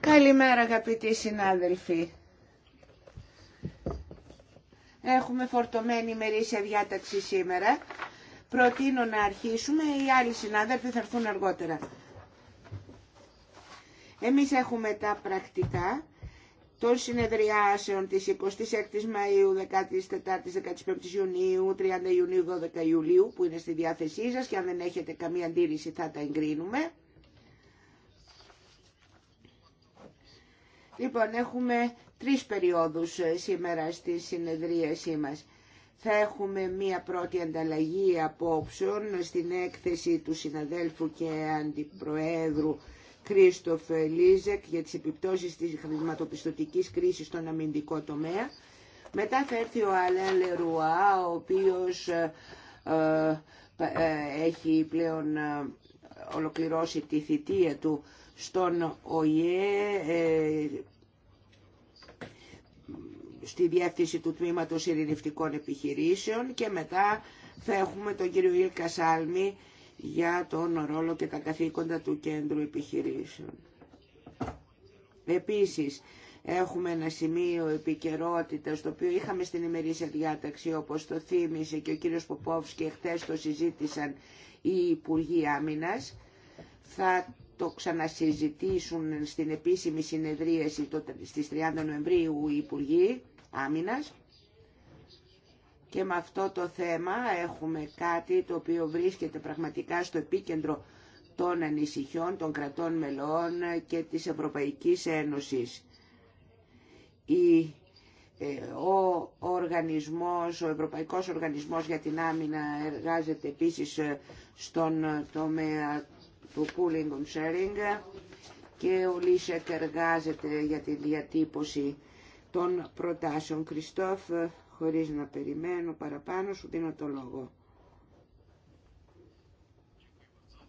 Καλημέρα αγαπητοί συνάδελφοι. Έχουμε φορτωμένη ημερήσια διάταξη σήμερα. Προτείνω να αρχίσουμε, οι άλλοι συνάδελφοι θα έρθουν αργότερα. Εμείς έχουμε τα πρακτικά των συνεδριάσεων της 26ης Μαΐου, 14ης, 15ης Ιουνίου, 30 Ιουνίου, 12 Ιουλίου που είναι στη διάθεσή σας και αν δεν έχετε καμία αντίρρηση θα τα εγκρίνουμε. Λοιπόν, έχουμε τρεις περιόδους ε, σήμερα στη συνεδρίασή μας. Θα έχουμε μία πρώτη ανταλλαγή απόψεων στην έκθεση του συναδέλφου και αντιπροέδρου Κρίστοφ Λίζεκ για τις επιπτώσεις της χρηματοπιστωτικής κρίσης στον αμυντικό τομέα. Μετά θα έρθει ο Αλέν Λερουά, ο οποίος ε, ε, έχει πλέον ε, ολοκληρώσει τη θητεία του στον ΟΕ στη διεύθυνση του Τμήματος Ειρηνευτικών Επιχειρήσεων και μετά θα έχουμε τον κύριο Κασάλμι. Σάλμη, για τον ρόλο και τα καθήκοντα του κέντρου επιχειρήσεων. Επίσης, έχουμε ένα σημείο επικαιρότητα το οποίο είχαμε στην ημερήσια διάταξη όπως το θύμισε και ο κύριος Ποπόβς και χτέ το συζήτησαν οι Υπουργοί Άμυνας. Θα το ξανασυζητήσουν στην επίσημη συνεδρίαση στις 30 Νοεμβρίου οι Υπουργοί Άμυνας και με αυτό το θέμα έχουμε κάτι το οποίο βρίσκεται πραγματικά στο επίκεντρο των ανησυχιών των κρατών μελών και της Ευρωπαϊκής Ένωσης. Η, ε, ο, οργανισμός, ο Ευρωπαϊκός Οργανισμός για την Άμυνα εργάζεται επίσης ε, στον ε, τομέα του pooling and sharing και ο Λίσεκ εργάζεται για τη διατύπωση των προτάσεων. Κριστόφ, Χωρίς να περιμένω παραπάνω σου δίνω το λόγο.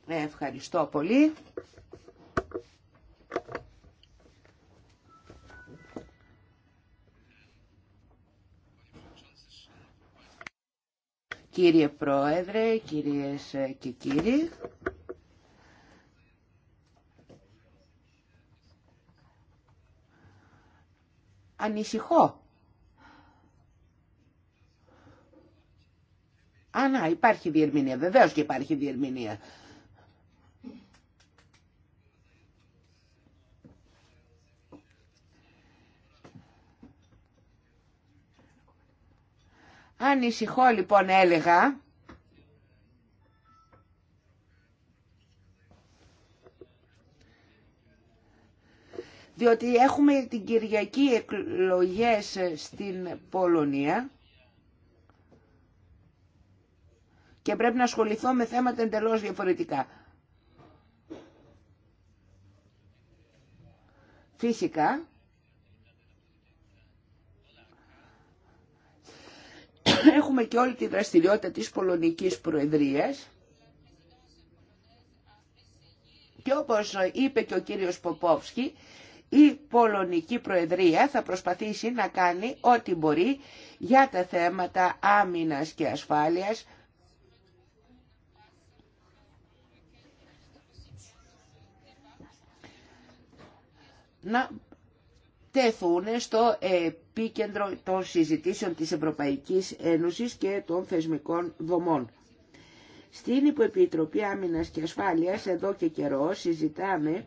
Ε, ευχαριστώ πολύ. Κύριε Πρόεδρε, κυρίες και κύριοι, ανησυχώ Α, να, υπάρχει διερμηνία. Βεβαίως και υπάρχει διερμηνία. Ανησυχώ λοιπόν έλεγα διότι έχουμε την Κυριακή εκλογές στην Πολωνία και πρέπει να ασχοληθώ με θέματα εντελώς διαφορετικά. Φυσικά, έχουμε και όλη τη δραστηριότητα της Πολωνικής Προεδρίας και όπως είπε και ο κύριος Ποπόφσκι, η Πολωνική Προεδρία θα προσπαθήσει να κάνει ό,τι μπορεί για τα θέματα άμυνας και ασφάλειας να τεθούν στο επίκεντρο των συζητήσεων της Ευρωπαϊκής Ένωσης και των θεσμικών δομών. Στην Υποεπιτροπή Άμυνας και Ασφάλειας εδώ και καιρό συζητάμε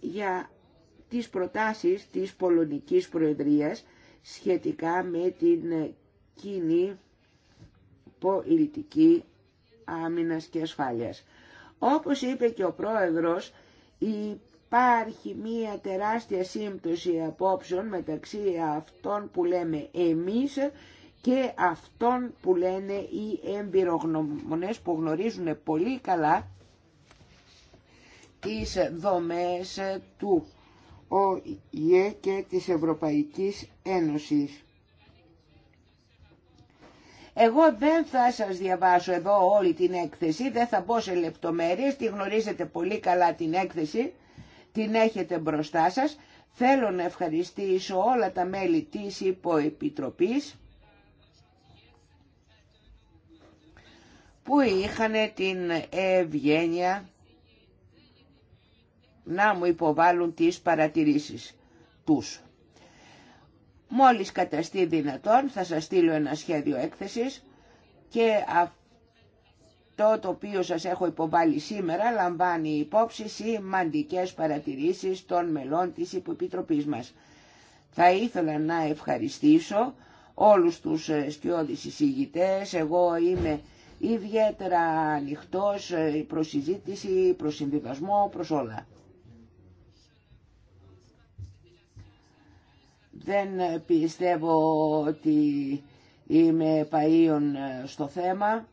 για τις προτάσεις της Πολωνικής Προεδρίας σχετικά με την κοινή πολιτική άμυνας και ασφάλειας. Όπως είπε και ο πρόεδρος, η υπάρχει μία τεράστια σύμπτωση απόψεων μεταξύ αυτών που λέμε εμείς και αυτών που λένε οι εμπειρογνωμονές που γνωρίζουν πολύ καλά τις δομές του ΟΙΕ και της Ευρωπαϊκής Ένωσης. Εγώ δεν θα σας διαβάσω εδώ όλη την έκθεση, δεν θα μπω σε λεπτομέρειες, τη γνωρίζετε πολύ καλά την έκθεση την έχετε μπροστά σας. Θέλω να ευχαριστήσω όλα τα μέλη της υποεπιτροπής που είχαν την ευγένεια να μου υποβάλουν τις παρατηρήσεις τους. Μόλις καταστεί δυνατόν θα σας στείλω ένα σχέδιο έκθεσης και αυτό το το οποίο σας έχω υποβάλει σήμερα λαμβάνει υπόψη σημαντικές παρατηρήσεις των μελών της Υποεπιτροπής μας. Θα ήθελα να ευχαριστήσω όλους τους σκιώδεις εισηγητές. Εγώ είμαι ιδιαίτερα ανοιχτό προς συζήτηση, προς συνδυασμό, προς όλα. Δεν πιστεύω ότι είμαι παΐων στο θέμα.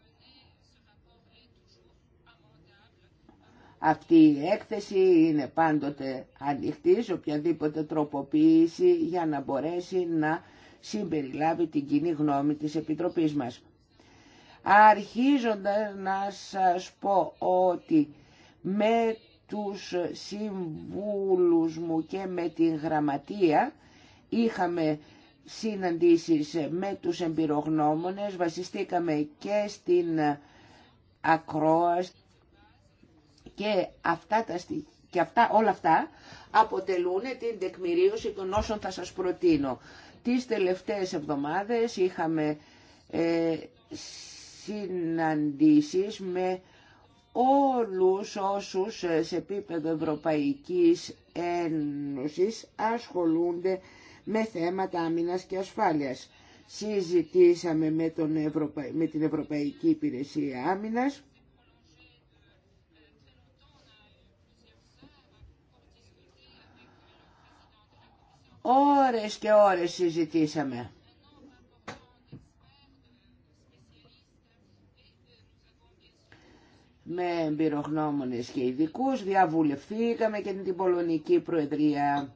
Αυτή η έκθεση είναι πάντοτε ανοιχτή σε οποιαδήποτε τροποποίηση για να μπορέσει να συμπεριλάβει την κοινή γνώμη της Επιτροπής μας. Αρχίζοντας να σας πω ότι με τους συμβούλους μου και με την γραμματεία είχαμε συναντήσεις με τους εμπειρογνώμονες, βασιστήκαμε και στην ακρόαση και αυτά τα και αυτά, όλα αυτά αποτελούν την τεκμηρίωση των όσων θα σας προτείνω. Τις τελευταίες εβδομάδες είχαμε ε, συναντήσεις με όλους όσους ε, σε επίπεδο Ευρωπαϊκής Ένωσης ασχολούνται με θέματα άμυνας και ασφάλειας. Συζητήσαμε με, με την Ευρωπαϊκή Υπηρεσία Άμυνας, Ώρες και ώρες συζητήσαμε. με εμπειρογνώμονες και ειδικού, διαβουλευθήκαμε και την Πολωνική Προεδρία.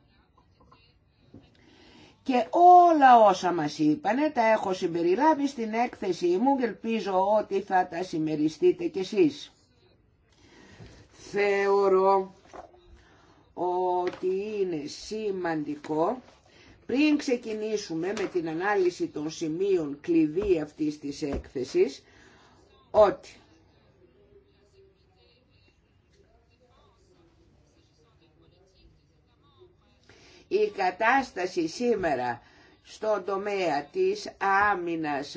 Και όλα όσα μας είπανε τα έχω συμπεριλάβει στην έκθεση μου και ελπίζω ότι θα τα συμμεριστείτε κι εσείς. Θεωρώ ότι είναι σημαντικό πριν ξεκινήσουμε με την ανάλυση των σημείων κλειδί αυτής της έκθεσης ότι η κατάσταση σήμερα στον τομέα της άμυνας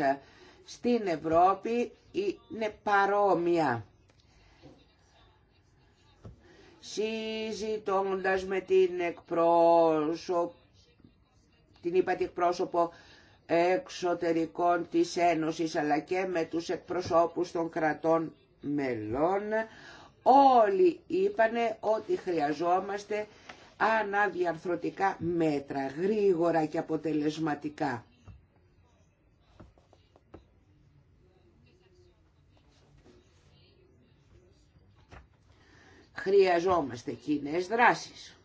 στην Ευρώπη είναι παρόμοια συζητώντας με την εκπρόσωπο, την είπατε εκπρόσωπο εξωτερικών της Ένωσης αλλά και με τους εκπροσώπους των κρατών μελών όλοι είπανε ότι χρειαζόμαστε αναδιαρθρωτικά μέτρα γρήγορα και αποτελεσματικά. χρειαζόμαστε κοινέ δράσεις.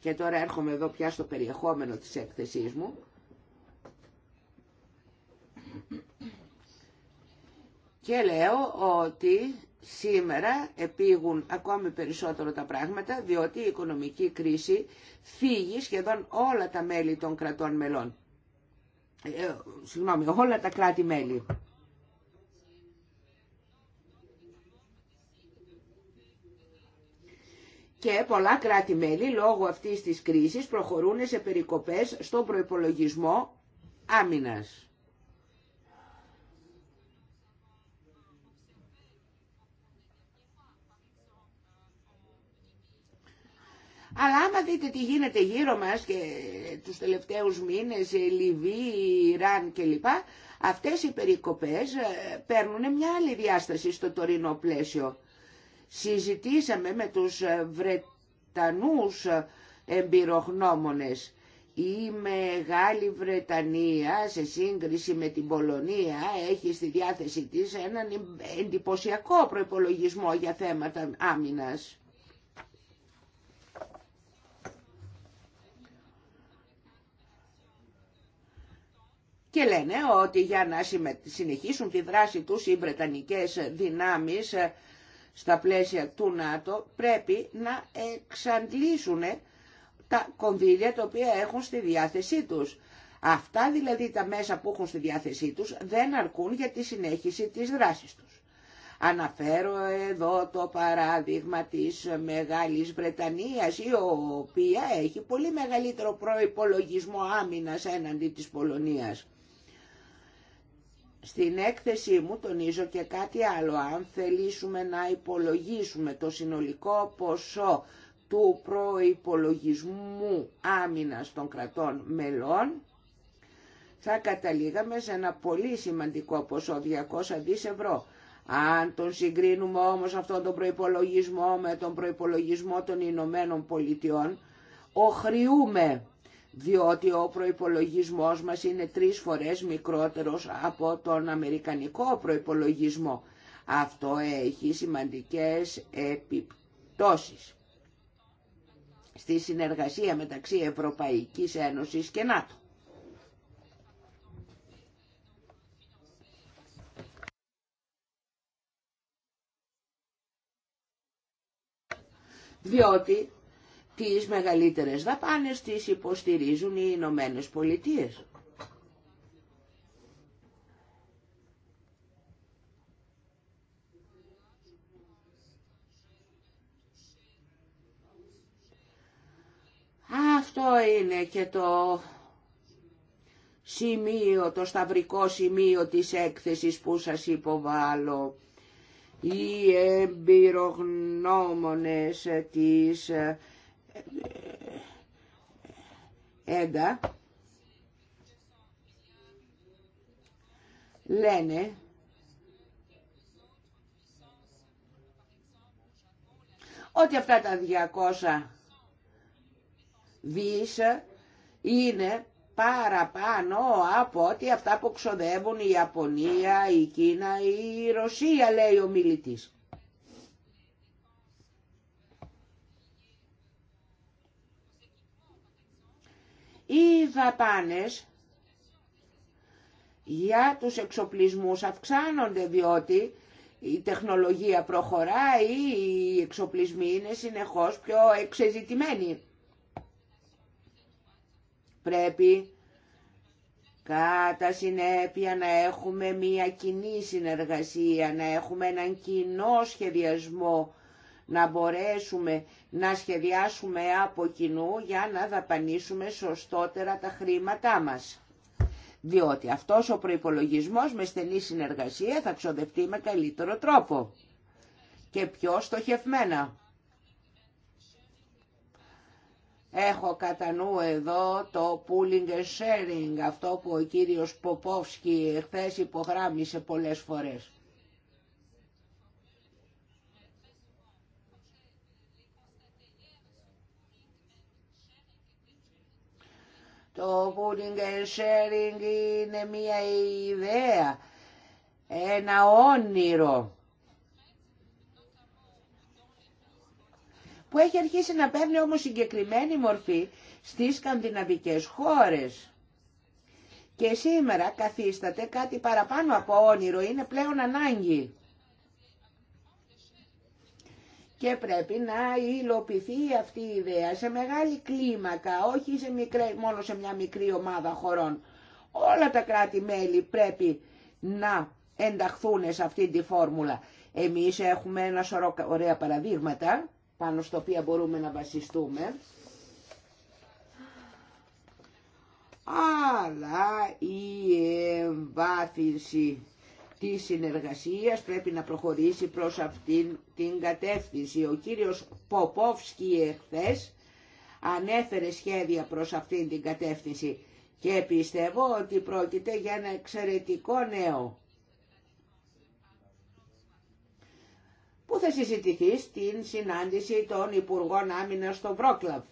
Και τώρα έρχομαι εδώ πια στο περιεχόμενο της έκθεσής μου. Και λέω ότι σήμερα επίγουν ακόμη περισσότερο τα πράγματα, διότι η οικονομική κρίση φύγει σχεδόν όλα τα μέλη των κρατών μελών. Ε, συγγνώμη, όλα τα κράτη-μέλη. και πολλά κράτη-μέλη λόγω αυτής της κρίσης προχωρούν σε περικοπές στον προϋπολογισμό άμυνας. Αλλά άμα δείτε τι γίνεται γύρω μας και τους τελευταίους μήνες, ε, Λιβύη, Ιράν κλπ, αυτές οι περικοπές ε, παίρνουν μια άλλη διάσταση στο τωρινό πλαίσιο. Συζητήσαμε με τους ε, Βρετανούς ε, εμπειρογνώμονες. Η Μεγάλη Βρετανία σε σύγκριση με την Πολωνία έχει στη διάθεσή της έναν εντυπωσιακό προϋπολογισμό για θέματα άμυνας. Και λένε ότι για να συνεχίσουν τη δράση τους οι Βρετανικές δυνάμεις ε, στα πλαίσια του ΝΑΤΟ πρέπει να εξαντλήσουν τα κονδύλια τα οποία έχουν στη διάθεσή τους. Αυτά δηλαδή τα μέσα που έχουν στη διάθεσή τους δεν αρκούν για τη συνέχιση της δράσης τους. Αναφέρω εδώ το παράδειγμα της Μεγάλης Βρετανίας η οποία έχει πολύ μεγαλύτερο προϋπολογισμό άμυνας έναντι της Πολωνίας. Στην έκθεσή μου τονίζω και κάτι άλλο. Αν θελήσουμε να υπολογίσουμε το συνολικό ποσό του προϋπολογισμού άμυνας των κρατών μελών, θα καταλήγαμε σε ένα πολύ σημαντικό ποσό, 200 δις ευρώ. Αν τον συγκρίνουμε όμως αυτόν τον προϋπολογισμό με τον προϋπολογισμό των Ηνωμένων Πολιτειών, οχριούμε διότι ο προϋπολογισμός μας είναι τρεις φορές μικρότερος από τον αμερικανικό προϋπολογισμό. Αυτό έχει σημαντικές επιπτώσεις στη συνεργασία μεταξύ Ευρωπαϊκής Ένωσης και ΝΑΤΟ. Διότι τις μεγαλύτερες δαπάνες τις υποστηρίζουν οι Ηνωμένε Πολιτείε. Αυτό είναι και το σημείο, το σταυρικό σημείο της έκθεσης που σας υποβάλλω. Οι εμπειρογνώμονες της έντα λένε ότι αυτά τα 200 δις είναι παραπάνω από ότι αυτά που ξοδεύουν η Ιαπωνία, η Κίνα, η Ρωσία, λέει ο μιλητής. οι δαπάνες για τους εξοπλισμούς αυξάνονται διότι η τεχνολογία προχωράει, οι εξοπλισμοί είναι συνεχώς πιο εξεζητημένοι. Πρέπει κατά συνέπεια να έχουμε μία κοινή συνεργασία, να έχουμε έναν κοινό σχεδιασμό να μπορέσουμε να σχεδιάσουμε από κοινού για να δαπανίσουμε σωστότερα τα χρήματά μας. Διότι αυτός ο προϋπολογισμός με στενή συνεργασία θα ξοδευτεί με καλύτερο τρόπο και πιο στοχευμένα. Έχω κατά νου εδώ το pooling and sharing, αυτό που ο κύριος Ποπόφσκι χθε υπογράμμισε πολλές φορές. Το pooling and sharing είναι μία ιδέα, ένα όνειρο που έχει αρχίσει να παίρνει όμως συγκεκριμένη μορφή στις σκανδιναβικές χώρες. Και σήμερα καθίσταται κάτι παραπάνω από όνειρο, είναι πλέον ανάγκη και πρέπει να υλοποιηθεί αυτή η ιδέα σε μεγάλη κλίμακα, όχι σε μικρέ, μόνο σε μια μικρή ομάδα χωρών. Όλα τα κράτη-μέλη πρέπει να ενταχθούν σε αυτή τη φόρμουλα. Εμείς έχουμε ένα σωρό ωραία παραδείγματα πάνω στο οποία μπορούμε να βασιστούμε. Αλλά η εμβάθυνση τη συνεργασίας πρέπει να προχωρήσει προς αυτήν την κατεύθυνση. Ο κύριος Ποπόφσκι εχθές ανέφερε σχέδια προς αυτήν την κατεύθυνση και πιστεύω ότι πρόκειται για ένα εξαιρετικό νέο που θα συζητηθεί στην συνάντηση των Υπουργών Άμυνας στο Βρόκλαβ.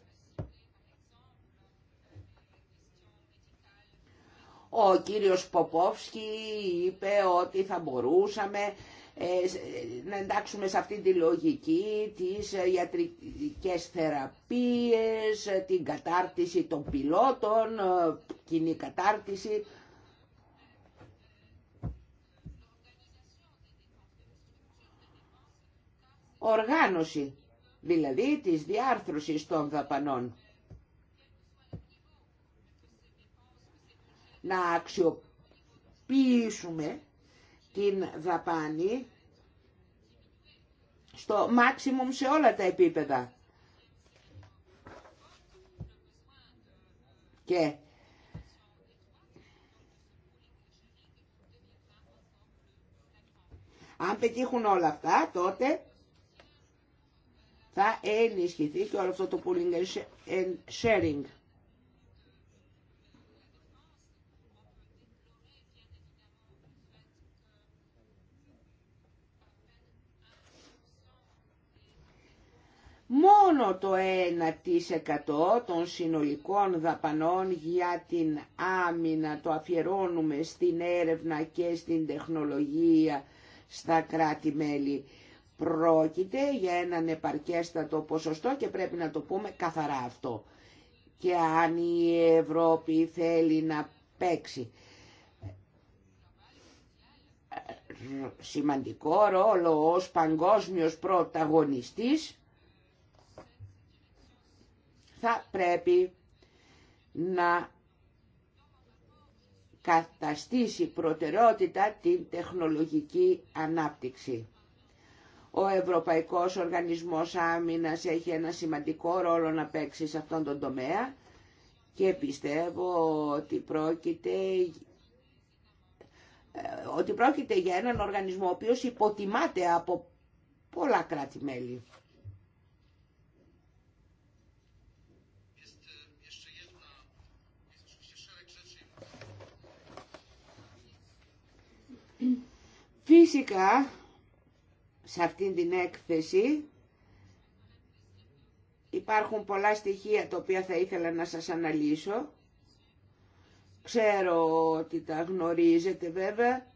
Ο κύριος Ποπόφσκι είπε ότι θα μπορούσαμε ε, ε, να εντάξουμε σε αυτή τη λογική τις ε, ιατρικές θεραπείες, την κατάρτιση των πιλότων, κοινή κατάρτιση. Οργάνωση, δηλαδή της διάρθρωσης των δαπανών. να αξιοποιήσουμε την δαπάνη στο maximum σε όλα τα επίπεδα. Και αν πετύχουν όλα αυτά, τότε θα ενισχυθεί και όλο αυτό το pooling and sharing. μόνο το 1% των συνολικών δαπανών για την άμυνα το αφιερώνουμε στην έρευνα και στην τεχνολογία στα κράτη-μέλη. Πρόκειται για έναν επαρκέστατο ποσοστό και πρέπει να το πούμε καθαρά αυτό. Και αν η Ευρώπη θέλει να παίξει σημαντικό ρόλο ως παγκόσμιος πρωταγωνιστής, θα πρέπει να καταστήσει προτεραιότητα την τεχνολογική ανάπτυξη. Ο Ευρωπαϊκός Οργανισμός Άμυνας έχει ένα σημαντικό ρόλο να παίξει σε αυτόν τον τομέα και πιστεύω ότι πρόκειται, ε, ότι πρόκειται για έναν οργανισμό ο οποίος υποτιμάται από πολλά κράτη-μέλη. Φυσικά, σε αυτήν την έκθεση υπάρχουν πολλά στοιχεία τα οποία θα ήθελα να σας αναλύσω. Ξέρω ότι τα γνωρίζετε βέβαια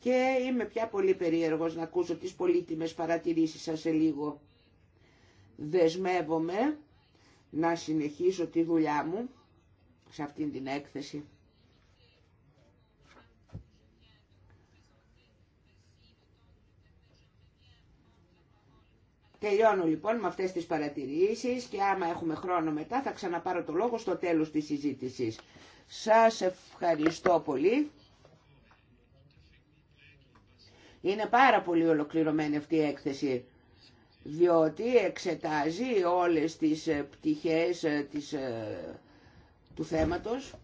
και είμαι πια πολύ περίεργος να ακούσω τις πολύτιμες παρατηρήσεις σας σε λίγο. Δεσμεύομαι να συνεχίσω τη δουλειά μου σε αυτήν την έκθεση. Τελειώνω λοιπόν με αυτές τις παρατηρήσεις και άμα έχουμε χρόνο μετά θα ξαναπάρω το λόγο στο τέλος της συζήτησης. Σας ευχαριστώ πολύ. Είναι πάρα πολύ ολοκληρωμένη αυτή η έκθεση διότι εξετάζει όλες τις ε, πτυχές ε, ε, του θέματος.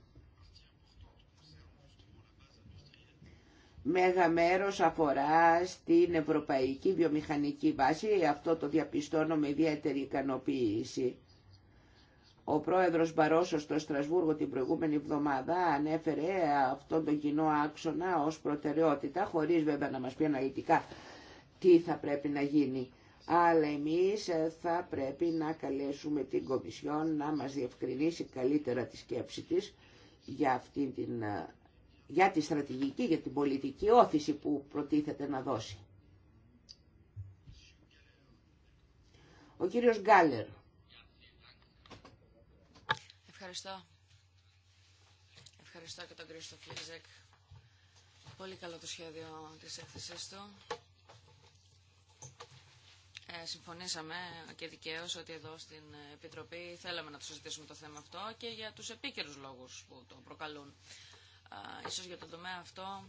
μέγα μέρο αφορά στην ευρωπαϊκή βιομηχανική βάση. Αυτό το διαπιστώνω με ιδιαίτερη ικανοποίηση. Ο πρόεδρος Μπαρόσο στο Στρασβούργο την προηγούμενη εβδομάδα ανέφερε αυτόν τον κοινό άξονα ως προτεραιότητα, χωρίς βέβαια να μας πει αναλυτικά τι θα πρέπει να γίνει. Αλλά εμείς θα πρέπει να καλέσουμε την Κομισιόν να μας διευκρινίσει καλύτερα τη σκέψη της για αυτήν την για τη στρατηγική, για την πολιτική όθηση που προτίθεται να δώσει. Ο κύριος Γκάλερ. Ευχαριστώ. Ευχαριστώ και τον κύριο Κλίζεκ. Πολύ καλό το σχέδιο της έκθεσης του. Ε, συμφωνήσαμε και δικαίω ότι εδώ στην Επιτροπή θέλαμε να το συζητήσουμε το θέμα αυτό και για τους επίκαιρους λόγους που το προκαλούν ίσως για τον τομέα αυτό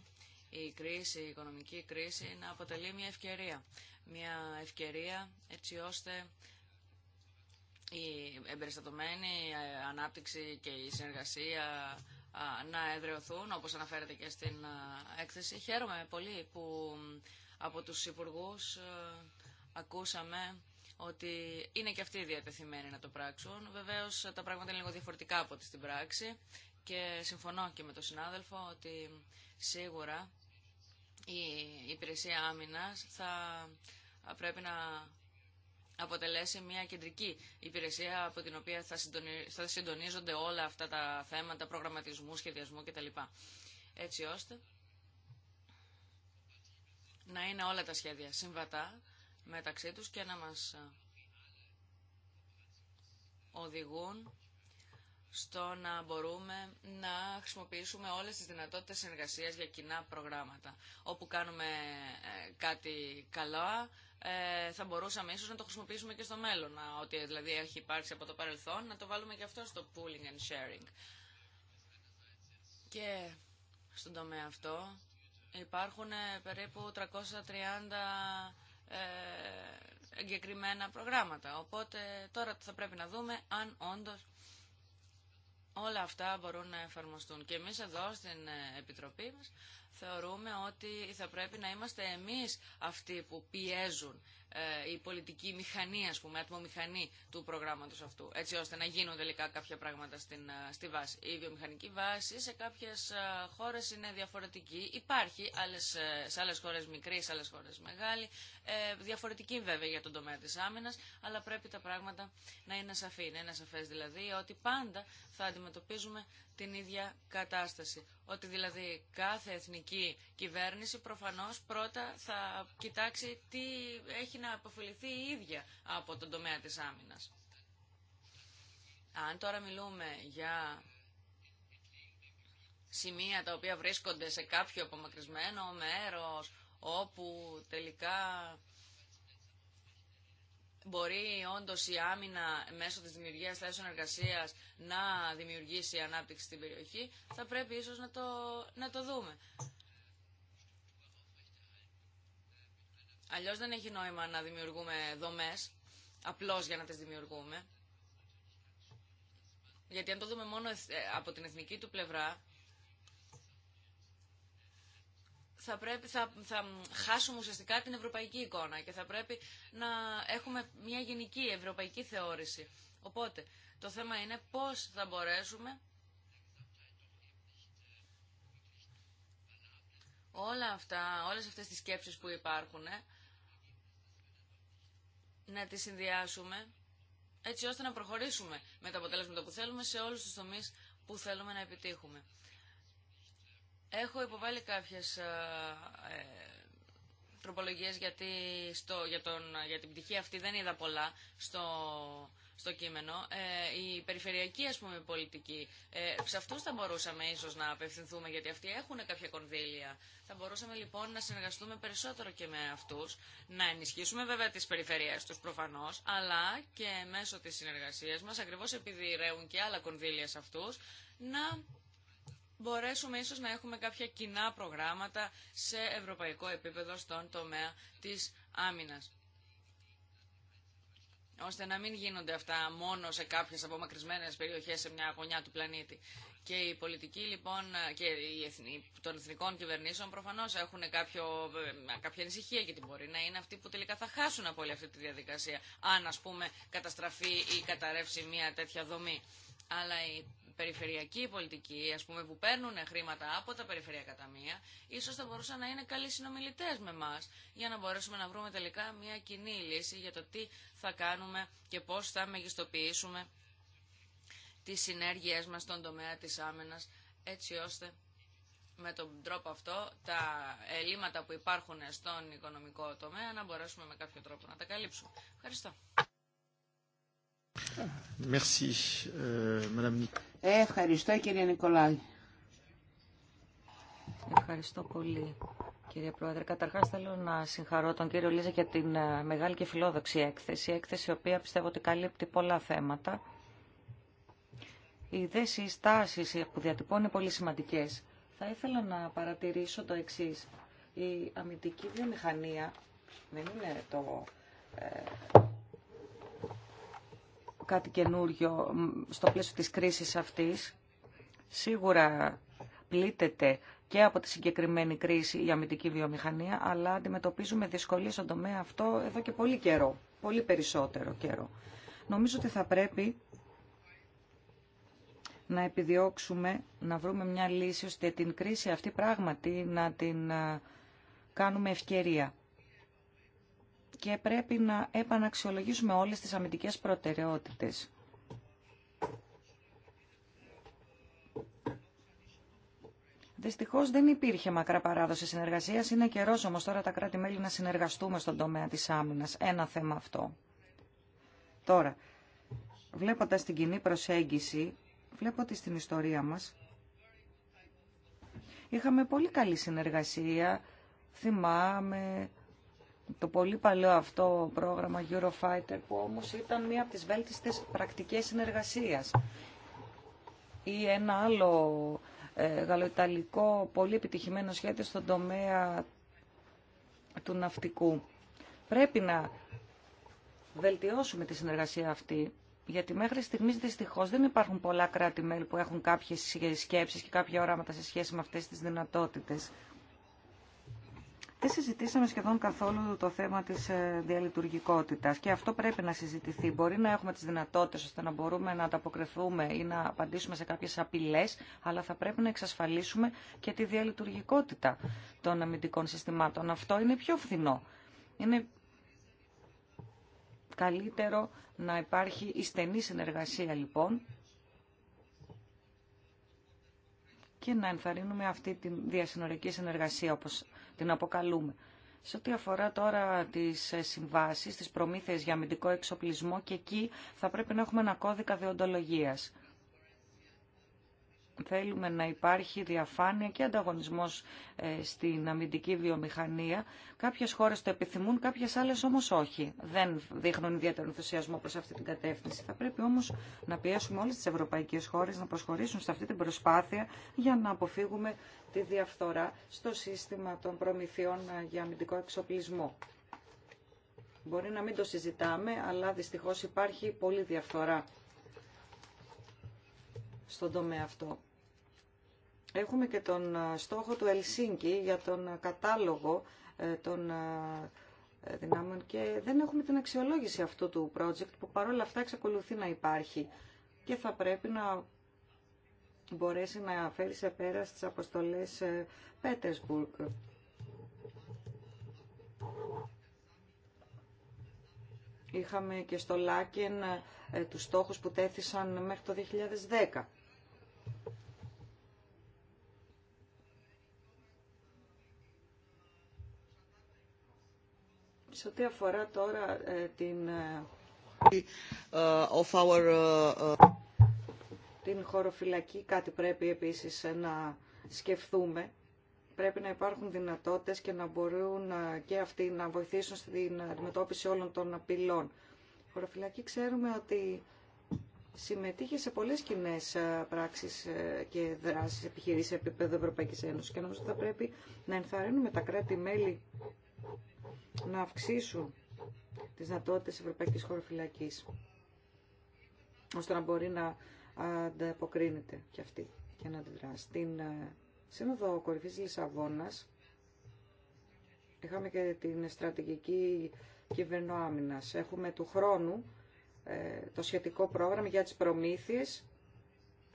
η κρίση, η οικονομική κρίση να αποτελεί μια ευκαιρία. Μια ευκαιρία έτσι ώστε η εμπεριστατωμένη ανάπτυξη και η συνεργασία να εδρεωθούν όπως αναφέρεται και στην έκθεση. Χαίρομαι πολύ που από τους υπουργούς ακούσαμε ότι είναι και αυτοί διατεθειμένοι να το πράξουν. Βεβαίως τα πράγματα είναι λίγο διαφορετικά από ό,τι στην πράξη και συμφωνώ και με τον συνάδελφο ότι σίγουρα η υπηρεσία άμυνας θα πρέπει να αποτελέσει μια κεντρική υπηρεσία από την οποία θα συντονίζονται όλα αυτά τα θέματα προγραμματισμού, σχεδιασμού κτλ. Έτσι ώστε να είναι όλα τα σχέδια συμβατά μεταξύ τους και να μας οδηγούν στο να μπορούμε να χρησιμοποιήσουμε όλες τις δυνατότητες συνεργασίας για κοινά προγράμματα. Όπου κάνουμε ε, κάτι καλό, ε, θα μπορούσαμε ίσως να το χρησιμοποιήσουμε και στο μέλλον. Ό,τι δηλαδή έχει υπάρξει από το παρελθόν, να το βάλουμε και αυτό στο pooling and sharing. Και στον τομέα αυτό υπάρχουν ε, περίπου 330 εγκεκριμένα προγράμματα. Οπότε τώρα θα πρέπει να δούμε αν όντως όλα αυτά μπορούν να εφαρμοστούν. Και εμείς εδώ στην ε, Επιτροπή μας θεωρούμε ότι θα πρέπει να είμαστε εμείς αυτοί που πιέζουν ε, η πολιτική μηχανή, ας πούμε, ατμομηχανή του προγράμματος αυτού, έτσι ώστε να γίνουν τελικά κάποια πράγματα στην, ε, στη βάση. Η βιομηχανική βάση σε κάποιες ε, χώρες είναι διαφορετική. Υπάρχει άλλες, σε άλλες χώρες μικρή, σε άλλες χώρες μεγάλη, ε, διαφορετική βέβαια για τον τομέα της άμυνας, αλλά πρέπει τα πράγματα να είναι σαφή. Να είναι σαφές δηλαδή ότι πάντα θα αντιμετωπίζουμε την ίδια κατάσταση. Ότι δηλαδή κάθε εθνική κυβέρνηση προφανώς πρώτα θα κοιτάξει τι έχει να αποφεληθεί η ίδια από τον τομέα της άμυνας. Αν τώρα μιλούμε για σημεία τα οποία βρίσκονται σε κάποιο απομακρυσμένο μέρος όπου τελικά Μπορεί όντω η άμυνα μέσω τη δημιουργία θέσεων εργασία να δημιουργήσει ανάπτυξη στην περιοχή. Θα πρέπει ίσω να το, να το δούμε. Αλλιώ δεν έχει νόημα να δημιουργούμε δομέ. απλώς για να τις δημιουργούμε. Γιατί αν το δούμε μόνο ε, από την εθνική του πλευρά, θα, πρέπει, θα, θα χάσουμε ουσιαστικά την ευρωπαϊκή εικόνα και θα πρέπει να έχουμε μια γενική ευρωπαϊκή θεώρηση. Οπότε, το θέμα είναι πώς θα μπορέσουμε όλα αυτά, όλες αυτές τις σκέψεις που υπάρχουν ε, να τις συνδυάσουμε έτσι ώστε να προχωρήσουμε με τα αποτέλεσματα που θέλουμε σε όλους τους τομείς που θέλουμε να επιτύχουμε. Έχω υποβάλει κάποιες ε, ε, τροπολογίες γιατί στο, για, τον, για την πτυχή αυτή δεν είδα πολλά στο, στο κείμενο. Ε, η περιφερειακή ας πούμε, πολιτική, ε, σε αυτούς θα μπορούσαμε ίσως να απευθυνθούμε γιατί αυτοί έχουν κάποια κονδύλια. Θα μπορούσαμε λοιπόν να συνεργαστούμε περισσότερο και με αυτούς, να ενισχύσουμε βέβαια τις περιφερειές τους προφανώς, αλλά και μέσω της συνεργασίας μας, ακριβώς επειδή ρέουν και άλλα κονδύλια σε αυτούς, να μπορέσουμε ίσως να έχουμε κάποια κοινά προγράμματα σε ευρωπαϊκό επίπεδο στον τομέα της άμυνας ώστε να μην γίνονται αυτά μόνο σε κάποιες απομακρυσμένες περιοχές σε μια αγωνιά του πλανήτη. Και οι πολιτικοί λοιπόν και οι εθνικοί, των εθνικών κυβερνήσεων προφανώς έχουν κάποιο, ε, κάποια ανησυχία γιατί μπορεί να είναι αυτοί που τελικά θα χάσουν από όλη αυτή τη διαδικασία αν ας πούμε καταστραφεί ή καταρρεύσει μια τέτοια δομή. Αλλά η περιφερειακή πολιτική, ας πούμε, που παίρνουν χρήματα από τα περιφερειακά ταμεία, ίσως θα μπορούσαν να είναι καλοί συνομιλητές με εμά για να μπορέσουμε να βρούμε τελικά μια κοινή λύση για το τι θα κάνουμε και πώς θα μεγιστοποιήσουμε τις συνέργειές μας στον τομέα της άμενας, έτσι ώστε με τον τρόπο αυτό τα ελλείμματα που υπάρχουν στον οικονομικό τομέα να μπορέσουμε με κάποιο τρόπο να τα καλύψουμε. Ευχαριστώ. Merci, euh, Madame Ευχαριστώ κύριε Νικολάη. Ευχαριστώ πολύ κύριε Πρόεδρε. Καταρχάς θέλω να συγχαρώ τον κύριο Λίζα για την ε, μεγάλη και φιλόδοξη έκθεση. Έκθεση η οποία πιστεύω ότι καλύπτει πολλά θέματα. Οι οι στάσεις που διατυπώνει είναι πολύ σημαντικές. Θα ήθελα να παρατηρήσω το εξή. Η αμυντική βιομηχανία δεν είναι το ε, κάτι καινούριο στο πλαίσιο της κρίσης αυτής. Σίγουρα πλήτεται και από τη συγκεκριμένη κρίση η αμυντική βιομηχανία, αλλά αντιμετωπίζουμε δυσκολίες στον τομέα αυτό εδώ και πολύ καιρό, πολύ περισσότερο καιρό. Νομίζω ότι θα πρέπει να επιδιώξουμε να βρούμε μια λύση ώστε την κρίση αυτή πράγματι να την κάνουμε ευκαιρία και πρέπει να επαναξιολογήσουμε όλες τις αμυντικές προτεραιότητες. Δυστυχώ δεν υπήρχε μακρά παράδοση συνεργασίας, είναι καιρός όμως τώρα τα κράτη-μέλη να συνεργαστούμε στον τομέα της άμυνας. Ένα θέμα αυτό. Τώρα, βλέποντα την κοινή προσέγγιση, βλέπω ότι στην ιστορία μας είχαμε πολύ καλή συνεργασία, θυμάμαι το πολύ παλαιό αυτό πρόγραμμα Eurofighter που όμως ήταν μία από τις βέλτιστες πρακτικές συνεργασίας ή ένα άλλο ε, γαλλοϊταλικό πολύ επιτυχημένο σχέδιο στον τομέα του ναυτικού. Πρέπει να βελτιώσουμε τη συνεργασία αυτή, γιατί μέχρι στιγμής δυστυχώς δεν υπάρχουν πολλά κράτη-μέλη που έχουν κάποιες σκέψεις και κάποια οράματα σε σχέση με αυτές τις δυνατότητες. Δεν συζητήσαμε σχεδόν καθόλου το θέμα της ε, διαλειτουργικότητας και αυτό πρέπει να συζητηθεί. Μπορεί να έχουμε τις δυνατότητες ώστε να μπορούμε να ανταποκριθούμε ή να απαντήσουμε σε κάποιες απειλές, αλλά θα πρέπει να εξασφαλίσουμε και τη διαλειτουργικότητα των αμυντικών συστημάτων. Αυτό είναι πιο φθηνό. Είναι καλύτερο να υπάρχει η στενή συνεργασία λοιπόν και να ενθαρρύνουμε αυτή τη διασυνορική συνεργασία όπως την αποκαλούμε. Σε ό,τι αφορά τώρα τις συμβάσεις, τις προμήθειες για αμυντικό εξοπλισμό και εκεί θα πρέπει να έχουμε ένα κώδικα διοντολογίας. Θέλουμε να υπάρχει διαφάνεια και ανταγωνισμός ε, στην αμυντική βιομηχανία. Κάποιες χώρες το επιθυμούν, κάποιες άλλες όμως όχι. Δεν δείχνουν ιδιαίτερο ενθουσιασμό προς αυτή την κατεύθυνση. Θα πρέπει όμως να πιέσουμε όλες τις ευρωπαϊκές χώρες να προσχωρήσουν σε αυτή την προσπάθεια για να αποφύγουμε τη διαφθορά στο σύστημα των προμηθειών ε, για αμυντικό εξοπλισμό. Μπορεί να μην το συζητάμε, αλλά δυστυχώς υπάρχει πολλή διαφθορά στον τομέα αυτό. Έχουμε και τον ε, στόχο του Ελσίνκη για τον ε, κατάλογο ε, των δυνάμεων και δεν έχουμε την αξιολόγηση αυτού του project που παρόλα αυτά εξακολουθεί να υπάρχει και θα πρέπει να μπορέσει να φέρει σε πέρα στις αποστολές Πέτερσμπουργκ. Είχαμε και στο Λάκεν τους στόχους που τέθησαν μέχρι το 2010. Σε ό,τι αφορά τώρα ε, την... Ε, of ε, την χωροφυλακή, κάτι πρέπει επίσης να σκεφτούμε. Πρέπει να υπάρχουν δυνατότητες και να μπορούν και αυτοί να βοηθήσουν στην αντιμετώπιση όλων των απειλών. Η χωροφυλακή ξέρουμε ότι συμμετείχε σε πολλές κοινέ πράξεις και δράσεις επιχειρήσεις σε επίπεδο Ευρωπαϊκής Ένωσης και νομίζω ότι θα πρέπει να ενθαρρύνουμε τα κράτη-μέλη να αυξήσουν τις δυνατότητες Ευρωπαϊκής Χωροφυλακής, ώστε να μπορεί να ανταποκρίνεται και αυτή και να αντιδράσει. Στην ε, Σύνοδο Κορυφής Λισαβόνας είχαμε και την στρατηγική κυβερνοάμυνας. Έχουμε του χρόνου ε, το σχετικό πρόγραμμα για τις προμήθειες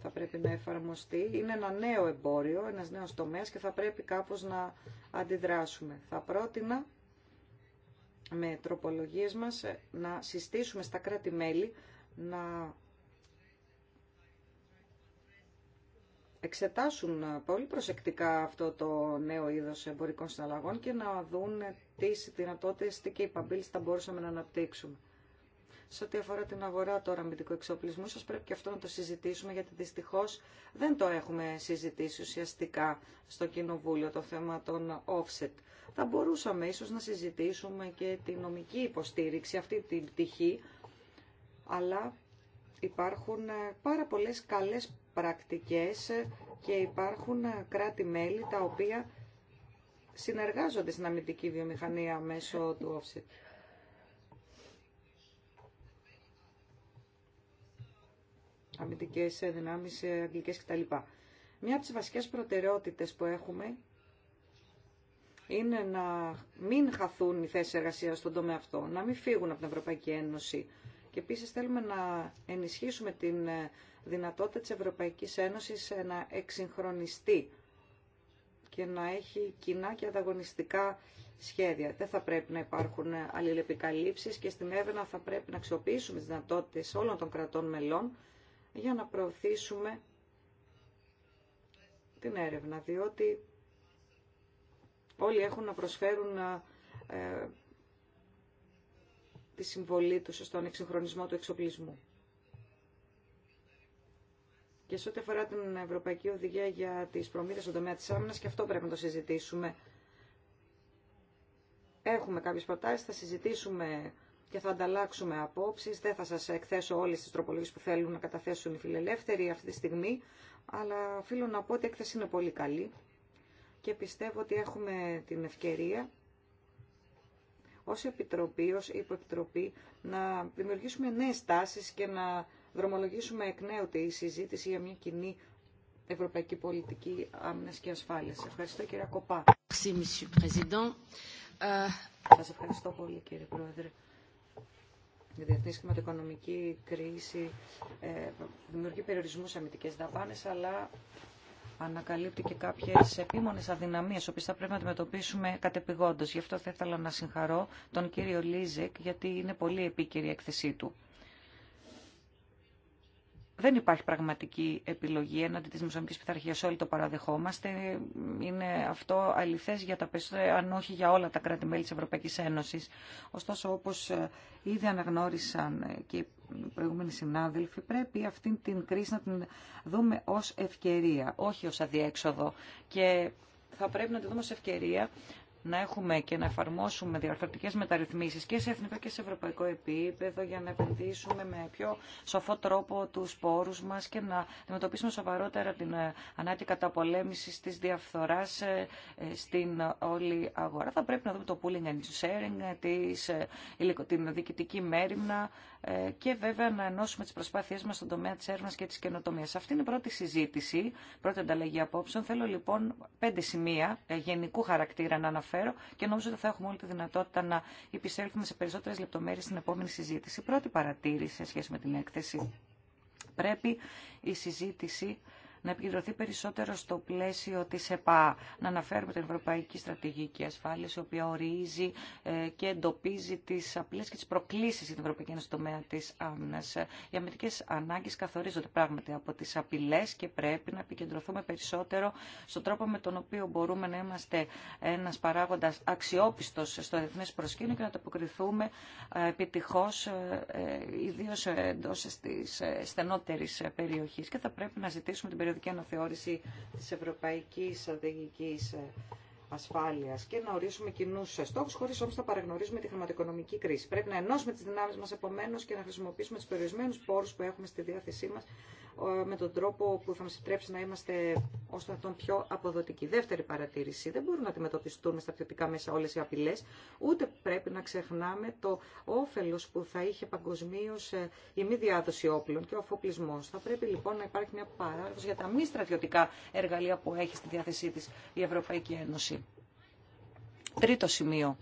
θα πρέπει να εφαρμοστεί. Είναι ένα νέο εμπόριο, ένας νέος τομέας και θα πρέπει κάπως να αντιδράσουμε. Θα πρότεινα με τροπολογίες μας ε, να συστήσουμε στα κράτη-μέλη να εξετάσουν ε, πολύ προσεκτικά αυτό το νέο είδος εμπορικών συναλλαγών και να δουν ε, τι δυνατότητες και παμπύλες θα μπορούσαμε να αναπτύξουμε. Σε ό,τι αφορά την αγορά τώρα αμυντικού εξοπλισμού, σας πρέπει και αυτό να το συζητήσουμε, γιατί δυστυχώς δεν το έχουμε συζητήσει ουσιαστικά στο Κοινοβούλιο το θέμα των offset. Θα μπορούσαμε ίσως να συζητήσουμε και τη νομική υποστήριξη, αυτή την πτυχή, αλλά υπάρχουν πάρα πολλές καλές πρακτικές και υπάρχουν κράτη-μέλη τα οποία συνεργάζονται στην αμυντική βιομηχανία μέσω του offset. αμυντικές δυνάμεις ε, αγγλικές κτλ. Μία από τις βασικές προτεραιότητες που έχουμε είναι να μην χαθούν οι θέσεις εργασίας στον τομέα αυτό, να μην φύγουν από την Ευρωπαϊκή Ένωση. Και επίσης θέλουμε να ενισχύσουμε την ε, δυνατότητα της Ευρωπαϊκής Ένωσης ε, να εξυγχρονιστεί και να έχει κοινά και ανταγωνιστικά σχέδια. Δεν θα πρέπει να υπάρχουν αλληλεπικαλύψεις και στην Εύρενα θα πρέπει να αξιοποιήσουμε τις δυνατότητες όλων των κρατών μελών για να προωθήσουμε την έρευνα, διότι όλοι έχουν να προσφέρουν ε, ε, τη συμβολή τους στον εξυγχρονισμό του εξοπλισμού. Και σε ό,τι αφορά την Ευρωπαϊκή Οδηγία για τις προμήθειες στον τομέα της άμυνας, και αυτό πρέπει να το συζητήσουμε. Έχουμε κάποιες προτάσεις, θα συζητήσουμε και θα ανταλλάξουμε απόψεις. Δεν θα σας εκθέσω όλες τις τροπολογίες που θέλουν να καταθέσουν οι φιλελεύθεροι αυτή τη στιγμή, αλλά οφείλω να πω ότι η έκθεση είναι πολύ καλή και πιστεύω ότι έχουμε την ευκαιρία ως Επιτροπή, ως Υποεπιτροπή, να δημιουργήσουμε νέες τάσεις και να δρομολογήσουμε εκ νέου τη συζήτηση για μια κοινή ευρωπαϊκή πολιτική άμυνας και ασφάλειας. Ευχαριστώ κύριε Κοπά. Σας ευχαριστώ πολύ κύριε Πρόεδρε η διεθνή χρηματοοικονομική κρίση ε, δημιουργεί περιορισμού σε αμυντικές δαπάνε, αλλά ανακαλύπτει και κάποιες επίμονες αδυναμίες, οποίες θα πρέπει να αντιμετωπίσουμε κατεπηγόντω. Γι' αυτό θα ήθελα να συγχαρώ τον κύριο Λίζεκ, γιατί είναι πολύ επίκαιρη η έκθεσή του δεν υπάρχει πραγματική επιλογή έναντι της μουσουλμικής πειθαρχίας. Όλοι το παραδεχόμαστε. Είναι αυτό αληθές για τα περισσότερα, αν όχι για όλα τα κράτη-μέλη της Ευρωπαϊκής Ένωσης. Ωστόσο, όπως ε, ήδη αναγνώρισαν και οι προηγούμενοι συνάδελφοι, πρέπει αυτήν την κρίση να την δούμε ως ευκαιρία, όχι ως αδιέξοδο. Και θα πρέπει να τη δούμε ως ευκαιρία να έχουμε και να εφαρμόσουμε διαρθρωτικές μεταρρυθμίσει και σε εθνικό και σε ευρωπαϊκό επίπεδο για να επενδύσουμε με πιο σοφό τρόπο του πόρου μα και να αντιμετωπίσουμε σοβαρότερα την ε, ανάγκη καταπολέμηση τη διαφθορά ε, ε, στην όλη αγορά. Θα πρέπει να δούμε το pooling and sharing, την διοικητική μέρημνα και βέβαια να ενώσουμε τι προσπάθειε μα στον τομέα τη έρευνα και τη καινοτομία. Αυτή είναι η πρώτη συζήτηση, πρώτη ανταλλαγή απόψεων. Θέλω λοιπόν πέντε σημεία γενικού χαρακτήρα να αναφέρω αναφέρω και νομίζω ότι θα έχουμε όλη τη δυνατότητα να επισέλθουμε σε περισσότερε λεπτομέρειε στην επόμενη συζήτηση. πρώτη παρατήρηση σε σχέση με την έκθεση. Πρέπει η συζήτηση να επικεντρωθεί περισσότερο στο πλαίσιο τη ΕΠΑ, να αναφέρουμε την Ευρωπαϊκή Στρατηγική Ασφάλεια, η οποία ορίζει ε, και εντοπίζει τι απλέ και τι προκλήσει στην Ευρωπαϊκή Ένωση τομέα τη άμυνα. Οι αμυντικέ ανάγκε καθορίζονται πράγματι από τι απειλέ, και πρέπει να επικεντρωθούμε περισσότερο στον τρόπο με τον οποίο μπορούμε να είμαστε ένα παράγοντα αξιόπιστο στο διεθνέ προσκήνιο και να τοποκριθούμε επιτυχώ, ε, ε, ιδίω εντό τη στενότερη περιοχή και θα πρέπει να ζητήσουμε την περιοχή και αναθεώρηση της Ευρωπαϊκής Στρατηγικής ε, Ασφάλειας και να ορίσουμε κοινού ε, στόχου, χωρί όμω να παραγνωρίζουμε τη χρηματοοικονομική κρίση. Πρέπει να ενώσουμε τι δυνάμει μα επομένω και να χρησιμοποιήσουμε του περιορισμένου πόρου που έχουμε στη διάθεσή μα με τον τρόπο που θα μας επιτρέψει να είμαστε ως τον πιο αποδοτικοί. Δεύτερη παρατήρηση, δεν μπορούν να αντιμετωπιστούν στα ποιοτικά μέσα όλες οι απειλές, ούτε πρέπει να ξεχνάμε το όφελος που θα είχε παγκοσμίω ε, η μη διάδοση όπλων και ο αφοπλισμός. Θα πρέπει λοιπόν να υπάρχει μια παράδοση για τα μη στρατιωτικά εργαλεία που έχει στη διάθεσή της η Ευρωπαϊκή Ένωση. Τρίτο σημείο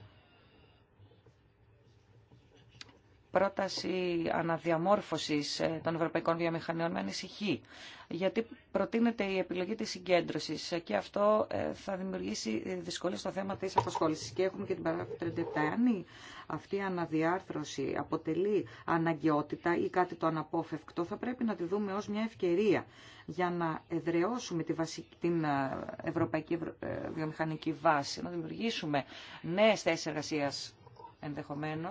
πρόταση αναδιαμόρφωσης ε, των ευρωπαϊκών βιομηχανιών με ανησυχεί, γιατί προτείνεται η επιλογή της συγκέντρωσης ε, και αυτό ε, θα δημιουργήσει δυσκολίες στο θέμα της απασχόλησης. Και έχουμε και την παράγραφο 37. Αν αυτή η αναδιάρθρωση αποτελεί αναγκαιότητα ή κάτι το αναπόφευκτο, θα πρέπει να τη δούμε ως μια ευκαιρία για να εδραιώσουμε την ευρωπαϊκή βιομηχανική βάση, να δημιουργήσουμε νέες θέσει εργασία ενδεχομένω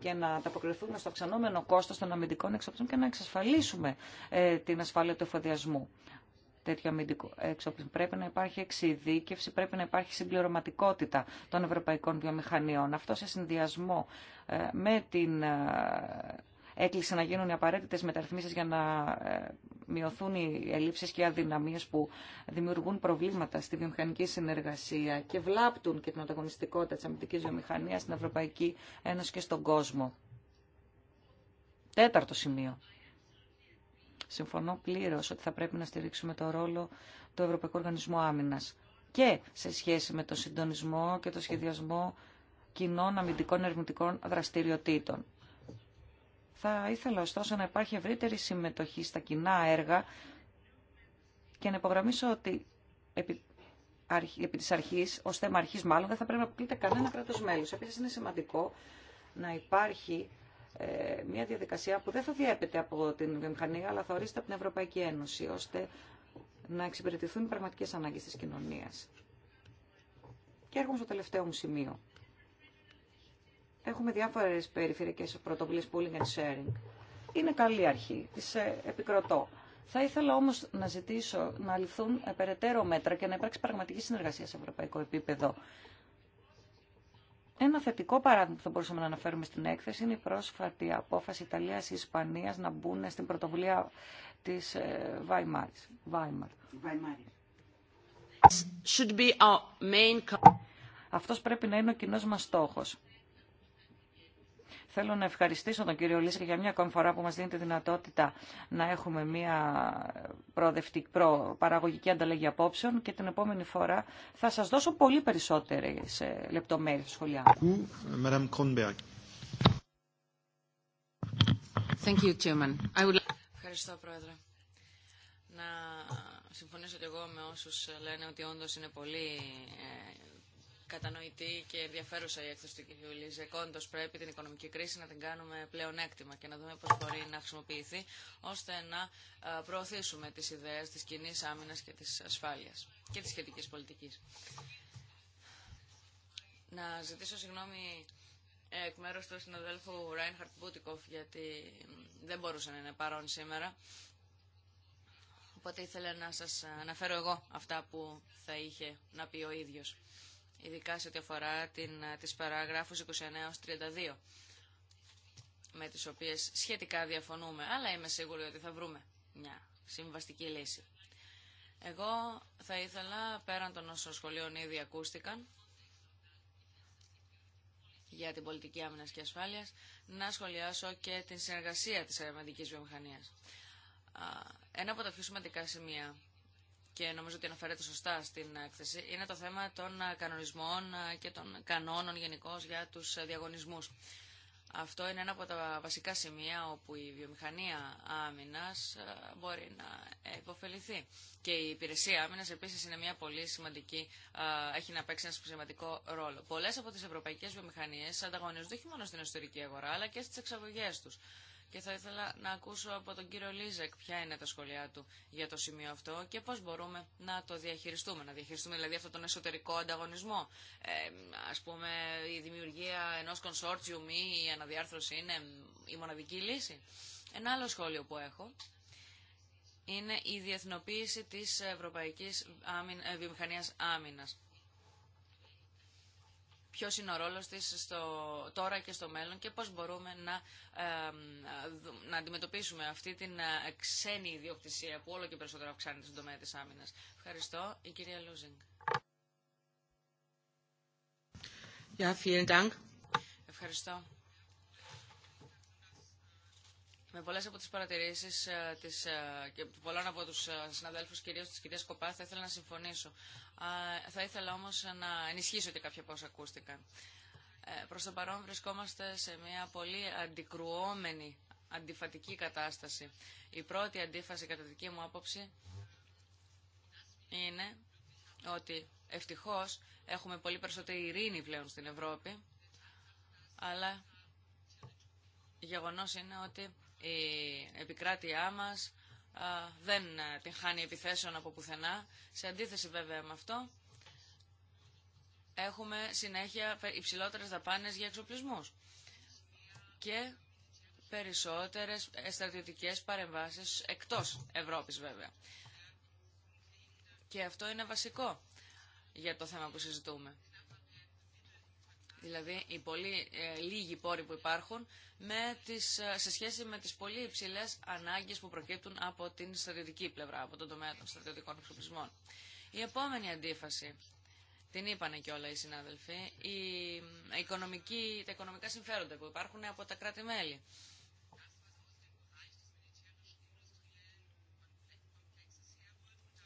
και να ανταποκριθούμε στο αυξανόμενο κόστο των αμυντικών εξοπλισμών και να εξασφαλίσουμε ε, την ασφάλεια του εφοδιασμού τέτοιο αμυντικού εξοπλισμό. Πρέπει να υπάρχει εξειδίκευση, πρέπει να υπάρχει συμπληρωματικότητα των ευρωπαϊκών βιομηχανιών. Αυτό σε συνδυασμό ε, με την ε, έκλεισε να γίνουν οι απαραίτητες μεταρρυθμίσεις για να ε, μειωθούν οι ελλείψεις και οι αδυναμίες που δημιουργούν προβλήματα στη βιομηχανική συνεργασία και βλάπτουν και την ανταγωνιστικότητα της αμυντικής βιομηχανίας στην Ευρωπαϊκή Ένωση και στον κόσμο. Τέταρτο σημείο. Συμφωνώ πλήρως ότι θα πρέπει να στηρίξουμε το ρόλο του Ευρωπαϊκού Οργανισμού Άμυνας και σε σχέση με το συντονισμό και το σχεδιασμό κοινών αμυντικών ερευνητικών δραστηριοτήτων. Θα ήθελα ωστόσο να υπάρχει ευρύτερη συμμετοχή στα κοινά έργα και να υπογραμμίσω ότι επί, επί της αρχής, ως θέμα αρχής μάλλον, δεν θα πρέπει να αποκλείται κανένα κράτος μέλος. Επίσης είναι σημαντικό να υπάρχει ε, μια διαδικασία που δεν θα διέπεται από την βιομηχανία, αλλά θα ορίζεται από την Ευρωπαϊκή Ένωση, ώστε να εξυπηρετηθούν οι πραγματικές ανάγκες της κοινωνίας. Και έρχομαι στο τελευταίο μου σημείο. Έχουμε διάφορε περιφερειακές πρωτοβουλίε pooling and sharing. Είναι καλή αρχή, τι ε, επικροτώ. Θα ήθελα όμω να ζητήσω να ληφθούν ε, περαιτέρω μέτρα και να υπάρξει πραγματική συνεργασία σε ευρωπαϊκό επίπεδο. Ένα θετικό παράδειγμα που θα μπορούσαμε να αναφέρουμε στην έκθεση είναι η πρόσφατη απόφαση Ιταλία ή Ισπανίας να μπουν στην πρωτοβουλία τη. Ε, Βαϊμάρης. Βαϊμάρ. πρέπει να είναι ο κοινό μα στόχο. Θέλω να ευχαριστήσω τον κύριο Λίσκα για μια ακόμη φορά που μας δίνει τη δυνατότητα να έχουμε μια προ, παραγωγική ανταλλαγή απόψεων και την επόμενη φορά θα σας δώσω πολύ περισσότερες ε, λεπτομέρειες σχολιά. Ευχαριστώ, Πρόεδρε. Να συμφωνήσω και εγώ με όσους λένε ότι όντως είναι πολύ ε, κατανοητή και ενδιαφέρουσα η έκθεση του κ. Λίζεκ. πρέπει την οικονομική κρίση να την κάνουμε πλεονέκτημα και να δούμε πώ μπορεί να χρησιμοποιηθεί ώστε να προωθήσουμε τι ιδέε τη κοινή άμυνα και τη ασφάλεια και τη σχετική πολιτική. Να ζητήσω συγγνώμη εκ μέρου του συναδέλφου Ράινχαρτ Μπούτικοφ γιατί δεν μπορούσε να είναι παρόν σήμερα. Οπότε ήθελα να σας αναφέρω εγώ αυτά που θα είχε να πει ο ίδιος ειδικά σε ό,τι αφορά την, ε, τις παραγράφους 29-32, με τις οποίες σχετικά διαφωνούμε, αλλά είμαι σίγουρη ότι θα βρούμε μια συμβαστική λύση. Εγώ θα ήθελα, πέραν των όσων σχολείων ήδη ακούστηκαν, για την πολιτική άμυνας και ασφάλειας, να σχολιάσω και την συνεργασία της αερομαντικής βιομηχανίας. Ένα από τα πιο σημαντικά σημεία και νομίζω ότι αναφέρεται σωστά στην έκθεση, είναι το θέμα των κανονισμών και των κανόνων γενικώ για τους διαγωνισμούς. Αυτό είναι ένα από τα βασικά σημεία όπου η βιομηχανία άμυνα ε, μπορεί να υποφεληθεί. Και η υπηρεσία άμυνα επίση είναι μια πολύ σημαντική, ε, έχει να παίξει ένα σημαντικό ρόλο. Πολλέ από τι ευρωπαϊκέ βιομηχανίε ανταγωνίζονται όχι μόνο στην εσωτερική αγορά, αλλά και στι εξαγωγέ του και θα ήθελα να ακούσω από τον κύριο Λίζεκ ποια είναι τα σχόλιά του για το σημείο αυτό και πώς μπορούμε να το διαχειριστούμε. Να διαχειριστούμε δηλαδή αυτόν τον εσωτερικό ανταγωνισμό. Ε, ας πούμε η δημιουργία ενός κονσόρτσιουμ ή η αναδιάρθρωση είναι η μοναδική λύση. Ένα άλλο σχόλιο που έχω είναι η διεθνοποίηση της Ευρωπαϊκής Άμυνα, ε, Βιομηχανίας Άμυνας ποιος είναι ο ρόλος της στο, τώρα και στο μέλλον και πώς μπορούμε να, να αντιμετωπίσουμε αυτή την ε, ξένη ιδιοκτησία που όλο και περισσότερο αυξάνεται στον τομέα της άμυνας. Ευχαριστώ. Η κυρία Λούζινγκ. Ja, vielen Dank. Ευχαριστώ με πολλέ από τι παρατηρήσει ε, ε, και πολλών από του ε, συναδέλφου, κυρίω τη κυρία Κοπά, θα ήθελα να συμφωνήσω. Θα ήθελα όμω να ενισχύσω και κάποια πόσα ακούστηκαν. Προ το παρόν βρισκόμαστε σε μια πολύ αντικρουόμενη, αντιφατική κατάσταση. Η πρώτη αντίφαση, κατά δική μου άποψη, είναι ότι ευτυχώς έχουμε πολύ περισσότερη ειρήνη πλέον στην Ευρώπη, αλλά γεγονός είναι ότι η επικράτειά μας δεν ε, την χάνει επιθέσεων από πουθενά. Σε αντίθεση βέβαια με αυτό, έχουμε συνέχεια υψηλότερες δαπάνες για εξοπλισμούς και περισσότερες στρατιωτικές παρεμβάσεις εκτός Ευρώπης βέβαια. Και αυτό είναι βασικό για το θέμα που συζητούμε δηλαδή οι πολύ ε, λίγοι πόροι που υπάρχουν με τις, ε, σε σχέση με τις πολύ υψηλές ανάγκες που προκύπτουν από την στρατιωτική πλευρά, από τον τομέα των στρατιωτικών εξοπλισμών. Η επόμενη αντίφαση, την είπανε και όλα οι συνάδελφοι, η ε, οικονομική, τα οικονομικά συμφέροντα που υπάρχουν από τα κράτη-μέλη.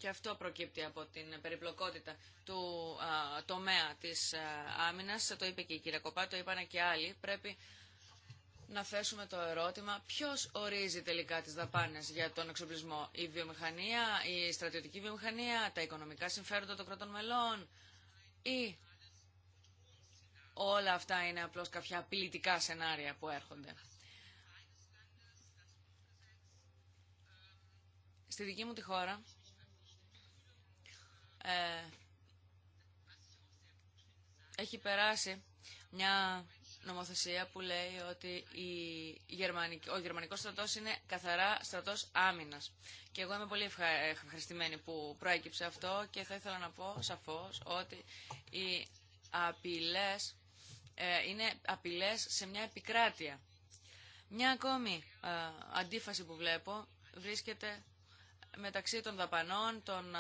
Και αυτό προκύπτει από την περιπλοκότητα του τομέα της άμυνας. Το είπε και η κυρία Κοπά, το είπαν και άλλοι. Πρέπει να θέσουμε το ερώτημα ποιος ορίζει τελικά τις δαπάνες για τον εξοπλισμό. Η βιομηχανία, η στρατιωτική βιομηχανία, τα οικονομικά συμφέροντα των κρατών μελών ή όλα αυτά είναι απλώς κάποια απειλητικά σενάρια που έρχονται. Στη δική μου τη χώρα ε, έχει περάσει μια νομοθεσία που λέει ότι η Γερμανική, ο γερμανικός στρατός είναι καθαρά στρατός άμυνας. Και εγώ είμαι πολύ ευχαριστημένη που προέκυψε αυτό και θα ήθελα να πω σαφώς ότι οι απειλές ε, είναι απειλές σε μια επικράτεια. Μια ακόμη ε, αντίφαση που βλέπω βρίσκεται μεταξύ των δαπανών, των ε,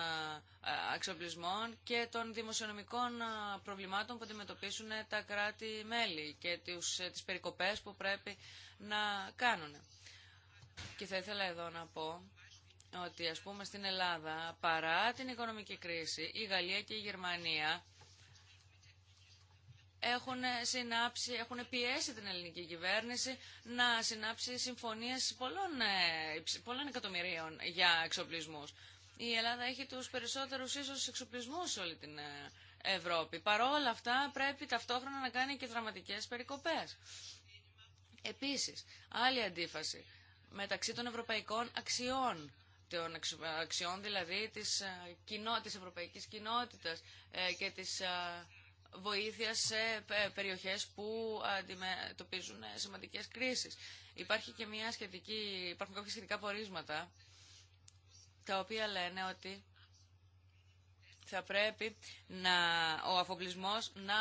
ε, αξιοπλισμών και των δημοσιονομικών ε, προβλημάτων που αντιμετωπίσουν τα κράτη-μέλη και τις περικοπές που πρέπει να κάνουν. Και θα ήθελα εδώ να πω ότι ας πούμε στην Ελλάδα, παρά την οικονομική κρίση, η Γαλλία και η Γερμανία έχουν συνάψει, έχουν πιέσει την ελληνική κυβέρνηση να συνάψει συμφωνίες πολλών, ε, πολλών εκατομμυρίων για εξοπλισμούς. Η Ελλάδα έχει τους περισσότερους ίσως εξοπλισμούς σε όλη την ε, Ευρώπη. Παρόλα αυτά πρέπει ταυτόχρονα να κάνει και δραματικές περικοπές. Επίσης, άλλη αντίφαση μεταξύ των ευρωπαϊκών αξιών των αξιών δηλαδή της, ε, κοινό, της ευρωπαϊκής κοινότητας και της βοήθεια σε ε, περιοχές που αντιμετωπίζουν ε, σημαντικές κρίσεις. Υπάρχει και μια σχετική, υπάρχουν κάποια σχετικά πορίσματα τα οποία λένε ότι θα πρέπει να, ο αφοπλισμός να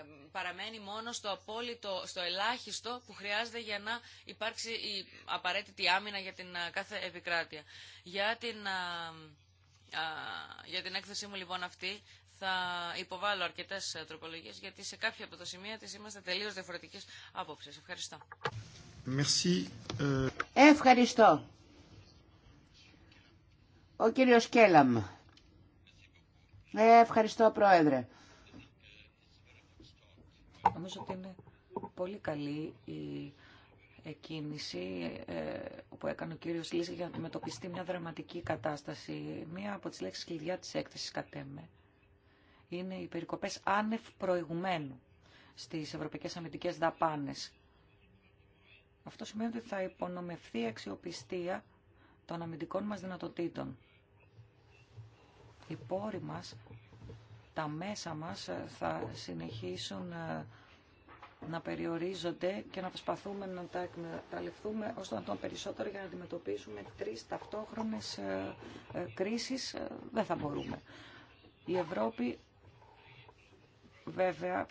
ε, παραμένει μόνο στο απόλυτο, στο ελάχιστο που χρειάζεται για να υπάρξει η απαραίτητη άμυνα για την κάθε επικράτεια. Για την, για την έκθεσή μου λοιπόν αυτή θα υποβάλω αρκετέ ε, τροπολογίε, γιατί σε κάποια από τα σημεία τη είμαστε τελείω διαφορετική άποψη. Ευχαριστώ. Merci. Ε. Ευχαριστώ. Ο κύριος Κέλαμ. Ε, ευχαριστώ, Πρόεδρε. Νομίζω ότι είναι πολύ καλή η εκκίνηση που έκανε ο κύριος Λύση για να αντιμετωπιστεί μια δραματική κατάσταση. Μία από τις λέξεις κλειδιά της έκθεσης κατέμε είναι οι περικοπές άνευ προηγουμένου στις ευρωπαϊκές αμυντικές δαπάνες. Αυτό σημαίνει ότι θα υπονομευθεί η αξιοπιστία των αμυντικών μας δυνατοτήτων. Οι πόροι μας, τα μέσα μας ε, θα συνεχίσουν ε, να περιορίζονται και να προσπαθούμε να τα εκμεταλλευτούμε ώστε να τον περισσότερο για να αντιμετωπίσουμε τρεις ταυτόχρονες ε, κρίσεις. Δεν θα μπορούμε. Η Ευρώπη βέβαια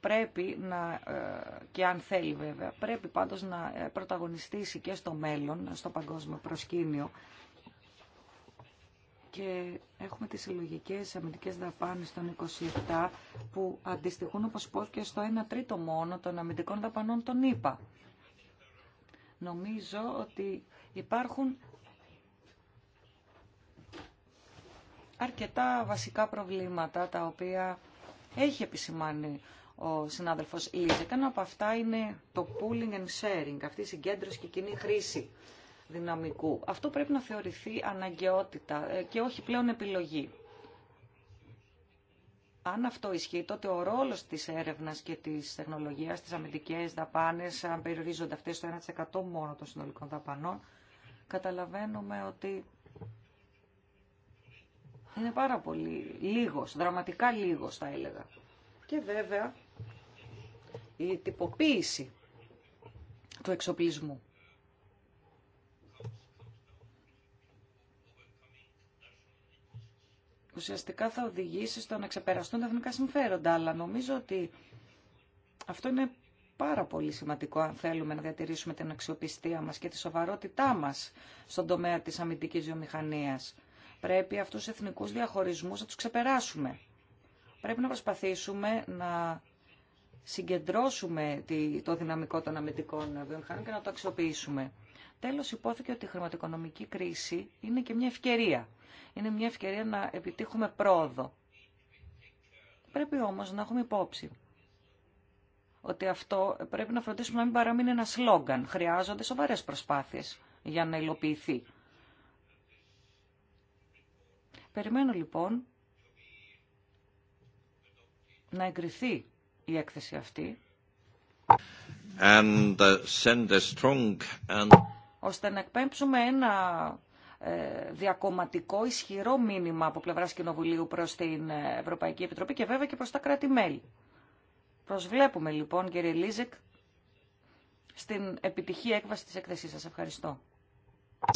πρέπει να, ε, και αν θέλει βέβαια, πρέπει πάντως να ε, πρωταγωνιστήσει και στο μέλλον, στο παγκόσμιο προσκήνιο. Και έχουμε τις συλλογικέ αμυντικές δαπάνες των 27 που αντιστοιχούν όπως και στο 1 τρίτο μόνο των αμυντικών δαπανών των ΗΠΑ. Νομίζω ότι υπάρχουν αρκετά βασικά προβλήματα τα οποία έχει επισημάνει ο συνάδελφος Λίζεκ. Ένα από αυτά είναι το pooling and sharing, αυτή η συγκέντρωση και κοινή χρήση δυναμικού. Αυτό πρέπει να θεωρηθεί αναγκαιότητα ε, και όχι πλέον επιλογή. Αν αυτό ισχύει, τότε ο ρόλο τη έρευνα και τη τεχνολογία, τις αμυντικές δαπάνε, αν περιορίζονται αυτέ στο 1% μόνο των συνολικών δαπανών, καταλαβαίνουμε ότι είναι πάρα πολύ λίγος, δραματικά λίγος θα έλεγα. Και βέβαια η τυποποίηση του εξοπλισμού. Ουσιαστικά θα οδηγήσει στο να ξεπεραστούν τα εθνικά συμφέροντα, αλλά νομίζω ότι αυτό είναι πάρα πολύ σημαντικό αν θέλουμε να διατηρήσουμε την αξιοπιστία μας και τη σοβαρότητά μας στον τομέα της αμυντικής βιομηχανίας. Πρέπει αυτούς τους εθνικούς διαχωρισμούς να τους ξεπεράσουμε. Πρέπει να προσπαθήσουμε να συγκεντρώσουμε το δυναμικό των αμυντικών βιομηχανών και να το αξιοποιήσουμε. Τέλος, υπόθηκε ότι η χρηματοοικονομική κρίση είναι και μια ευκαιρία. Είναι μια ευκαιρία να επιτύχουμε πρόοδο. Πρέπει όμως να έχουμε υπόψη ότι αυτό πρέπει να φροντίσουμε να μην παραμείνει ένα σλόγγαν. Χρειάζονται σοβαρές προσπάθειες για να υλοποιηθεί. Περιμένω λοιπόν να εγκριθεί η έκθεση αυτή and uh, ώστε να εκπέμψουμε ένα ε, διακομματικό ισχυρό μήνυμα από πλευράς Κοινοβουλίου προς την Ευρωπαϊκή Επιτροπή και βέβαια και προς τα κράτη-μέλη. Προσβλέπουμε λοιπόν κύριε Λίζεκ στην επιτυχή έκβαση της έκθεσής σας. Ευχαριστώ.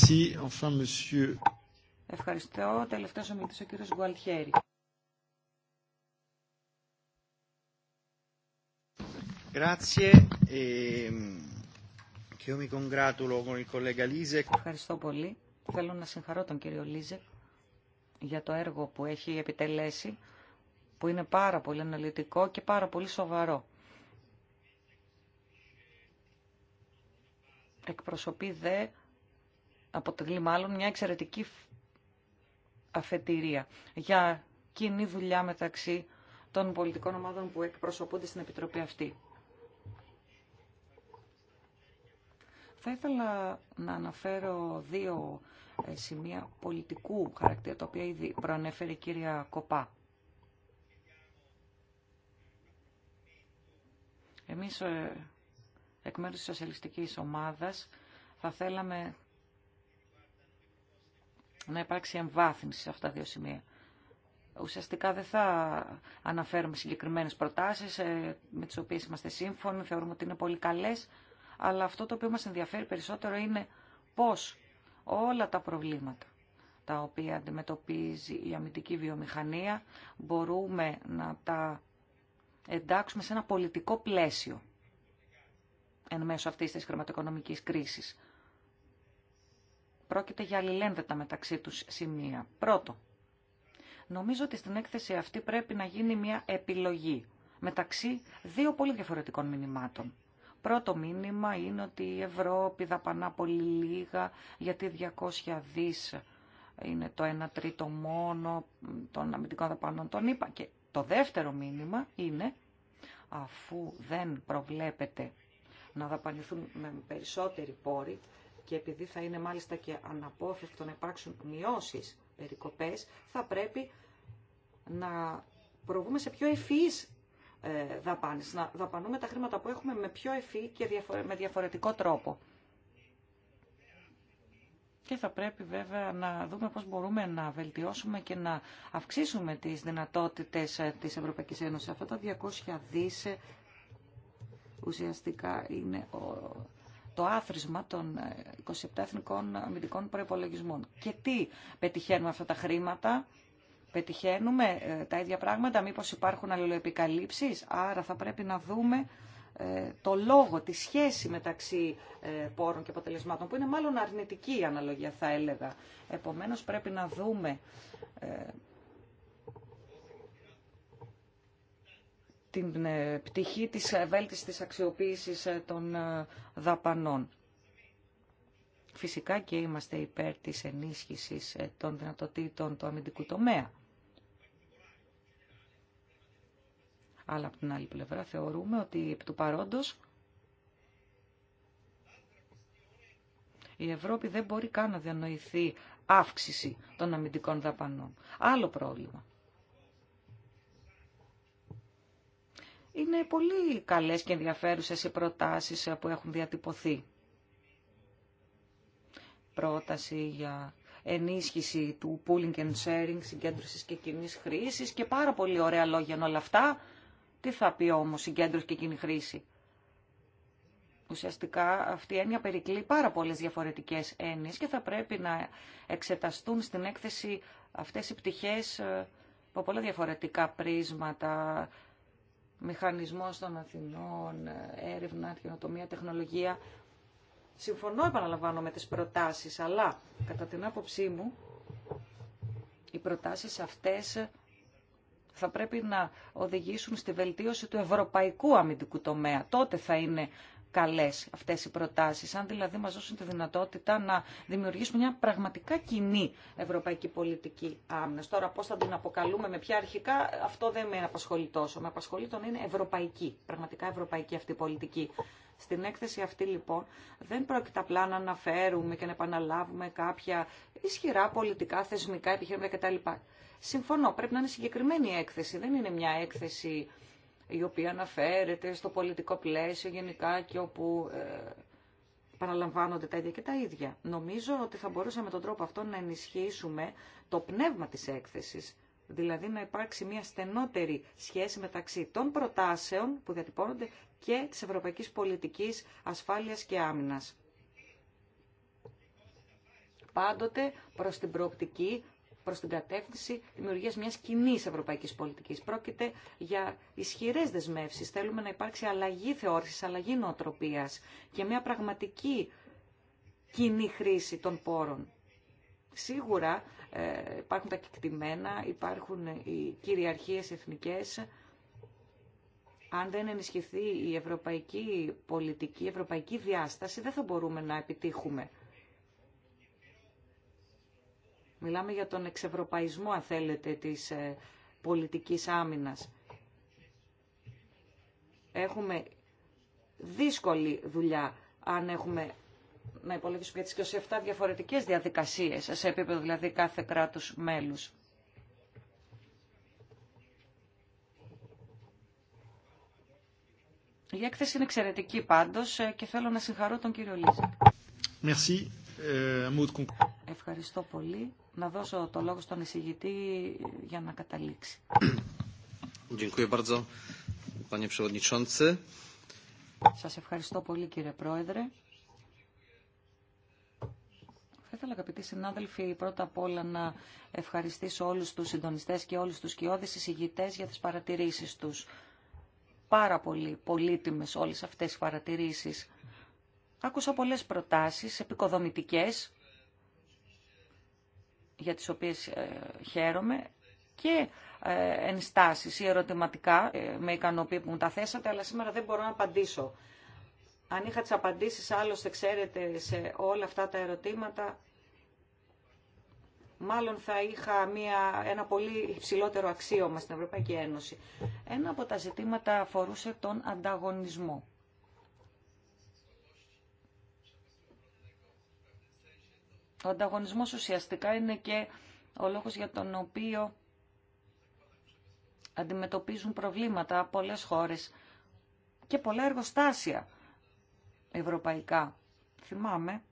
Merci, Ευχαριστώ. Τελευταίος ο ο κύριος Γκουαλτιέρη. Ehm, Ευχαριστώ πολύ. Θέλω να συγχαρώ τον κύριο Λίζεκ για το έργο που έχει επιτελέσει, που είναι πάρα πολύ αναλυτικό και πάρα πολύ σοβαρό. Εκπροσωπεί δε, από μάλλον, μια εξαιρετική αφετηρία για κοινή δουλειά μεταξύ των πολιτικών ομάδων που εκπροσωπούνται στην Επιτροπή αυτή. Θα ήθελα να αναφέρω δύο ε, σημεία πολιτικού χαρακτήρα, τα οποία ήδη προανέφερε η κυρία Κοπά. Εμείς ε, εκ μέρους της σοσιαλιστικής ομάδας θα θέλαμε να υπάρξει εμβάθυνση σε αυτά τα δύο σημεία. Ουσιαστικά δεν θα αναφέρουμε συγκεκριμένες προτάσεις ε, με τι οποίε είμαστε σύμφωνοι, θεωρούμε ότι είναι πολύ καλέ, αλλά αυτό το οποίο μα ενδιαφέρει περισσότερο είναι πώ όλα τα προβλήματα τα οποία αντιμετωπίζει η αμυντική βιομηχανία μπορούμε να τα εντάξουμε σε ένα πολιτικό πλαίσιο εν μέσω αυτής της χρηματοοικονομικής κρίσης. Πρόκειται για αλληλένδετα μεταξύ τους σημεία. Πρώτο, νομίζω ότι στην έκθεση αυτή πρέπει να γίνει μια επιλογή μεταξύ δύο πολύ διαφορετικών μηνυμάτων. Πρώτο μήνυμα είναι ότι η Ευρώπη δαπανά πολύ λίγα γιατί 200 δις είναι το 1 τρίτο μόνο των αμυντικών δαπανών των Και το δεύτερο μήνυμα είναι αφού δεν προβλέπεται να δαπανηθούν με περισσότεροι πόροι, και επειδή θα είναι μάλιστα και αναπόφευκτο να υπάρξουν μειώσεις, περικοπές, θα πρέπει να προβούμε σε πιο ευφυείς ε, δαπάνες, να δαπανούμε τα χρήματα που έχουμε με πιο ευφυή και με διαφορετικό τρόπο. Και θα πρέπει βέβαια να δούμε πώς μπορούμε να βελτιώσουμε και να αυξήσουμε τις δυνατότητες ε, της Ευρωπαϊκής Ένωσης. Αυτά τα 200 δις ε, ουσιαστικά είναι το άθροισμα των 27 ε, εθνικών αμυντικών προπολογισμών. Και τι πετυχαίνουμε αυτά τα χρήματα, πετυχαίνουμε ε, τα ίδια πράγματα, μήπως υπάρχουν αλληλοεπικαλύψεις, άρα θα πρέπει να δούμε ε, το λόγο, τη σχέση μεταξύ πόρων και αποτελεσμάτων, που είναι μάλλον αρνητική η αναλογία θα έλεγα. Επομένως πρέπει να δούμε την ε, πτυχή της ευέλτιστης αξιοποίησης ε, των ε, δαπανών. Φυσικά και είμαστε υπέρ της ενίσχυσης των δυνατοτήτων του αμυντικού τομέα. Αλλά από την άλλη πλευρά θεωρούμε ότι επί του παρόντος η Ευρώπη δεν μπορεί καν να διανοηθεί αύξηση των αμυντικών δαπανών. Άλλο πρόβλημα. Είναι πολύ καλές και ενδιαφέρουσες οι προτάσεις που έχουν διατυπωθεί. Πρόταση για ενίσχυση του pooling and sharing, συγκέντρωσης και κοινή χρήσης και πάρα πολύ ωραία λόγια όλα αυτά. Τι θα πει όμως συγκέντρωση και κοινή χρήση. Ουσιαστικά αυτή η έννοια περικλεί πάρα πολλές διαφορετικές έννοιες και θα πρέπει να εξεταστούν στην έκθεση αυτές οι πτυχές ε, από πολλά διαφορετικά πρίσματα μηχανισμός των Αθηνών, έρευνα, καινοτομία, τεχνολογία. Συμφωνώ, επαναλαμβάνω, με τις προτάσεις, αλλά κατά την άποψή μου οι προτάσεις αυτές θα πρέπει να οδηγήσουν στη βελτίωση του ευρωπαϊκού αμυντικού τομέα. Τότε θα είναι Καλέ αυτέ οι προτάσει. αν δηλαδή μας δώσουν τη δυνατότητα να δημιουργήσουμε μια πραγματικά κοινή ευρωπαϊκή πολιτική άμυνα. Τώρα πώ θα την αποκαλούμε, με ποια αρχικά, αυτό δεν με απασχολεί τόσο. Με απασχολεί το να είναι ευρωπαϊκή, πραγματικά ευρωπαϊκή αυτή η πολιτική. Στην έκθεση αυτή λοιπόν δεν πρόκειται απλά να αναφέρουμε και να επαναλάβουμε κάποια ισχυρά πολιτικά, θεσμικά επιχειρήματα κτλ. Συμφωνώ, πρέπει να είναι συγκεκριμένη η έκθεση, δεν είναι μια έκθεση η οποία αναφέρεται στο πολιτικό πλαίσιο γενικά και όπου ε, παραλαμβάνονται τα ίδια και τα ίδια. Νομίζω ότι θα μπορούσαμε τον τρόπο αυτό να ενισχύσουμε το πνεύμα της έκθεσης, δηλαδή να υπάρξει μια στενότερη σχέση μεταξύ των προτάσεων που διατυπώνονται και της ευρωπαϊκής πολιτικής ασφάλειας και άμυνας. Πάντοτε προς την προοπτική προς την κατεύθυνση δημιουργίας μιας κοινή ευρωπαϊκής πολιτικής. Πρόκειται για ισχυρές δεσμεύσεις. Θέλουμε να υπάρξει αλλαγή θεώρησης, αλλαγή νοοτροπίας και μια πραγματική κοινή χρήση των πόρων. Σίγουρα ε, υπάρχουν τα κεκτημένα, υπάρχουν οι κυριαρχίες εθνικές. Αν δεν ενισχυθεί η ευρωπαϊκή πολιτική, η ευρωπαϊκή διάσταση, δεν θα μπορούμε να επιτύχουμε Μιλάμε για τον εξευρωπαϊσμό, αν θέλετε, της ε, πολιτικής άμυνας. Έχουμε δύσκολη δουλειά αν έχουμε να υπολογίσουμε για τις 27 διαφορετικές διαδικασίες σε επίπεδο δηλαδή κάθε κράτους μέλους. Η έκθεση είναι εξαιρετική πάντως ε, και θέλω να συγχαρώ τον κύριο Λίζα. Ε, ευχαριστώ πολύ. Να δώσω το λόγο στον εισηγητή για να καταλήξει. Σας ευχαριστώ πολύ κύριε Πρόεδρε. Θα ήθελα αγαπητοί συνάδελφοι πρώτα απ' όλα να ευχαριστήσω όλους τους συντονιστές και όλους τους κοιόδες εισηγητές για τις παρατηρήσεις τους. Πάρα πολύ πολύτιμες όλες αυτές οι παρατηρήσεις. Άκουσα πολλές προτάσεις επικοδομητικές, για τις οποίες ε, χαίρομαι, και ε, ενστάσεις ή ερωτηματικά ε, με ικανοποίηση που μου τα θέσατε, αλλά σήμερα δεν μπορώ να απαντήσω. Αν είχα τις απαντήσεις άλλωστε, ξέρετε, σε όλα αυτά τα ερωτήματα, μάλλον θα είχα μια, ένα πολύ υψηλότερο αξίωμα στην Ευρωπαϊκή Ένωση. Ένα από τα ζητήματα αφορούσε τον ανταγωνισμό. Ο ανταγωνισμός ουσιαστικά είναι και ο λόγος για τον οποίο αντιμετωπίζουν προβλήματα πολλές χώρες και πολλά εργοστάσια ευρωπαϊκά. Θυμάμαι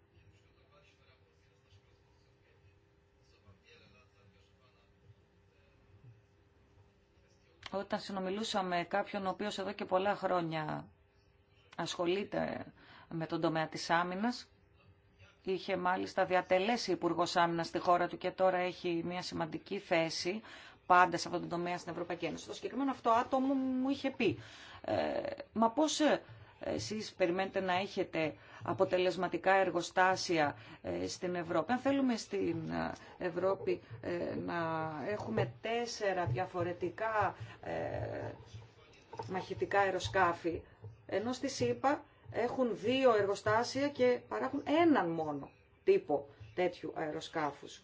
όταν συνομιλούσαμε κάποιον ο οποίος εδώ και πολλά χρόνια ασχολείται με τον τομέα της άμυνας, Είχε μάλιστα διατελέσει υπουργό Άμυνα στη χώρα του και τώρα έχει μια σημαντική θέση πάντα σε αυτόν τον τομέα στην Ευρωπαϊκή Ένωση. Το συγκεκριμένο αυτό άτομο μου είχε πει. Ε, μα πώς ε, εσείς περιμένετε να έχετε αποτελεσματικά εργοστάσια ε, στην Ευρώπη. Αν θέλουμε στην ε, Ευρώπη να έχουμε τέσσερα διαφορετικά μαχητικά αεροσκάφη, ενώ στη ΣΥΠΑ έχουν δύο εργοστάσια και παράγουν έναν μόνο τύπο τέτοιου αεροσκάφους.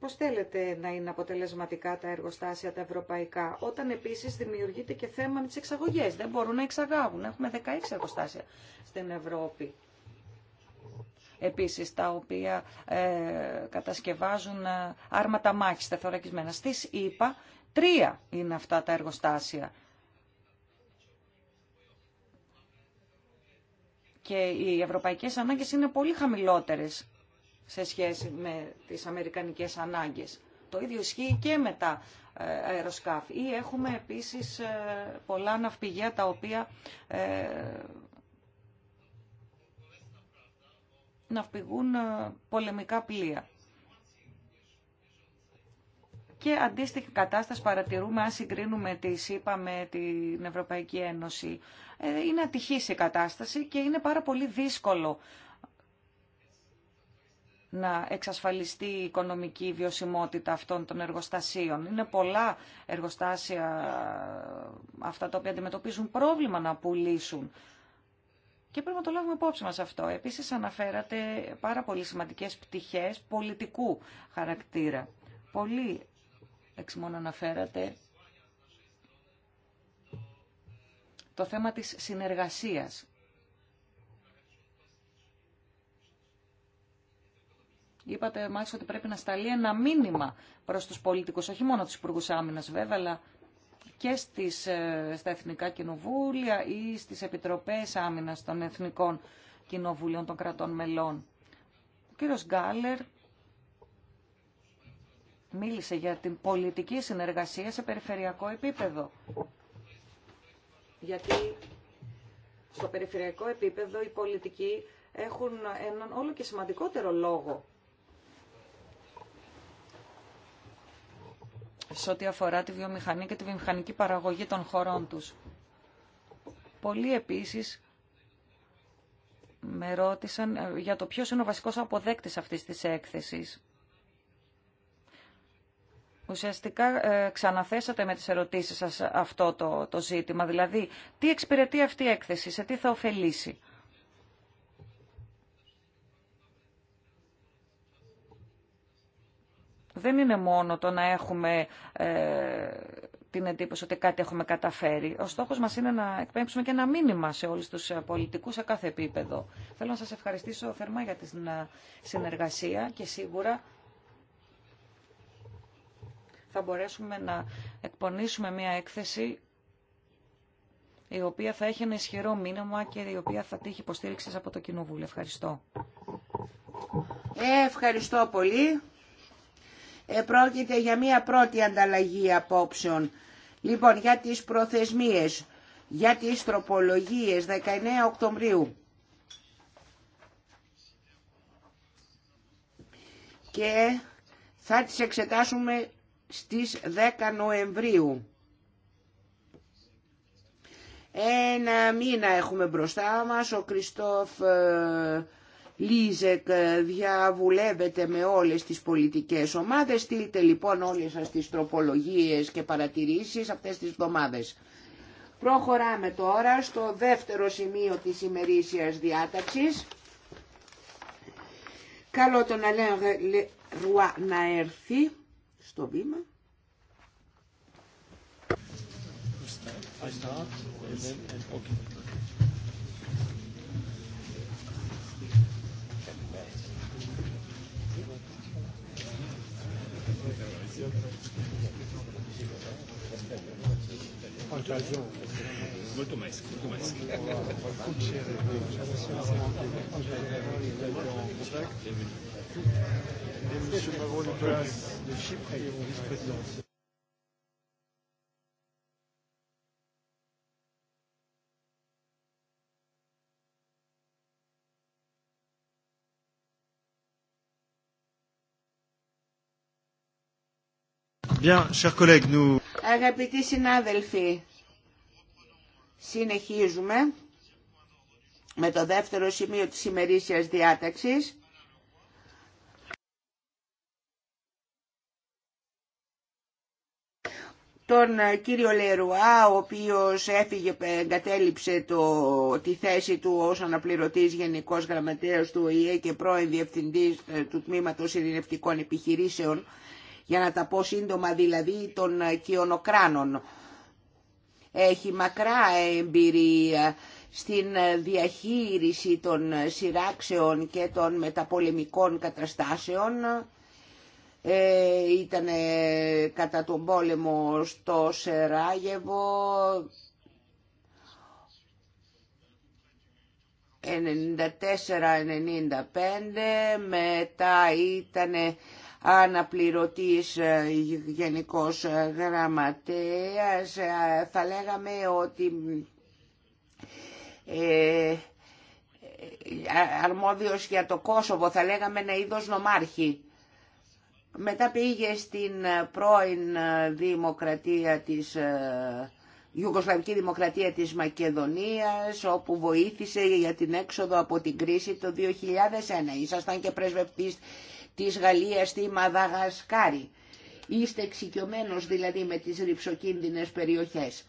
Πώς θέλετε να είναι αποτελεσματικά τα εργοστάσια τα ευρωπαϊκά, όταν επίσης δημιουργείται και θέμα με τις εξαγωγές. Δεν μπορούν να εξαγάγουν. Έχουμε 16 εργοστάσια στην Ευρώπη επίσης τα οποία ε, κατασκευάζουν ε, άρματα μάχης τεθωρακισμένα. Στις ΕΠΑ τρία είναι αυτά τα εργοστάσια. Και οι ευρωπαϊκές ανάγκες είναι πολύ χαμηλότερες σε σχέση με τις αμερικανικές ανάγκες. Το ίδιο ισχύει και με τα ε, αεροσκάφη. Ή έχουμε επίσης πολλά ναυπηγεία τα οποία ναυπηγούν ε, πολεμικά πλοία. Και αντίστοιχη κατάσταση παρατηρούμε αν συγκρίνουμε τη ΣΥΠΑ με την Ευρωπαϊκή Ένωση. Ε, είναι ατυχής η κατάσταση και είναι πάρα πολύ δύσκολο να εξασφαλιστεί η οικονομική βιωσιμότητα αυτών των εργοστασίων. Είναι πολλά εργοστάσια αυτά τα οποία αντιμετωπίζουν πρόβλημα να πουλήσουν και πρέπει να το λάβουμε υπόψη μας αυτό. Επίσης αναφέρατε πάρα πολύ σημαντικές πτυχές πολιτικού χαρακτήρα. Πολύ εξ αναφέρατε το θέμα της συνεργασίας. Είπατε μάλιστα ότι πρέπει να σταλεί ένα μήνυμα προς τους πολιτικούς, όχι μόνο τους υπουργούς άμυνας βέβαια, αλλά και στις, ε, στα Εθνικά Κοινοβούλια ή στις Επιτροπές Άμυνας των Εθνικών Κοινοβουλίων των Κρατών Μελών. Ο κύριος Γκάλερ μίλησε για την πολιτική συνεργασία σε περιφερειακό επίπεδο. Γιατί στο περιφερειακό επίπεδο οι πολιτικοί έχουν έναν όλο και σημαντικότερο λόγο σε ό,τι αφορά τη βιομηχανία και τη βιομηχανική παραγωγή των χωρών τους. Πολλοί επίσης με ρώτησαν ε, για το ποιος είναι ο βασικός αποδέκτης αυτής της έκθεσης. Ουσιαστικά ε, ξαναθέσατε με τις ερωτήσεις σας αυτό το, το ζήτημα, δηλαδή τι εξυπηρετεί αυτή η έκθεση, σε τι θα ωφελήσει. δεν είναι μόνο το να έχουμε ε, την εντύπωση ότι κάτι έχουμε καταφέρει. Ο στόχος μας είναι να εκπέμψουμε και ένα μήνυμα σε όλους τους ε, πολιτικούς σε κάθε επίπεδο. Θέλω να σας ευχαριστήσω θερμά για την ε, συνεργασία και σίγουρα θα μπορέσουμε να εκπονήσουμε μια έκθεση η οποία θα έχει ένα ισχυρό μήνυμα και η οποία θα τύχει υποστήριξη από το Κοινοβούλιο. Ευχαριστώ. Ε, ευχαριστώ πολύ. Ε, πρόκειται για μία πρώτη ανταλλαγή απόψεων. Λοιπόν, για τις προθεσμίες, για τις τροπολογίες 19 Οκτωβρίου. Και θα τις εξετάσουμε στις 10 Νοεμβρίου. Ένα μήνα έχουμε μπροστά μας, ο Κριστόφ ε, Λίζεκ ε, διαβουλεύεται με όλες τις πολιτικές ομάδες. Στείλτε λοιπόν όλες σας τις τροπολογίες και παρατηρήσεις αυτές τις εβδομάδες. Προχωράμε τώρα στο δεύτερο σημείο της ημερήσιας διάταξης. Καλό τον Αλέν Ρουά να έρθει στο βήμα. Molto mesco, molto de vice-président. Αγαπητοί συνάδελφοι, συνεχίζουμε με το δεύτερο σημείο της ημερήσιας διάταξης. Τον ε, κύριο Λερουά, ο οποίος έφυγε, ε, εγκατέλειψε το, τη θέση του ως αναπληρωτής γενικός γραμματέας του ΟΗΕ και πρώην διευθυντής ε, του Τμήματος Ειρηνευτικών Επιχειρήσεων για να τα πω σύντομα δηλαδή των ε, κοιονοκράνων. Έχει μακρά εμπειρία ε, στην ε, διαχείριση των σειράξεων και των μεταπολεμικών καταστάσεων. Ε, ήταν κατά τον πόλεμο στο Σεράγεβο 94-95 μετά ήτανε αναπληρωτής ε, γενικός ε, γραμματέας. Ε, θα λέγαμε ότι ε, αρμόδιος για το Κόσοβο, θα λέγαμε ένα είδος νομάρχη. Μετά πήγε στην πρώην δημοκρατία της Ιουγκοσλαβική Δημοκρατία της Μακεδονίας, όπου βοήθησε για την έξοδο από την κρίση το 2001. Ήσασταν και πρεσβευτής της Γαλλίας στη Μαδαγασκάρη. Είστε εξοικειωμένος δηλαδή με τις ρηψοκίνδυνες περιοχές.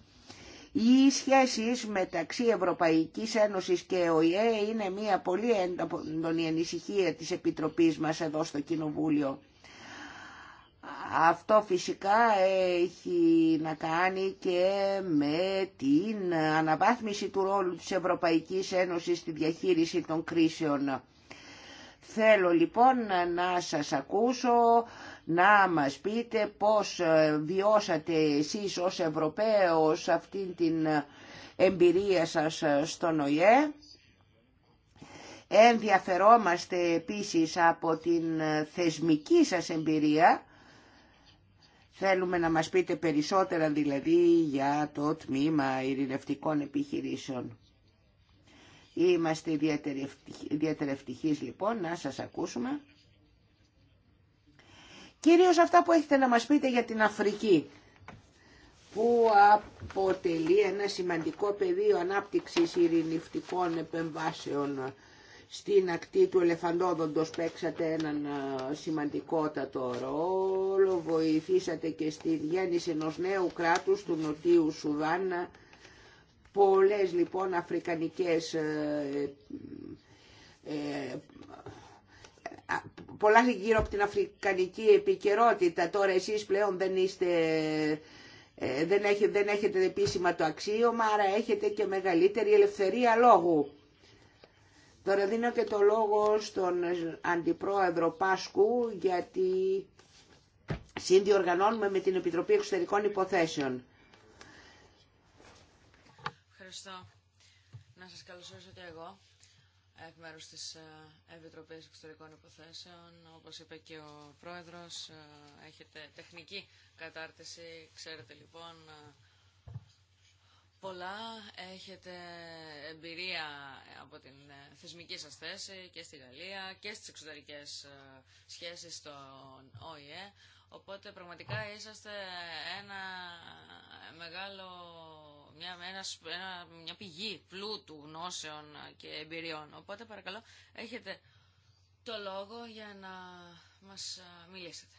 Οι σχέσεις μεταξύ Ευρωπαϊκής Ένωσης και ΟΗΕ είναι μια πολύ έντονη ανησυχία της Επιτροπής μας εδώ στο Κοινοβούλιο. Αυτό φυσικά έχει να κάνει και με την αναβάθμιση του ρόλου της Ευρωπαϊκής Ένωσης στη διαχείριση των κρίσεων. Θέλω λοιπόν να σας ακούσω, να μας πείτε πώς βιώσατε εσείς ως Ευρωπαίος αυτή την εμπειρία σας στον ΝΟΙΕ. Ενδιαφερόμαστε επίσης από την θεσμική σας εμπειρία. Θέλουμε να μας πείτε περισσότερα δηλαδή για το τμήμα ειρηνευτικών επιχειρήσεων. Είμαστε ιδιαίτερα ευτυχείς λοιπόν να σας ακούσουμε. Κυρίως αυτά που έχετε να μας πείτε για την Αφρική, που αποτελεί ένα σημαντικό πεδίο ανάπτυξης ειρηνευτικών επεμβάσεων στην ακτή του Ελεφαντόδοντος παίξατε έναν ε, σημαντικότατο ρόλο, βοηθήσατε και στη γέννηση ενός νέου κράτους του Νοτίου Σουδάνα, Πολλές λοιπόν αφρικανικές ε, ε, ε, πολλά γύρω από την αφρικανική επικαιρότητα. Τώρα εσείς πλέον δεν είστε, δεν έχετε, δεν έχετε επίσημα το αξίωμα, άρα έχετε και μεγαλύτερη ελευθερία λόγου. Τώρα δίνω και το λόγο στον Αντιπρόεδρο Πάσκου γιατί συνδιοργανώνουμε με την Επιτροπή Εξωτερικών Υποθέσεων. Ευχαριστώ. Να σας καλωσορίσω και εγώ εκ μέρους της ε, Επιτροπής Εξωτερικών Υποθέσεων. Όπως είπε και ο Πρόεδρος, ε, έχετε τεχνική κατάρτιση, ξέρετε λοιπόν ε, πολλά, έχετε εμπειρία από την θεσμική σας θέση και στη Γαλλία και στις εξωτερικές σχέσεις στον ΟΗΕ, οπότε πραγματικά είσαστε ένα μεγάλο μια, μια πηγή πλούτου γνώσεων και εμπειριών. Οπότε παρακαλώ έχετε το λόγο για να μας μιλήσετε.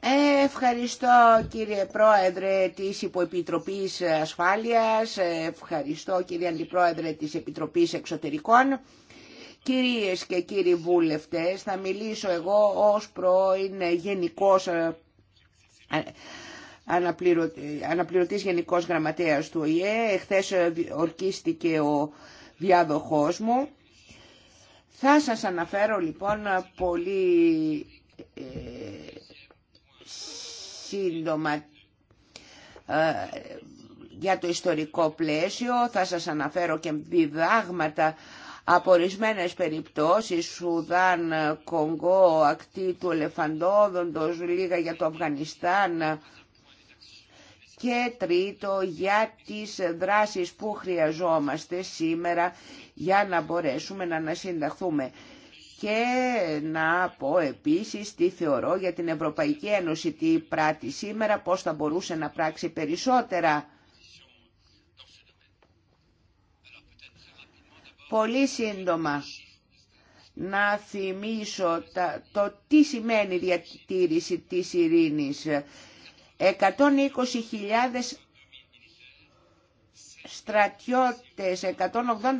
Ε, ευχαριστώ κύριε Πρόεδρε της Υποεπιτροπής Ασφάλειας, ε, ευχαριστώ κύριε Αντιπρόεδρε της Επιτροπής Εξωτερικών. Κυρίες και κύριοι βούλευτες, θα μιλήσω εγώ ως πρώην γενικός ε, αναπληρωτής γενικός γραμματέας του ΟΗΕ. Εχθές ε, ορκίστηκε ο διάδοχός μου. Θα σας αναφέρω λοιπόν πολύ ε, σύντομα ε, για το ιστορικό πλαίσιο, θα σας αναφέρω και διδάγματα από ορισμένε περιπτώσεις, Σουδάν, Κονγκό, ακτή του Ελεφαντόδοντο, λίγα για το Αφγανιστάν, και τρίτο για τις δράσεις που χρειαζόμαστε σήμερα για να μπορέσουμε να ανασυνταχθούμε. Και να πω επίσης τι θεωρώ για την Ευρωπαϊκή Ένωση, τι πράττει σήμερα, πώς θα μπορούσε να πράξει περισσότερα. Πολύ σύντομα να θυμίσω το τι σημαίνει διατήρηση της ειρήνης. 120.000 στρατιώτες, 180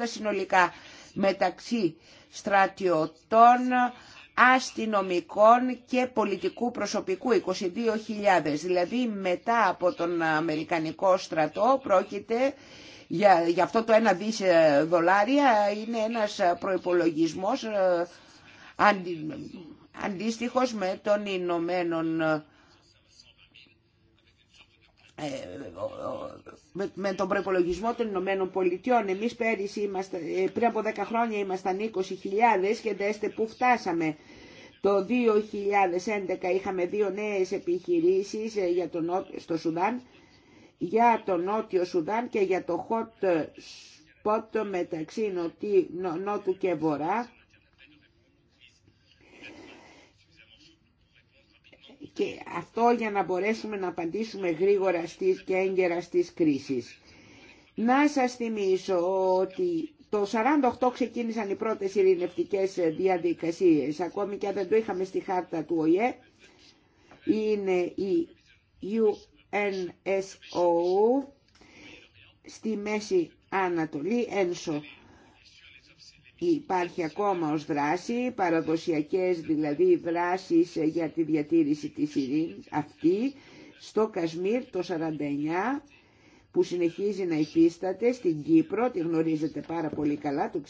συνολικά μεταξύ στρατιωτών, αστυνομικών και πολιτικού προσωπικού, 22.000. Δηλαδή μετά από τον Αμερικανικό στρατό πρόκειται για, αυτό το ένα δις ε, δολάρια είναι ένας προϋπολογισμός ε, αντι, αντίστοιχος με τον Ηνωμένων ε, με τον προπολογισμό των Ηνωμένων Πολιτειών. Εμείς πέρυσι, είμαστε, πριν από 10 χρόνια ήμασταν 20.000 και δέστε που φτάσαμε. Το 2011 είχαμε δύο νέες επιχειρήσεις για τον, στο Σουδάν για το Νότιο Σουδάν και για το hot spot μεταξύ νο, Νότου και Βορρά. Και αυτό για να μπορέσουμε να απαντήσουμε γρήγορα στις και έγκαιρα στις κρίσεις. Να σας θυμίσω ότι το 48 ξεκίνησαν οι πρώτες ειρηνευτικές διαδικασίες, ακόμη και αν δεν το είχαμε στη χάρτα του ΟΗΕ, είναι η NSO στη Μέση Ανατολή, ένσω. Υπάρχει ακόμα ως δράση, παραδοσιακές δηλαδή δράσεις για τη διατήρηση της ειρήνης αυτή, στο Κασμίρ το 49 που συνεχίζει να υφίσταται στην Κύπρο, τη γνωρίζετε πάρα πολύ καλά, το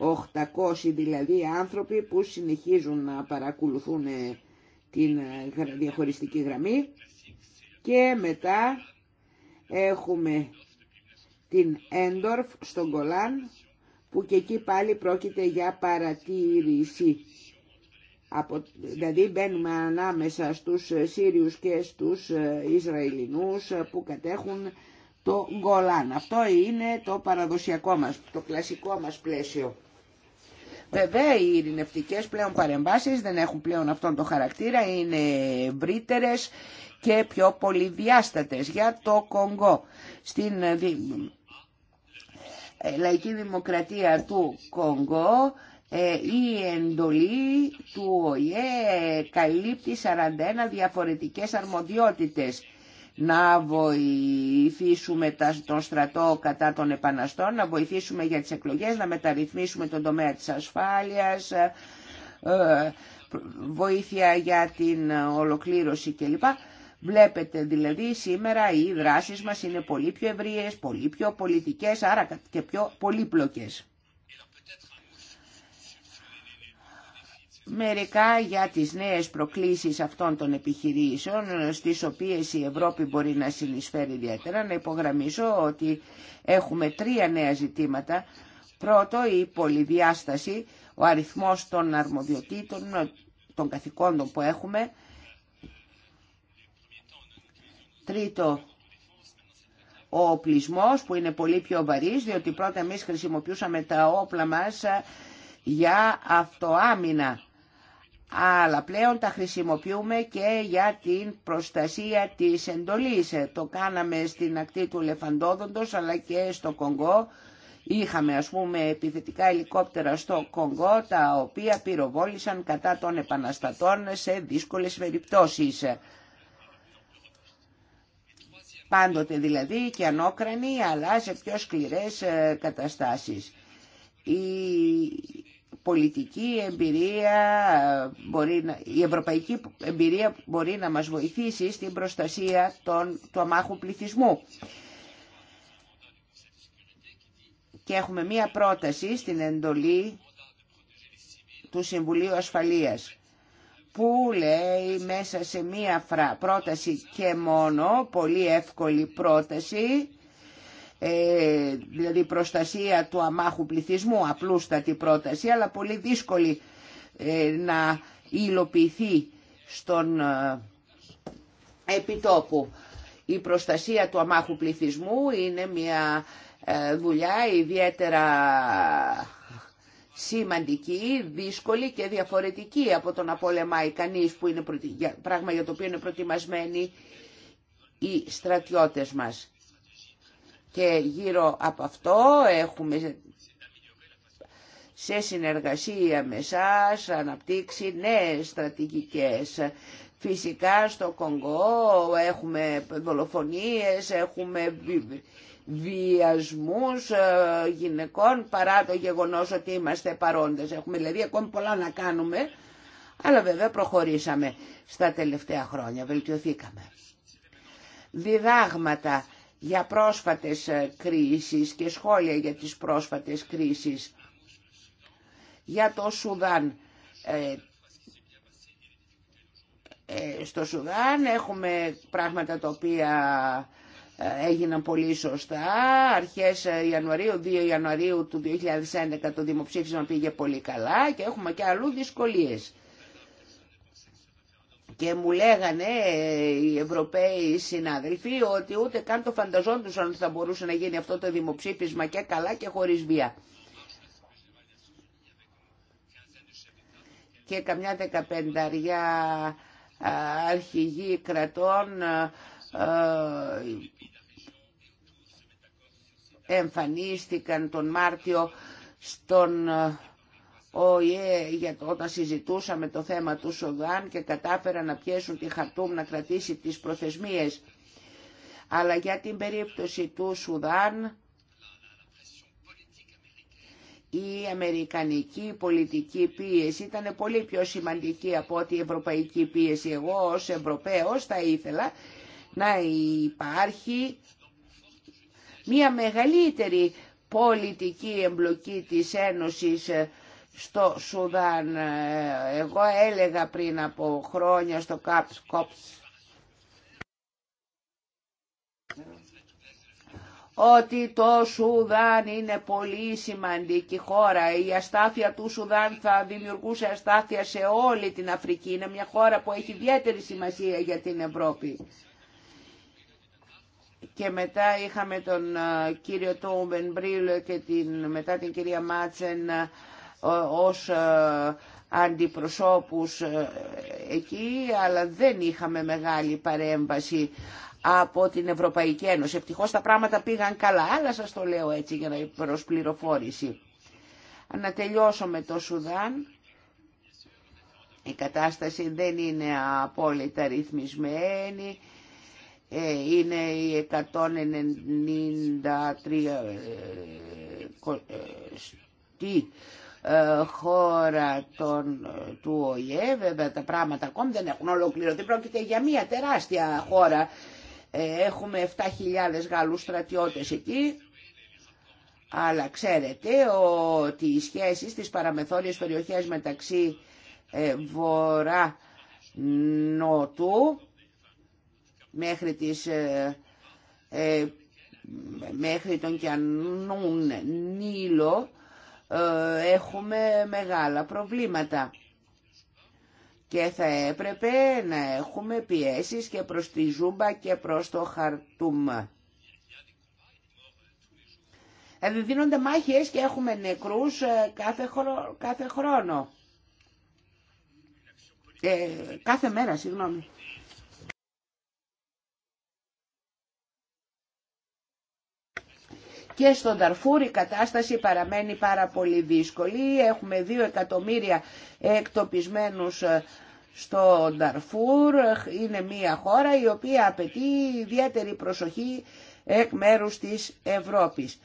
64, 800 δηλαδή άνθρωποι που συνεχίζουν να παρακολουθούν την ε, διαχωριστική γραμμή και μετά έχουμε την Έντορφ στον Κολάν που και εκεί πάλι πρόκειται για παρατήρηση. Από, δηλαδή μπαίνουμε ανάμεσα στους ε, Σύριους και στους ε, Ισραηλινούς που κατέχουν το Γκολάν. Αυτό είναι το παραδοσιακό μας, το κλασικό μας πλαίσιο. Βέβαια οι ειρηνευτικές πλέον παρεμβάσεις δεν έχουν πλέον αυτόν τον χαρακτήρα, είναι ευρύτερε και πιο πολυδιάστατες για το Κονγκό. Στην ε, ε, λαϊκή δημοκρατία του Κονγκό ε, η εντολή του ΟΙΕ καλύπτει 41 διαφορετικές αρμοδιότητες να βοηθήσουμε τον στρατό κατά των επαναστών, να βοηθήσουμε για τις εκλογές, να μεταρρυθμίσουμε τον τομέα της ασφάλειας, ε, ε, βοήθεια για την ολοκλήρωση κλπ. Βλέπετε δηλαδή σήμερα οι δράσεις μας είναι πολύ πιο ευρείες, πολύ πιο πολιτικές, άρα και πιο πολύπλοκες. Μερικά για τις νέες προκλήσεις αυτών των επιχειρήσεων στις οποίες η Ευρώπη μπορεί να συνεισφέρει ιδιαίτερα. Να υπογραμμίσω ότι έχουμε τρία νέα ζητήματα. Πρώτο, η πολυδιάσταση, ο αριθμός των αρμοδιοτήτων, των καθηκόντων που έχουμε. Τρίτο, ο οπλισμός που είναι πολύ πιο βαρύς, διότι πρώτα εμείς χρησιμοποιούσαμε τα όπλα μας για αυτοάμυνα αλλά πλέον τα χρησιμοποιούμε και για την προστασία της εντολής. Το κάναμε στην ακτή του Λεφαντόδοντος αλλά και στο Κονγκό. Είχαμε ας πούμε επιθετικά ελικόπτερα στο Κονγκό τα οποία πυροβόλησαν κατά των επαναστατών σε δύσκολες περιπτώσεις. Πάντοτε δηλαδή και ανόκρανη, αλλά σε πιο σκληρές ε, καταστάσεις. Η πολιτική εμπειρία, ε, μπορεί η ευρωπαϊκή εμπειρία μπορεί να μας βοηθήσει στην προστασία των, του αμάχου πληθυσμού. Και έχουμε μία πρόταση στην εντολή του Συμβουλίου Ασφαλείας που λέει μέσα σε μία πρόταση και μόνο, πολύ εύκολη πρόταση, ε, δηλαδή προστασία του αμάχου πληθυσμού, απλούστατη πρόταση, αλλά πολύ δύσκολη ε, να υλοποιηθεί στον ε, επιτόπου. Η προστασία του αμάχου πληθυσμού είναι μια δουλειά ιδιαίτερα σημαντική, δύσκολη και διαφορετική από το να πολεμάει κανείς που είναι πράγμα για το οποίο είναι προετοιμασμένοι οι στρατιώτες μας. Και γύρω από αυτό έχουμε σε συνεργασία με εσάς αναπτύξει νέες στρατηγικές. Φυσικά στο Κονγκό έχουμε δολοφονίες, έχουμε βιασμούς ε, γυναικών παρά το γεγονός ότι είμαστε παρόντες. Έχουμε δηλαδή ακόμη πολλά να κάνουμε, αλλά βέβαια προχωρήσαμε στα τελευταία χρόνια, βελτιωθήκαμε. Διδάγματα για πρόσφατες ε, κρίσεις και σχόλια για τις πρόσφατες κρίσεις. Για το Σουδάν. Ε, ε στο Σουδάν έχουμε πράγματα τα οποία ε, έγιναν πολύ σωστά. Αρχές Ιανουαρίου, 2 Ιανουαρίου του 2011 το δημοψήφισμα πήγε πολύ καλά και έχουμε και αλλού δυσκολίες και μου λέγανε ε, οι Ευρωπαίοι συνάδελφοι ότι ούτε καν το φανταζόντουσαν ότι θα μπορούσε να γίνει αυτό το δημοψήφισμα και καλά και χωρίς βία. Και καμιά δεκαπενταριά αρχηγοί κρατών εμφανίστηκαν τον Μάρτιο στον για όταν συζητούσαμε το θέμα του Σουδάν και κατάφεραν να πιέσουν τη Χαρτούμ να κρατήσει τις προθεσμίες. Αλλά για την περίπτωση του Σουδάν η αμερικανική πολιτική πίεση ήταν πολύ πιο σημαντική από ότι η ευρωπαϊκή πίεση. Εγώ ως Ευρωπαίος θα ήθελα να υπάρχει μια μεγαλύτερη πολιτική εμπλοκή της Ένωσης ε, στο Σουδάν. Ε, εγώ έλεγα πριν από χρόνια στο ΚΑΠΣ, ΚΟΠΣ, ότι το Σουδάν είναι πολύ σημαντική χώρα. Η αστάθεια του Σουδάν θα δημιουργούσε αστάθεια σε όλη την Αφρική. Είναι μια χώρα που έχει ιδιαίτερη σημασία για την Ευρώπη. Και μετά είχαμε τον ε, κύριο Τόμπεν Μπρίλ και την, μετά την κυρία Μάτσεν ε, ως αντιπροσώπους εκεί, αλλά δεν είχαμε μεγάλη παρέμβαση από την Ευρωπαϊκή Ένωση. Ευτυχώς τα πράγματα πήγαν καλά, αλλά σας το λέω έτσι για να προσπληροφόρηση. Να τελειώσω με το Σουδάν. Η κατάσταση δεν είναι απόλυτα ρυθμισμένη. Είναι οι 193 ε, χώρα των, του ΟΗΕ. Βέβαια τα πράγματα ακόμη δεν έχουν ολοκληρωθεί. Πρόκειται για μια τεράστια χώρα. Ε, έχουμε 7.000 Γάλλους στρατιώτες εκεί. Αλλά ξέρετε ότι οι σχέσεις στις παραμεθόριες περιοχές μεταξύ ε, βορρά νότου μέχρι τις μέχρι τον Κιανούν Νίλο ε, έχουμε μεγάλα προβλήματα και θα έπρεπε να έχουμε πιέσεις και προς τη Ζούμπα και προς το Χαρτούμ. Δηλαδή δίνονται μάχες και έχουμε νεκρούς ε, κάθε, κάθε χρόνο. κάθε μέρα, συγγνώμη. Και στον Ταρφούρ η κατάσταση παραμένει πάρα πολύ δύσκολη. Έχουμε δύο εκατομμύρια εκτοπισμένους ε, στο Ταρφούρ. Είναι μια χώρα η οποία απαιτεί ιδιαίτερη προσοχή εκ μέρους της Ευρώπης.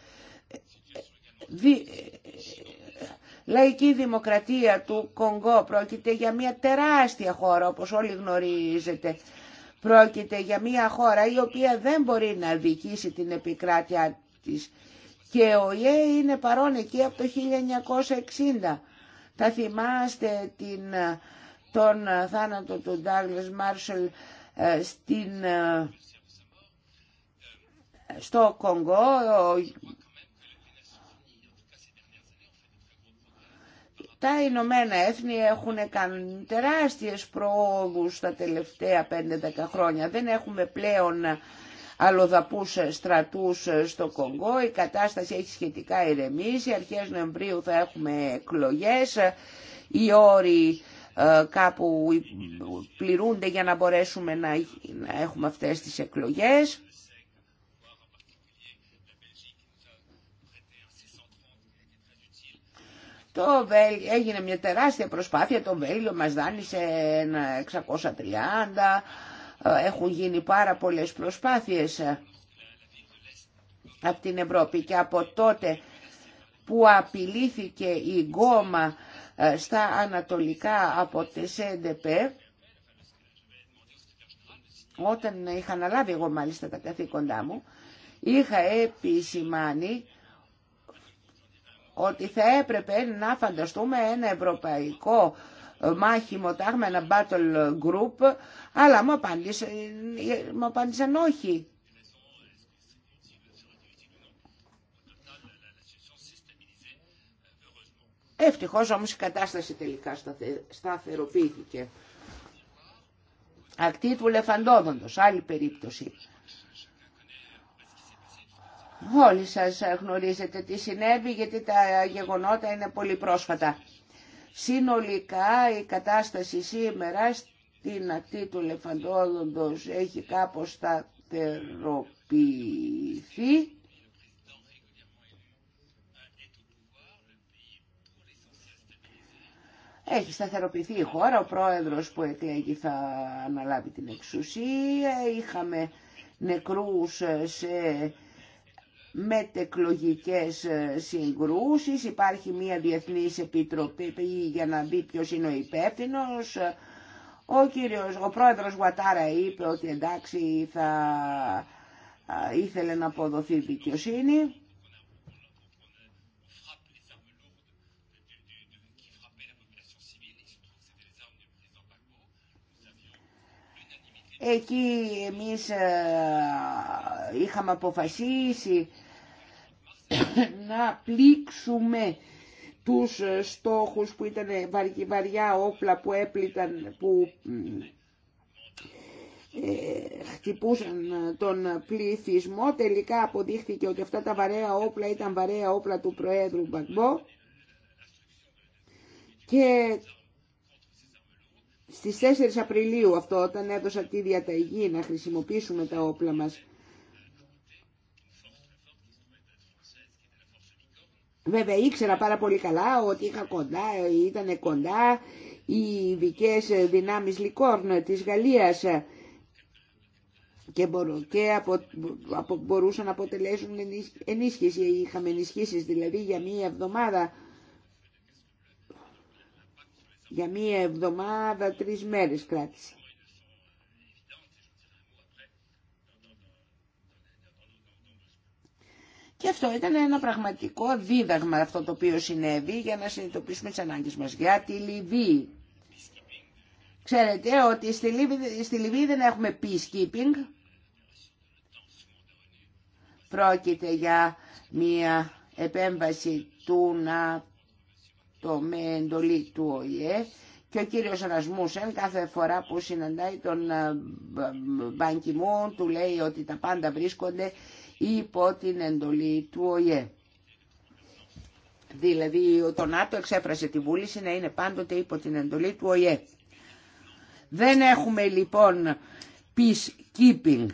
Λαϊκή Δημοκρατία του Κονγκό πρόκειται για μια τεράστια χώρα όπως όλοι γνωρίζετε. Πρόκειται για μια χώρα η οποία δεν μπορεί να δικήσει την επικράτεια και ο ΙΕ είναι παρόν εκεί από το 1960. Θα θυμάστε την, τον θάνατο του Ντάγλες Μάρσελ ε, ε, στο Κονγκό. Τα Ηνωμένα Έθνη έχουν κάνει τεράστιες προόδους τα τελευταία 5-10 χρόνια. Δεν έχουμε πλέον αλλοδαπούς στρατούς στο Κονγκό. Η κατάσταση έχει σχετικά ηρεμήσει. Αρχές Νοεμβρίου θα έχουμε εκλογές. Οι όροι ε, κάπου πληρούνται για να μπορέσουμε να, έχουμε αυτές τις εκλογές. Το Βέλ... Έγινε μια τεράστια προσπάθεια, το Βέλιο μας δάνεισε ένα 630, έχουν γίνει πάρα πολλές προσπάθειες ε, από την Ευρώπη και από τότε που απειλήθηκε η γκόμα ε, στα ανατολικά από τις ΕΝΤΕΠΕ, όταν είχα αναλάβει εγώ μάλιστα τα καθήκοντά μου, είχα επισημάνει ότι θα έπρεπε να φανταστούμε ένα ευρωπαϊκό μάχη μοτάρ με ένα battle group, αλλά μου απάντησαν, μου απάντησαν όχι. Ευτυχώς όμως η κατάσταση τελικά σταθεροποιήθηκε. Ακτή του Λεφαντόδοντος, άλλη περίπτωση. Όλοι σας γνωρίζετε τι συνέβη γιατί τα γεγονότα είναι πολύ πρόσφατα. Συνολικά η κατάσταση σήμερα στην ακτή του Λεφαντόδοντος έχει κάπως σταθεροποιηθεί. Έχει σταθεροποιηθεί η χώρα, ο πρόεδρος που εκλέγει θα αναλάβει την εξουσία, είχαμε νεκρούς σε μετεκλογικές ε, συγκρούσεις, υπάρχει μια διεθνής επιτροπή για να δει ποιο είναι ο υπεύθυνο. Ο, κύριος, ο πρόεδρος Γουατάρα είπε ότι εντάξει θα ήθελε να αποδοθεί δικαιοσύνη. Εκεί εμείς ε, είχαμε αποφασίσει να πλήξουμε τους ε, στόχους που ήταν βαριά όπλα που έπληταν, που ε, χτυπούσαν τον πληθυσμό. Τελικά αποδείχθηκε ότι αυτά τα βαρέα όπλα ήταν βαρέα όπλα του Προέδρου Μπαγκμπό και στις 4 Απριλίου αυτό όταν έδωσα τη διαταγή να χρησιμοποιήσουμε τα όπλα μας Βέβαια ήξερα πάρα πολύ καλά ότι είχα κοντά, ήταν κοντά οι ειδικέ δυνάμεις Λικόρν της Γαλλίας και, μπορούσαν να αποτελέσουν ενίσχυση, είχαμε ενισχύσεις δηλαδή για μία εβδομάδα για μία εβδομάδα τρεις μέρες κράτησε. Και αυτό ήταν ένα πραγματικό δίδαγμα αυτό το οποίο συνέβη για να συνειδητοποιήσουμε τις ανάγκες μας για τη Λιβύη. Ξέρετε ότι στη Λιβύη, δεν έχουμε peacekeeping. Πρόκειται για μια επέμβαση του ΝΑΤΟ με εντολή του ΟΗΕ και ο κύριος ανασμούσεν κάθε φορά που συναντάει τον Μπανκιμούν του λέει ότι τα πάντα βρίσκονται υπό την εντολή του ΟΗΕ. Δηλαδή το ΝΑΤΟ εξέφρασε τη βούληση να είναι πάντοτε υπό την εντολή του ΟΗΕ. Δεν έχουμε λοιπόν peacekeeping.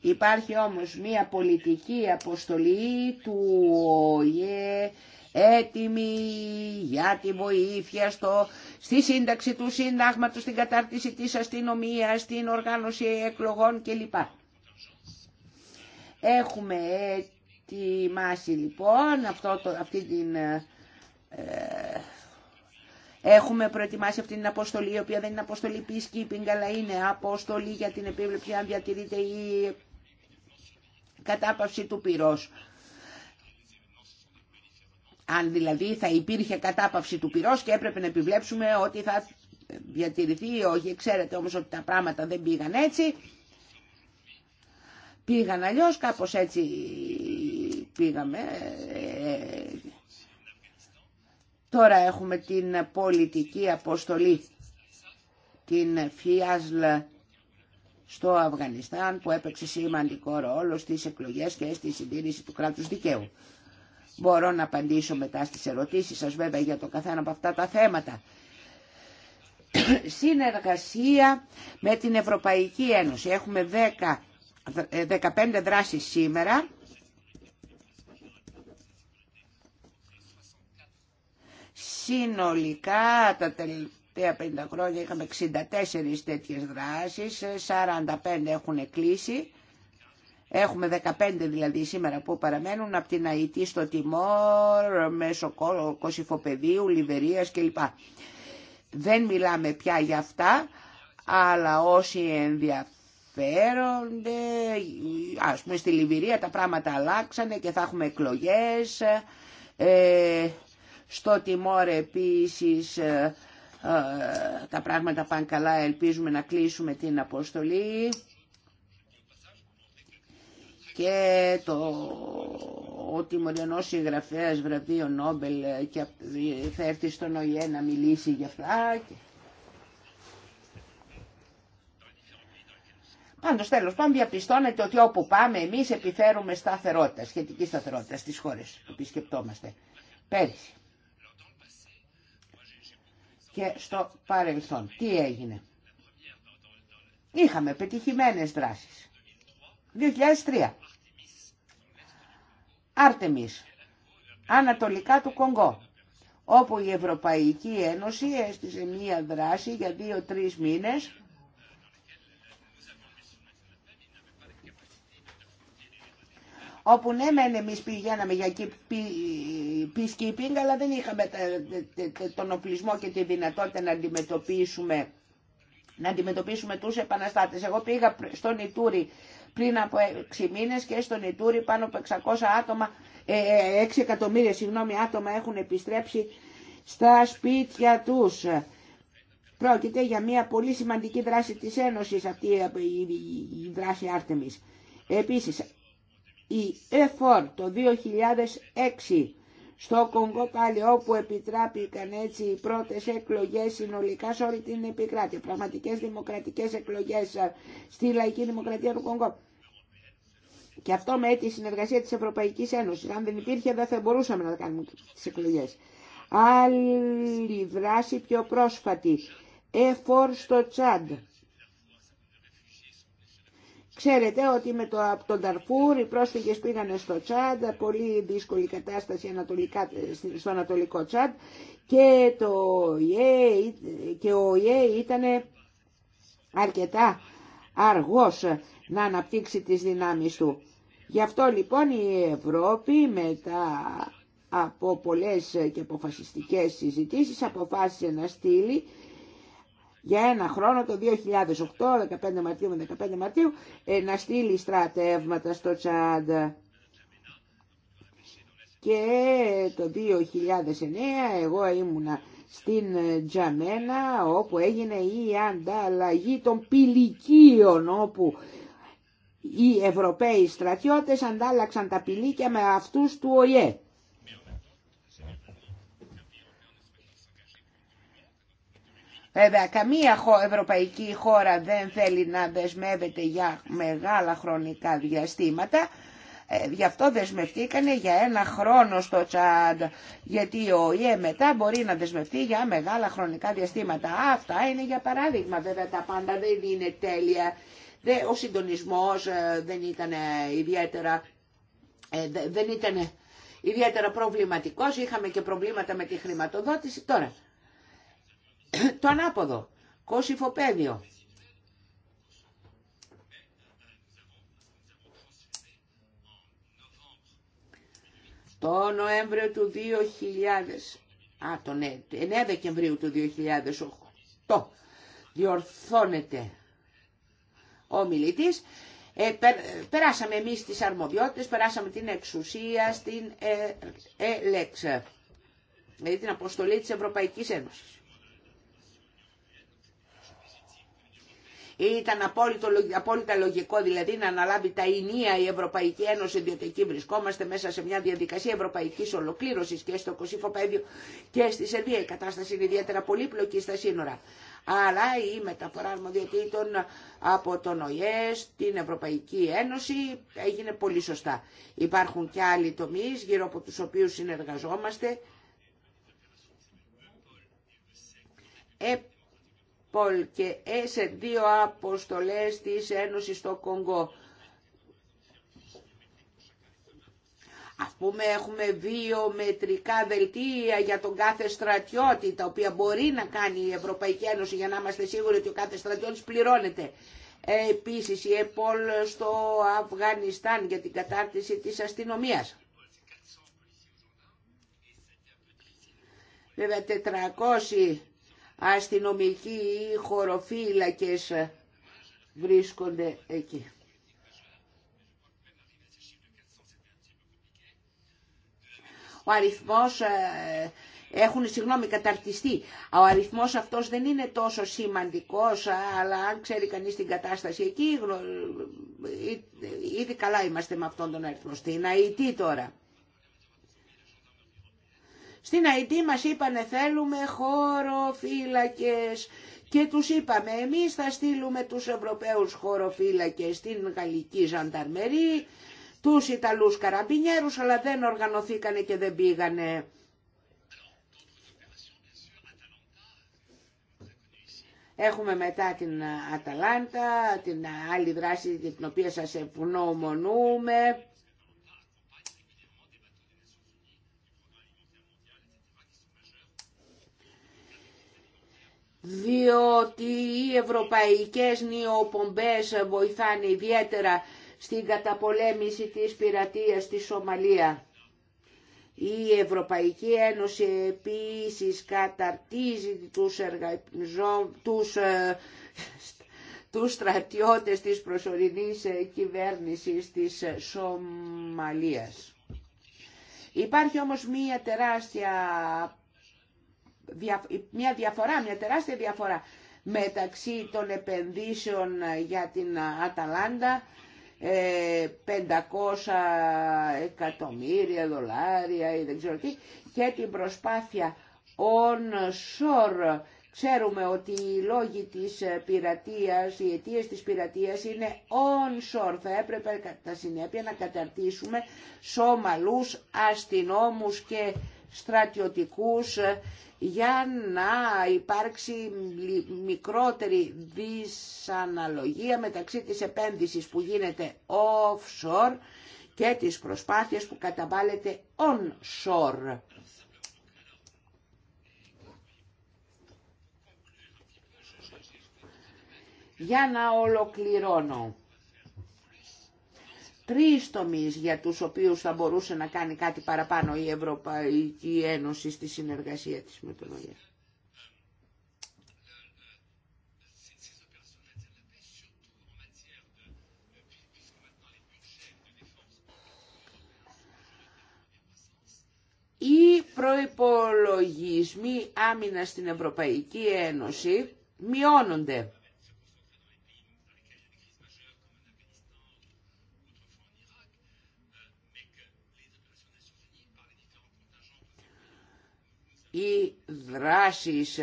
Υπάρχει όμως μία πολιτική αποστολή του ΟΗΕ έτοιμοι για τη βοήθεια στο, στη σύνταξη του συντάγματος, στην κατάρτιση της αστυνομίας, στην οργάνωση εκλογών κλπ. Έχουμε ετοιμάσει λοιπόν αυτό το, αυτή την... Ε, έχουμε προετοιμάσει αυτή την αποστολή, η οποία δεν είναι αποστολή peacekeeping, αλλά είναι αποστολή για την επίβλεψη αν διατηρείται η κατάπαυση του πυρός. Αν δηλαδή θα υπήρχε κατάπαυση του πυρός και έπρεπε να επιβλέψουμε ότι θα διατηρηθεί ή όχι. Ξέρετε όμως ότι τα πράγματα δεν πήγαν έτσι. Πήγαν αλλιώς, κάπως έτσι πήγαμε. Τώρα έχουμε την πολιτική αποστολή, την ΦΙΑΣΛ στο Αφγανιστάν που έπαιξε σημαντικό ρόλο στις εκλογές και στη συντήρηση του κράτους δικαίου. Μπορώ να απαντήσω μετά στις ερωτήσεις σας βέβαια για το καθένα από αυτά τα θέματα. Συνεργασία με την Ευρωπαϊκή Ένωση. Έχουμε 10, 15 δράσεις σήμερα. Συνολικά τα τελευταία 50 χρόνια είχαμε 64 τέτοιες δράσεις, 45 έχουν κλείσει. Έχουμε 15 δηλαδή σήμερα που παραμένουν από την Αϊτή στο Τιμόρ, μέσω Κωσυφοπεδίου, Λιβερίας κλπ. Δεν μιλάμε πια για αυτά, αλλά όσοι ενδιαφέρονται, ας πούμε στη Λιβυρία τα πράγματα αλλάξανε και θα έχουμε εκλογές. Ε, στο Τιμόρ επίσης ε, ε, τα πράγματα πάνε καλά, ελπίζουμε να κλείσουμε την αποστολή και το ότι Μοριανό συγγραφέα βραβείο Νόμπελ και θα έρθει στον ΟΗΕ να μιλήσει για αυτά. Πάντως τέλος πάντων διαπιστώνεται ότι όπου πάμε εμείς επιφέρουμε σταθερότητα, σχετική σταθερότητα στις χώρες που επισκεπτόμαστε. Πέρυσι. Και στο παρελθόν. Τι έγινε. Είχαμε πετυχημένες δράσεις. 2003. Άρτεμις, ανατολικά του Κονγκό, όπου η Ευρωπαϊκή Ένωση έστησε μία δράση για δύο-τρεις μήνες, όπου ναι μεν εμείς πηγαίναμε για peacekeeping, αλλά δεν είχαμε τον οπλισμό και τη δυνατότητα να αντιμετωπίσουμε να αντιμετωπίσουμε τους επαναστάτες. Εγώ πήγα στον Ιτούρι πριν από 6 μήνε και στον Ιτούρι πάνω από 600 άτομα, 6 ε, ε, εκατομμύρια συγγνώμη, άτομα έχουν επιστρέψει στα σπίτια του. Πρόκειται για μια πολύ σημαντική δράση της Ένωσης αυτή ε, η δράση Άρτεμις. Επίσης, η ΕΦΟΡ το 2006 στο Κονγκό πάλι όπου επιτράπηκαν έτσι οι πρώτες εκλογές συνολικά σε όλη την επικράτεια. Πραγματικές δημοκρατικές εκλογές στη λαϊκή δημοκρατία του Κονγκό. Και αυτό με τη συνεργασία της Ευρωπαϊκής Ένωσης. Αν δεν υπήρχε δεν θα μπορούσαμε να κάνουμε τις εκλογές. Άλλη δράση πιο πρόσφατη. Εφόρ στο Τσάντ. Ξέρετε ότι με το, από τον Ταρφούρ οι πρόσφυγες πήγανε στο Τσάντ, πολύ δύσκολη κατάσταση ανατολικά, στο ανατολικό Τσάντ και, το, και ο ΙΕ ήταν αρκετά αργός να αναπτύξει τις δυνάμεις του. Γι' αυτό λοιπόν η Ευρώπη μετά από πολλές και αποφασιστικές συζητήσεις αποφάσισε να στείλει για ένα χρόνο το 2008, 15 Μαρτίου με 15 Μαρτίου, ε, να στείλει στρατεύματα στο Τσάντ. Και το 2009 εγώ ήμουνα στην ε, Τζαμένα όπου έγινε η ανταλλαγή των πηλικίων όπου οι Ευρωπαίοι στρατιώτες αντάλλαξαν τα πηλίκια με αυτούς του ΟΙΕ. Βέβαια, καμία ευρωπαϊκή χώρα δεν θέλει να δεσμεύεται για μεγάλα χρονικά διαστήματα, ε, γι' αυτό δεσμευτήκανε για ένα χρόνο στο Τσάντ, γιατί ο ΙΕ μετά μπορεί να δεσμευτεί για μεγάλα χρονικά διαστήματα. Αυτά είναι για παράδειγμα, βέβαια τα πάντα δεν είναι τέλεια. Ο συντονισμός ε, δεν ήταν ιδιαίτερα, ε, δεν ήταν ιδιαίτερα προβληματικός, είχαμε και προβλήματα με τη χρηματοδότηση. Τώρα, το ανάποδο, Κωσυφοπέδιο. Το Νοέμβριο του 2000, α, τον 9 Δεκεμβρίου του 2008, διορθώνεται ο μιλητής. Ε, περάσαμε εμείς τις αρμοδιότητες, περάσαμε την εξουσία στην ΕΛΕΞ, ε, δηλαδή την αποστολή της Ευρωπαϊκής Ένωσης. Ήταν απόλυτα λογικό δηλαδή να αναλάβει τα ενία η Ευρωπαϊκή Ένωση, διότι εκεί βρισκόμαστε μέσα σε μια διαδικασία ευρωπαϊκής ολοκλήρωσης και στο Κωσίφο και στη Σερβία. Η κατάσταση είναι ιδιαίτερα πολύπλοκη στα σύνορα. Αλλά η μεταφορά αρμοδιοτήτων από τον ΟΗΕ στην Ευρωπαϊκή Ένωση έγινε πολύ σωστά. Υπάρχουν και άλλοι τομείς γύρω από τους οποίους συνεργαζόμαστε. Ε, Πολ και σε δύο αποστολές της Ένωσης στο Κονγκό. Ας πούμε έχουμε μετρικά δελτία για τον κάθε στρατιώτη, τα οποία μπορεί να κάνει η Ευρωπαϊκή Ένωση για να είμαστε σίγουροι ότι ο κάθε στρατιώτης πληρώνεται. Επίσης η ΕΠΟΛ στο Αφγανιστάν για την κατάρτιση της αστυνομίας. Βέβαια 400 αστυνομικοί ή χωροφύλακες βρίσκονται εκεί. Ο αριθμός, ε, έχουν συγγνώμη καταρτιστεί, ο αριθμός αυτός δεν είναι τόσο σημαντικός, αλλά αν ξέρει κανείς την κατάσταση εκεί, ε, ε, ήδη καλά είμαστε με αυτόν τον αριθμό. Στην ΑΕΤ τώρα. Στην IT μας είπανε θέλουμε χωροφύλακες και τους είπαμε εμείς θα στείλουμε τους Ευρωπαίους χωροφύλακες στην Γαλλική Ζανταρμερή, τους Ιταλούς καραμπινιέρους αλλά δεν οργανωθήκανε και δεν πήγανε. Έχουμε μετά την Αταλάντα, την άλλη δράση την οποία σας ευγνωμονούμε. διότι οι ευρωπαϊκές νιοπομπές βοηθάνε ιδιαίτερα στην καταπολέμηση της πειρατείας στη Σομαλία. Η Ευρωπαϊκή Ένωση επίσης καταρτίζει τους, τους, ε, τους στρατιώτες της προσωρινής ε, κυβέρνησης της ε, Σομαλίας. Υπάρχει όμως μία τεράστια μια διαφορά, μια τεράστια διαφορά μεταξύ των επενδύσεων για την Αταλάντα 500 ε, εκατομμύρια δολάρια ή δεν ξέρω τι και την προσπάθεια on shore Ξέρουμε ότι οι λόγοι της πειρατείας, οι αιτίε της πειρατείας είναι on shore Θα έπρεπε τα συνέπεια να καταρτήσουμε σωμαλούς, αστυνόμους και στρατιωτικούς ε, για να υπάρξει μικρότερη δυσαναλογία μεταξύ της επένδυσης που γίνεται offshore και της προσπάθειας που καταβάλλεται onshore. Για να ολοκληρώνω τρεις τομείς για τους οποίους θα μπορούσε να κάνει κάτι παραπάνω η Ευρωπαϊκή Ένωση στη συνεργασία της με τον ΟΗΕ. Οι προϋπολογισμοί άμυνα στην Ευρωπαϊκή Ένωση μειώνονται. οι δράσεις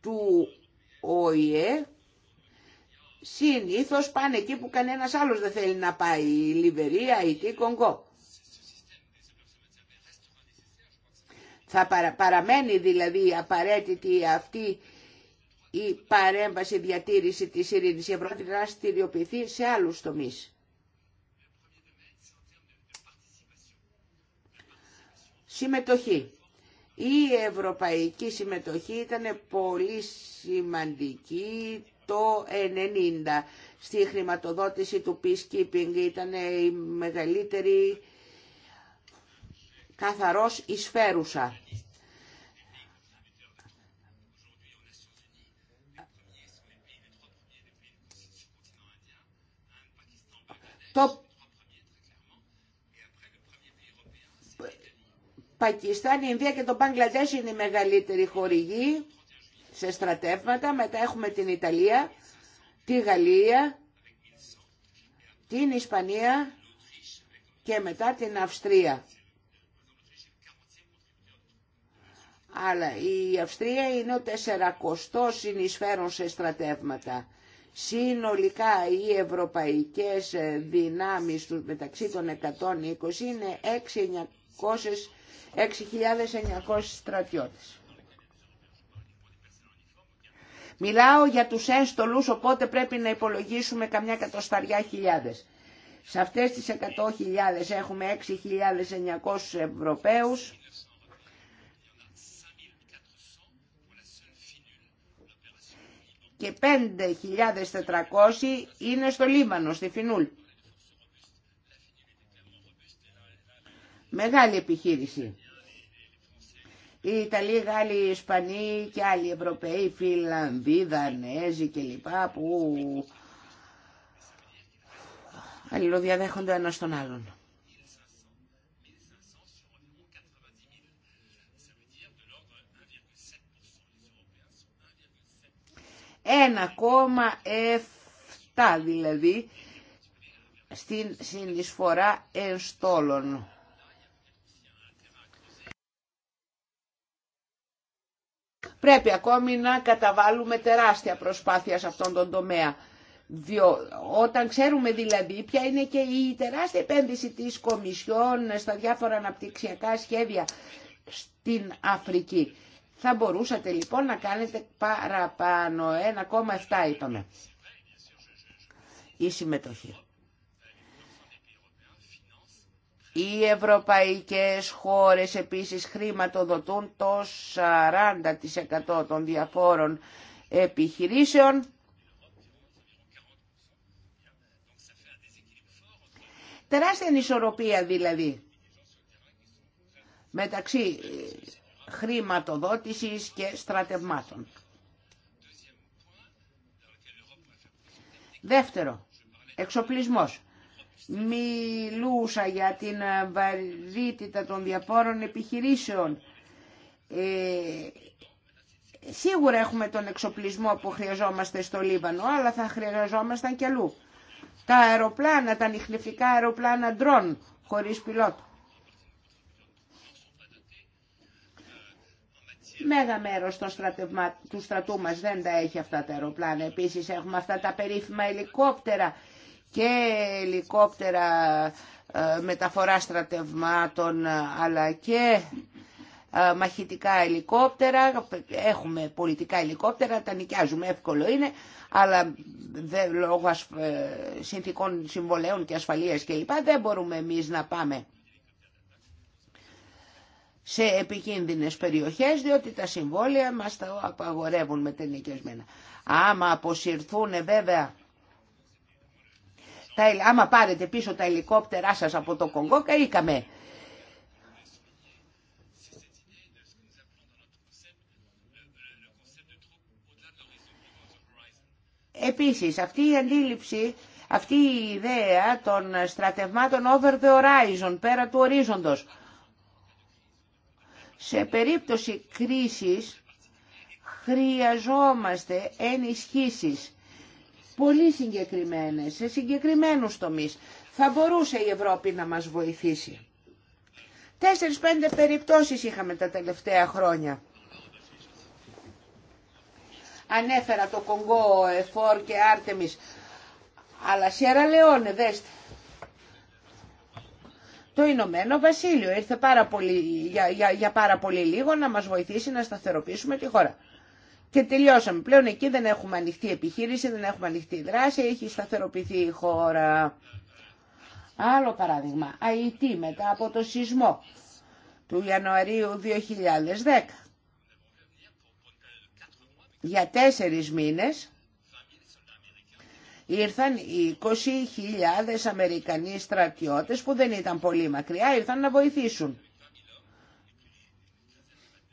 του ΟΗΕ συνήθως πάνε εκεί που κανένας άλλος δεν θέλει να πάει, η Λιβερία ή η Κονγκό. Θα παραμένει δηλαδή απαραίτητη αυτή η παρέμβαση διατήρηση της ειρήνης. Η Ευρώπη στηριοποιηθεί σε άλλους τομείς. Συμμετοχή. Η ευρωπαϊκή συμμετοχή ήταν πολύ σημαντική το 1990. στη χρηματοδότηση του peacekeeping ήταν η μεγαλύτερη καθαρός εισφέρουσα. Το Πακιστάν, Ινδία και το Μπαγκλαντές είναι οι μεγαλύτεροι χορηγοί σε στρατεύματα. Μετά έχουμε την Ιταλία, τη Γαλλία, την Ισπανία και μετά την Αυστρία. Αλλά η Αυστρία είναι ο 400 συνεισφέρον σε στρατεύματα. Συνολικά οι ευρωπαϊκές δυνάμεις μεταξύ των 120 είναι 6.900 6.900 στρατιώτες. Μιλάω για τους ένστολους, οπότε πρέπει να υπολογίσουμε καμιά κατοσταριά χιλιάδες. Σε αυτές τις 100.000 έχουμε 6.900 Ευρωπαίους, και 5.400 είναι στο Λίβανο, στη Φινούλ. Μεγάλη επιχείρηση. Οι Ιταλοί, Γάλλοι, οι Ισπανοί και άλλοι Ευρωπαίοι, Φιλανδοί, Δανέζοι κλπ. που αλληλοδιαδέχονται ένα στον άλλον. Ένα κόμμα δηλαδή στην συνεισφορά ενστόλων. Πρέπει ακόμη να καταβάλουμε τεράστια προσπάθεια σε αυτόν τον τομέα. όταν ξέρουμε δηλαδή ποια είναι και η τεράστια επένδυση της Κομισιόν στα διάφορα αναπτυξιακά σχέδια στην Αφρική. Θα μπορούσατε λοιπόν να κάνετε παραπάνω, 1,7 είπαμε, η συμμετοχή. Οι ευρωπαϊκές χώρες επίσης χρηματοδοτούν το 40% των διαφόρων επιχειρήσεων. Τεράστια ανισορροπία δηλαδή μεταξύ χρηματοδότησης και στρατευμάτων. Δεύτερο, εξοπλισμός μιλούσα για την βαρύτητα των διαφόρων επιχειρήσεων. Ε, σίγουρα έχουμε τον εξοπλισμό που χρειαζόμαστε στο Λίβανο, αλλά θα χρειαζόμασταν και αλλού. Τα αεροπλάνα, τα νυχνευτικά αεροπλάνα ντρόν, χωρίς πιλότο. Μέγα μέρος του στρατού μας δεν τα έχει αυτά τα αεροπλάνα. Επίσης έχουμε αυτά τα περίφημα ελικόπτερα και ελικόπτερα ε, μεταφορά στρατευμάτων αλλά και ε, μαχητικά ελικόπτερα, έχουμε πολιτικά ελικόπτερα, τα νοικιάζουμε, εύκολο είναι, αλλά δε, λόγω ε, συνθήκων συμβολέων και ασφαλείας και λοιπά δεν μπορούμε εμείς να πάμε σε επικίνδυνες περιοχές διότι τα συμβόλαια μας τα απαγορεύουν με τα νοικιασμένα. Άμα αποσυρθούν βέβαια τα, άμα πάρετε πίσω τα ελικόπτερά σας από το Κονγκό καήκαμε. Επίσης αυτή η αντίληψη, αυτή η ιδέα των στρατευμάτων over the horizon, πέρα του ορίζοντος, σε περίπτωση κρίσης χρειαζόμαστε ενισχύσεις πολύ συγκεκριμένες, σε συγκεκριμένους τομείς. Θα μπορούσε η Ευρώπη να μας βοηθήσει. Τέσσερις-πέντε περιπτώσεις είχαμε τα τελευταία χρόνια. Ανέφερα το Κονγκό, Εφόρ και Άρτεμις, αλλά Σιέρα Λεόνε, δέστε. Το Ηνωμένο Βασίλειο ήρθε πάρα πολύ, για, για, για πάρα πολύ λίγο να μας βοηθήσει να σταθεροποιήσουμε τη χώρα και τελειώσαμε. Πλέον εκεί δεν έχουμε ανοιχτή επιχείρηση, δεν έχουμε ανοιχτή δράση, έχει σταθεροποιηθεί η χώρα. Άλλο παράδειγμα, ΑΕΤ μετά από το σεισμό του Ιανουαρίου 2010. Για τέσσερις μήνες ήρθαν οι 20.000 Αμερικανοί στρατιώτες που δεν ήταν πολύ μακριά, ήρθαν να βοηθήσουν.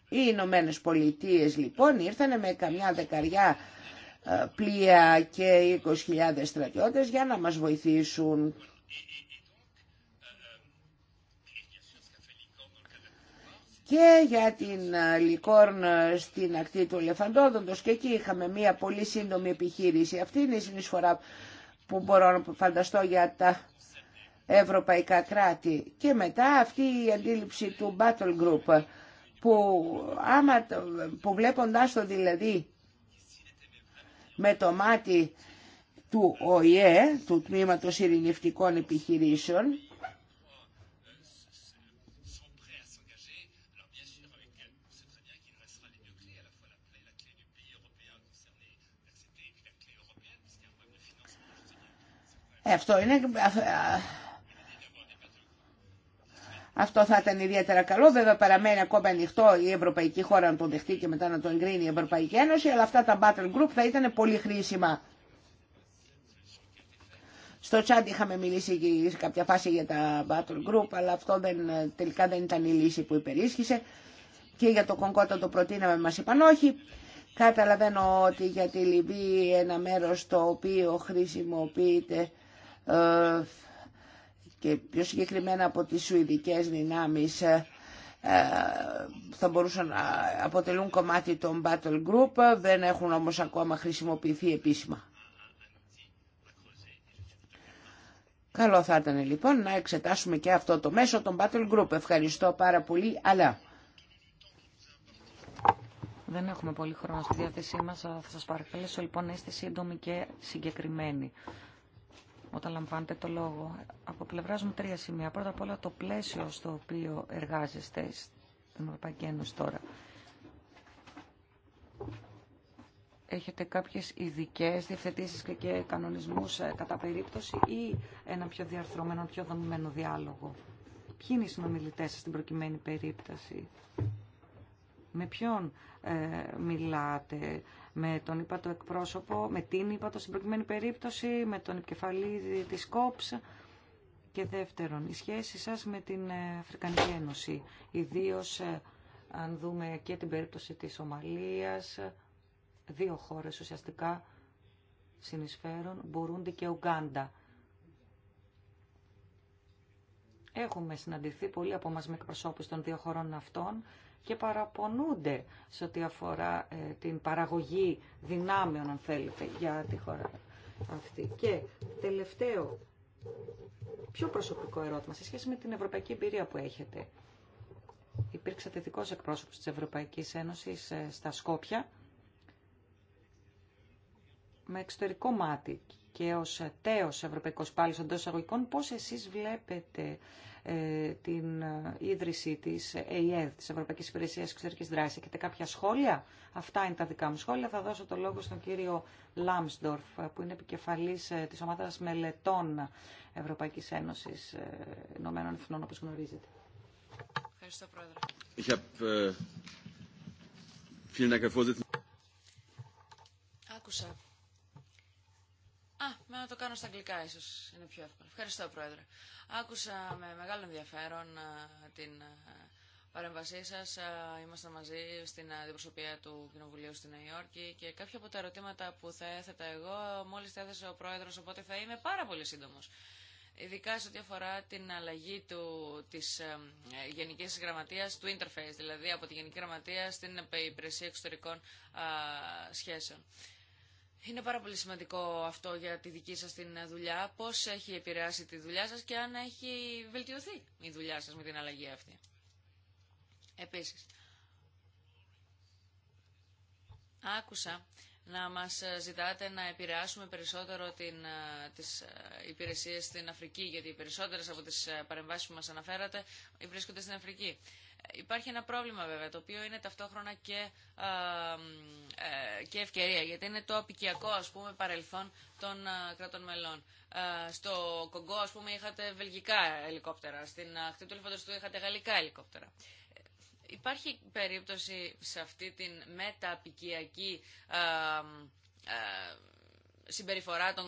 Οι Ηνωμένε Πολιτείε λοιπόν ήρθαν με καμιά δεκαριά ε, πλοία και 20.000 στρατιώτες για να μας βοηθήσουν. Και για την ε, Λικόρν ε, στην ακτή του Ελεφαντόδοντος και εκεί είχαμε μια πολύ σύντομη επιχείρηση. Αυτή είναι η συνεισφορά που μπορώ να φανταστώ για τα ευρωπαϊκά κράτη. Και μετά αυτή η αντίληψη του Battle Group που, άμα, που βλέποντάς το δηλαδή με το μάτι του ΟΗΕ, του Τμήματος Ειρηνευτικών Επιχειρήσεων, ε, Αυτό είναι, αυτό θα ήταν ιδιαίτερα καλό. Βέβαια παραμένει ακόμα ανοιχτό η Ευρωπαϊκή χώρα να το δεχτεί και μετά να τον εγκρίνει η Ευρωπαϊκή Ένωση, αλλά αυτά τα battle group θα ήταν πολύ χρήσιμα. Στο chat είχαμε μιλήσει και σε κάποια φάση για τα battle group, αλλά αυτό δεν, τελικά δεν ήταν η λύση που υπερίσχυσε. Και για το Κονκότα το προτείναμε, μας είπαν όχι. Καταλαβαίνω ότι για τη Λιβύη ένα μέρος το οποίο χρησιμοποιείται ε, και πιο συγκεκριμένα από τις Σουηδικές δυνάμεις ε, ε, θα μπορούσαν να αποτελούν κομμάτι των Battle Group, δεν έχουν όμως ακόμα χρησιμοποιηθεί επίσημα. Καλό θα ήταν λοιπόν να εξετάσουμε και αυτό το μέσο των Battle Group. Ευχαριστώ πάρα πολύ, αλλά... Δεν έχουμε πολύ χρόνο στη διάθεσή μας. Θα σας παρακαλέσω λοιπόν να είστε σύντομοι και συγκεκριμένοι όταν λαμβάνετε το λόγο. Από πλευρά μου τρία σημεία. Πρώτα απ' όλα το πλαίσιο στο οποίο εργάζεστε στην Ευρωπαϊκή Ένωση τώρα. Έχετε κάποιες ειδικέ διευθετήσεις και, και κανονισμούς ε, κατά περίπτωση ή ένα πιο διαρθρωμένο, πιο δομημένο διάλογο. Ποιοι είναι οι συνομιλητές σας στην προκειμένη περίπτωση. Με ποιον ε, μιλάτε, με τον ύπατο εκπρόσωπο, με την ύπατο στην προκειμένη περίπτωση, με τον επικεφαλή της ΚΟΠΣ και δεύτερον, η σχέση σας με την Αφρικανική Ένωση, ιδίως ε, αν δούμε και την περίπτωση της Ομαλίας, δύο χώρες ουσιαστικά συνεισφέρουν, Μπουρούντι και Ουγκάντα. Έχουμε συναντηθεί πολλοί από μας με εκπροσώπους των δύο χωρών αυτών και παραπονούνται σε ό,τι αφορά ε, την παραγωγή δυνάμεων, αν θέλετε, για τη χώρα αυτή. Και τελευταίο, πιο προσωπικό ερώτημα, σε σχέση με την ευρωπαϊκή εμπειρία που έχετε. Υπήρξατε δικός εκπρόσωπος της Ευρωπαϊκής Ένωσης ε, στα Σκόπια, με εξωτερικό μάτι και ως ε, τέος ευρωπαϊκός πάλι εντό εισαγωγικών, πώς εσείς βλέπετε ε, την ε, ίδρυση της ΕΕ, της Ευρωπαϊκής Υπηρεσίας Εξωτερικής Δράσης. Έχετε κάποια σχόλια. Αυτά είναι τα δικά μου σχόλια. Θα δώσω το λόγο στον κύριο Λάμσντορφ, ε, που είναι επικεφαλής της ομάδας μελετών Ευρωπαϊκής Ένωσης Ηνωμένων Εθνών, όπως γνωρίζετε. Ευχαριστώ, Πρόεδρε. Άκουσα Α, να το κάνω στα αγγλικά ίσως είναι πιο εύκολο. Ευχαριστώ Πρόεδρε. Άκουσα με μεγάλο ενδιαφέρον την παρέμβασή σας. Είμαστε μαζί στην αντιπροσωπεία του Κοινοβουλίου στη Νέα Υόρκη και κάποια από τα ερωτήματα που θα έθετα εγώ μόλις τα έθεσε ο Πρόεδρος, οπότε θα είμαι πάρα πολύ σύντομος ειδικά σε ό,τι αφορά την αλλαγή του, της ε, Γενικής Γραμματείας, του interface, δηλαδή από τη Γενική Γραμματεία στην Υπηρεσία Εξωτερικών Σχέσεων. Είναι πάρα πολύ σημαντικό αυτό για τη δική σας την δουλειά. Πώς έχει επηρεάσει τη δουλειά σας και αν έχει βελτιωθεί η δουλειά σας με την αλλαγή αυτή. Επίσης, άκουσα να μας ζητάτε να επηρεάσουμε περισσότερο την, ε, τις ε, υπηρεσίες στην Αφρική, γιατί οι περισσότερες από τις ε, παρεμβάσεις που μας αναφέρατε βρίσκονται στην Αφρική. Υπάρχει ένα πρόβλημα βέβαια, το οποίο είναι ταυτόχρονα και, ε, και ευκαιρία, γιατί είναι το απικιακό ας πούμε παρελθόν των κρατών μελών. στο Κογκό ας πούμε είχατε βελγικά ελικόπτερα, στην Αχτή του Λεφαντοστού είχατε γαλλικά ελικόπτερα. Ε, υπάρχει περίπτωση σε αυτή την μεταπικιακή ε, συμπεριφορά των,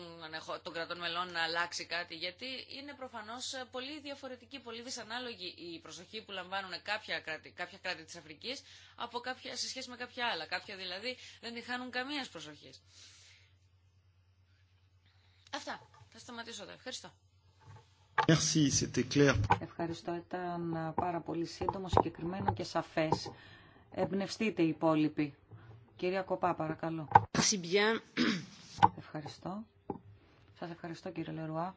των κρατών μελών να αλλάξει κάτι, γιατί είναι προφανώς ε, πολύ διαφορετική, πολύ δυσανάλογη η προσοχή που λαμβάνουν κάποια κράτη, κάποια κράτη της Αφρικής από κάποια, σε σχέση με κάποια άλλα. Κάποια δηλαδή δεν τη χάνουν καμίας προσοχή. Αυτά. Θα σταματήσω εδώ. Ευχαριστώ. Ευχαριστώ. Ήταν ε, πάρα πολύ σύντομο, συγκεκριμένο και σαφές. Εμπνευστείτε οι υπόλοιποι. Κυρία Κοπά, παρακαλώ. Ευχαριστώ. Σας ευχαριστώ κύριε Λερουά.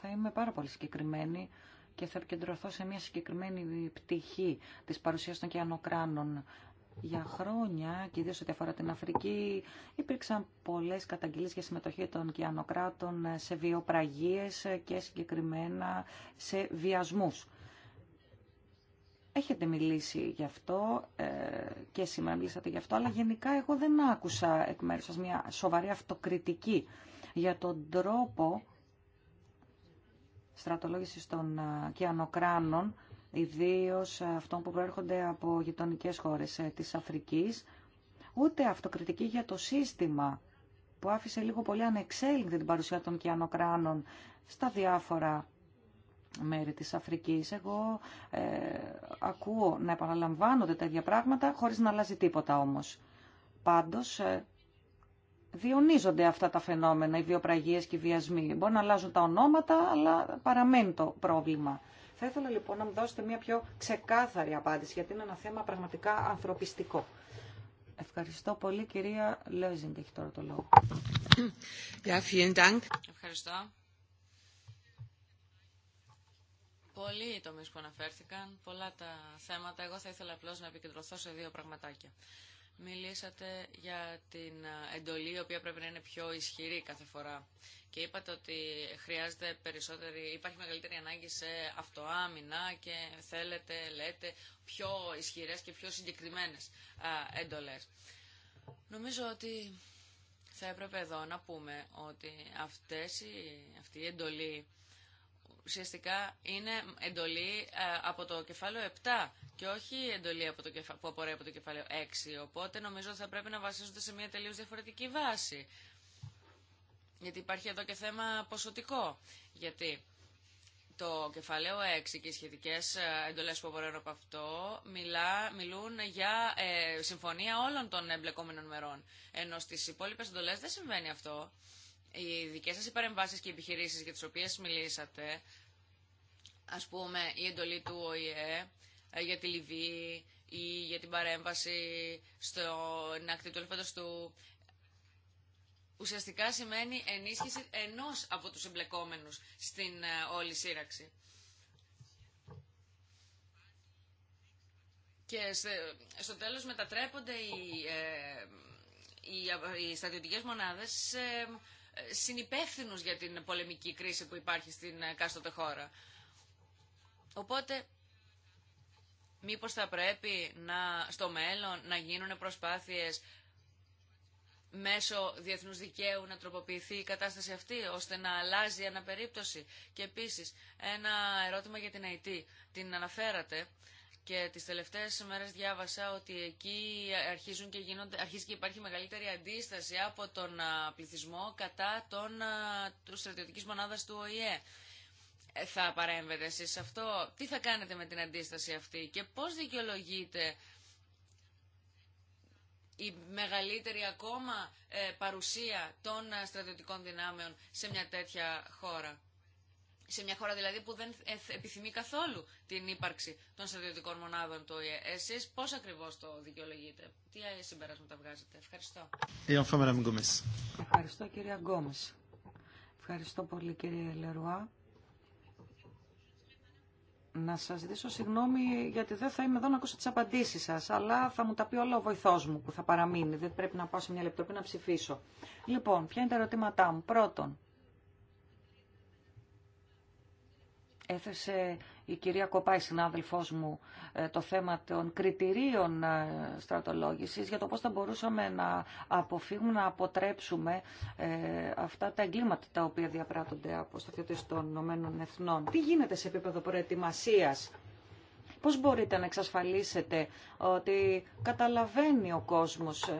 Θα είμαι πάρα πολύ συγκεκριμένη και θα επικεντρωθώ σε μια συγκεκριμένη πτυχή της παρουσίας των κιανοκράνων. Για χρόνια, και ιδίω ό,τι αφορά την Αφρική, υπήρξαν πολλές καταγγελίες για συμμετοχή των κιανοκράτων σε βιοπραγίες και συγκεκριμένα σε βιασμούς. Έχετε μιλήσει γι' αυτό ε, και σήμερα μιλήσατε γι' αυτό, αλλά γενικά εγώ δεν άκουσα εκ μέρους σας μια σοβαρή αυτοκριτική για τον τρόπο στρατολόγησης των ε, κιανοκράνων, ιδίως αυτών που προέρχονται από γειτονικέ χώρες ε, της Αφρικής, ούτε αυτοκριτική για το σύστημα που άφησε λίγο πολύ ανεξέλιγκτη την παρουσία των κιανοκράνων στα διάφορα μέρη της Αφρικής. Εγώ ε, ακούω να επαναλαμβάνονται τα ίδια πράγματα χωρίς να αλλάζει τίποτα όμως. Πάντως ε, διονίζονται αυτά τα φαινόμενα, οι βιοπραγίες και οι βιασμοί. Μπορεί να αλλάζουν τα ονόματα, αλλά παραμένει το πρόβλημα. Θα ήθελα λοιπόν να μου δώσετε μια πιο ξεκάθαρη απάντηση, γιατί είναι ένα θέμα πραγματικά ανθρωπιστικό. Ευχαριστώ πολύ, κυρία Λέζινγκ, έχει τώρα το λόγο. vielen Dank. Ευχαριστώ. Πολλοί οι τομεί που αναφέρθηκαν, πολλά τα θέματα. Εγώ θα ήθελα απλώ να επικεντρωθώ σε δύο πραγματάκια. Μιλήσατε για την ε, εντολή, η οποία πρέπει να είναι πιο ισχυρή κάθε φορά. Και είπατε ότι χρειάζεται περισσότερη, υπάρχει μεγαλύτερη ανάγκη σε αυτοάμυνα και θέλετε, λέτε, πιο ισχυρές και πιο συγκεκριμένες ε, εντολές. Νομίζω ότι θα έπρεπε εδώ να πούμε ότι αυτές αυτή η εντολή ουσιαστικά είναι εντολή ε, από το κεφάλαιο 7 και όχι εντολή από το κεφα... που απορρέει από το κεφάλαιο 6. Οπότε νομίζω ότι θα πρέπει να βασίζονται σε μια τελείως διαφορετική βάση. Γιατί υπάρχει εδώ και θέμα ποσοτικό. Γιατί το κεφαλαίο 6 και οι σχετικέ ε, εντολέ που απορρέουν από αυτό μιλά, μιλούν για ε, συμφωνία όλων των εμπλεκόμενων μερών. Ενώ στι υπόλοιπε εντολέ δεν συμβαίνει αυτό οι δικέ σα παρεμβάσει παρεμβάσεις και οι επιχειρήσεις για τις οποίες μιλήσατε, ας πούμε η εντολή του ΟΗΕ ε, για τη Λιβύη ή για την παρέμβαση στο νακτή του του, ουσιαστικά σημαίνει ενίσχυση ενός από τους εμπλεκόμενους στην ε, όλη σύραξη. Και στο τέλος μετατρέπονται οι, ε, οι στρατιωτικές μονάδες συνυπεύθυνους για την πολεμική κρίση που υπάρχει στην ε, κάστοτε χώρα. Οπότε, μήπως θα πρέπει να, στο μέλλον να γίνουν προσπάθειες μέσω διεθνούς δικαίου να τροποποιηθεί η κατάσταση αυτή, ώστε να αλλάζει αναπερίπτωση. Και επίσης, ένα ερώτημα για την ΑΕΤ. Την αναφέρατε. Και τις τελευταίες μέρες διάβασα ότι εκεί αρχίζουν και γίνονται, αρχίζει και υπάρχει μεγαλύτερη αντίσταση από τον πληθυσμό κατά τον, του στρατιωτικής μονάδας του ΟΗΕ. Ε, θα παρέμβετε εσείς σε αυτό. Τι θα κάνετε με την αντίσταση αυτή και πώς δικαιολογείτε η μεγαλύτερη ακόμα ε, παρουσία των στρατιωτικών δυνάμεων σε μια τέτοια χώρα σε μια χώρα δηλαδή που δεν ε, επιθυμεί καθόλου την ύπαρξη των στρατιωτικών μονάδων του ΟΗΕ. Εσεί πώ ακριβώ το δικαιολογείτε, τι ε, συμπεράσματα βγάζετε. Ευχαριστώ. Ευχαριστώ κυρία Γκόμε. Ευχαριστώ πολύ κύριε Λερουά. Να σας ζητήσω συγγνώμη γιατί δεν θα είμαι εδώ να ακούσω τις απαντήσεις σας, αλλά θα μου τα πει όλα ο βοηθός μου που θα παραμείνει. Δεν πρέπει να πάω σε μια λεπτοπή να ψηφίσω. Λοιπόν, ποια είναι τα ερωτήματά μου. Πρώτον, έθεσε η κυρία Κοπάη, συνάδελφός μου, ε, το θέμα των κριτηρίων ε, στρατολόγησης για το πώς θα μπορούσαμε να αποφύγουμε, να αποτρέψουμε ε, αυτά τα εγκλήματα τα οποία διαπράττονται από στρατιώτες των Ηνωμένων Εθνών. Τι γίνεται σε επίπεδο προετοιμασίας Πώς μπορείτε να εξασφαλίσετε ότι καταλαβαίνει ο κόσμος,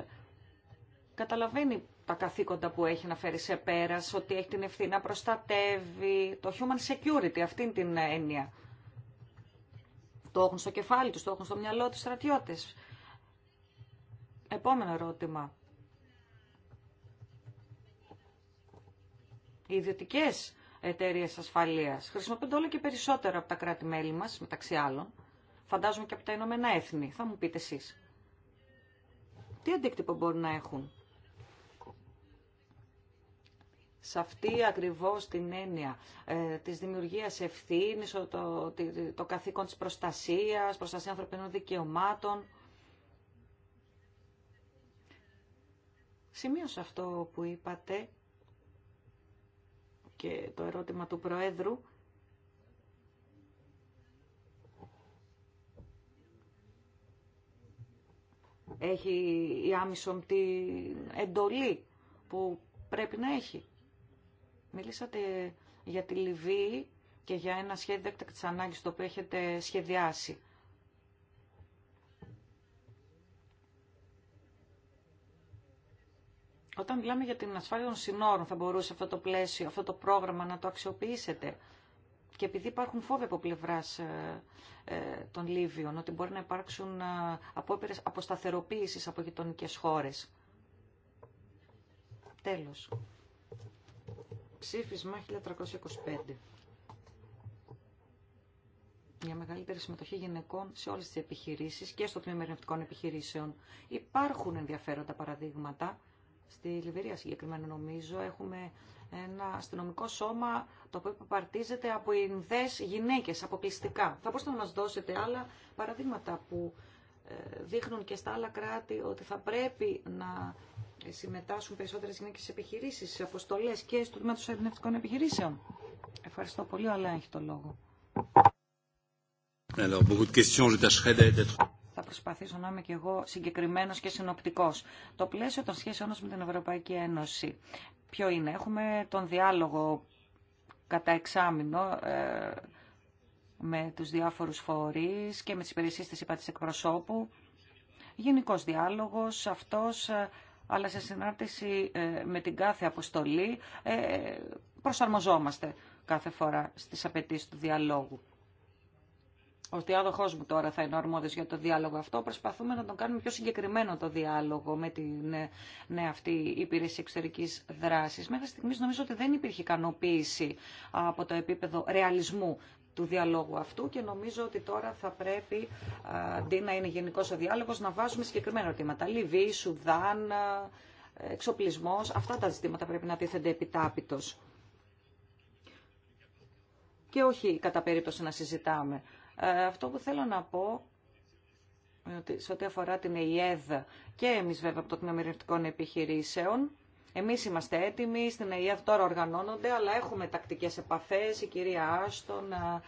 καταλαβαίνει τα καθήκοντα που έχει να φέρει σε πέρας, ότι έχει την ευθύνη να προστατεύει το human security, αυτήν την έννοια. Το έχουν στο κεφάλι τους, το έχουν στο μυαλό τους στρατιώτες. Επόμενο ερώτημα. Οι ιδιωτικέ εταιρείε ασφαλεία χρησιμοποιούνται όλο και περισσότερο από τα κράτη-μέλη μα, μεταξύ άλλων. Φαντάζομαι και από τα Ηνωμένα Έθνη. Θα μου πείτε εσεί. Τι αντίκτυπο μπορούν να έχουν σε αυτή ακριβώς την έννοια ε, της δημιουργίας ευθύνης, το, το, καθήκον της προστασίας, προστασία ανθρωπινών δικαιωμάτων. Σημείωσα αυτό που είπατε και το ερώτημα του Προέδρου. Έχει η Άμισομ την εντολή που πρέπει να έχει. Μιλήσατε για τη Λιβύη και για ένα σχέδιο έκτακτη ανάγκη το οποίο έχετε σχεδιάσει. Όταν μιλάμε για την ασφάλεια των συνόρων, θα μπορούσε αυτό το πλαίσιο, αυτό το πρόγραμμα να το αξιοποιήσετε. Και επειδή υπάρχουν φόβοι από πλευρά ε, ε, των Λίβιων ότι μπορεί να υπάρξουν ε, απόπειρε αποσταθεροποίηση από γειτονικέ χώρε. Τέλος. Ψήφισμα 1325 για μεγαλύτερη συμμετοχή γυναικών σε όλες τις επιχειρήσεις και στο τμήμα ερευνητικών επιχειρήσεων. Υπάρχουν ενδιαφέροντα παραδείγματα. Στη Λιβερία συγκεκριμένα νομίζω έχουμε ένα αστυνομικό σώμα το οποίο παρτίζεται από Ινδές γυναίκες αποκλειστικά. Θα μπορούσατε να μας δώσετε άλλα παραδείγματα που ε, δείχνουν και στα άλλα κράτη ότι θα πρέπει να συμμετάσχουν περισσότερες γυναίκες σε επιχειρήσει σε αποστολές και στο τμήμα των ερευνητικών επιχειρήσεων. Ευχαριστώ πολύ, αλλά έχει το λόγο. θα προσπαθήσω να είμαι και εγώ συγκεκριμένος και συνοπτικός. Το πλαίσιο των σχέσεων με την Ευρωπαϊκή Ένωση. Ποιο είναι. Έχουμε τον διάλογο κατά εξάμεινο ε, με τους διάφορους φορείς και με τις υπηρεσίες της εκπροσώπου. Γενικός διάλογος αυτός ε, αλλά σε συνάρτηση ε, με την κάθε αποστολή ε, προσαρμοζόμαστε κάθε φορά στις απαιτήσει του διαλόγου. Ο διάδοχός μου τώρα θα είναι αρμόδιος για το διάλογο αυτό. Προσπαθούμε να τον κάνουμε πιο συγκεκριμένο το διάλογο με την ε, ναι, αυτή υπηρεσία εξωτερικής δράσης. Μέχρι στιγμής νομίζω ότι δεν υπήρχε ικανοποίηση από το επίπεδο ρεαλισμού του διαλόγου αυτού και νομίζω ότι τώρα θα πρέπει, αντί να είναι γενικό ο διάλογο, να βάζουμε συγκεκριμένα ερωτήματα. Λιβύη, Σουδάν, εξοπλισμό, αυτά τα ζητήματα πρέπει να τίθενται επιτάπητο. Και όχι κατά περίπτωση να συζητάμε. Ε, αυτό που θέλω να πω σε ό,τι αφορά την ΕΙΕΔ και εμείς βέβαια από το Τμήμα Μερευτικών Επιχειρήσεων εμείς είμαστε έτοιμοι, στην ΕΕ τώρα οργανώνονται, αλλά έχουμε τακτικές επαφές, η κυρία Άστον, ε,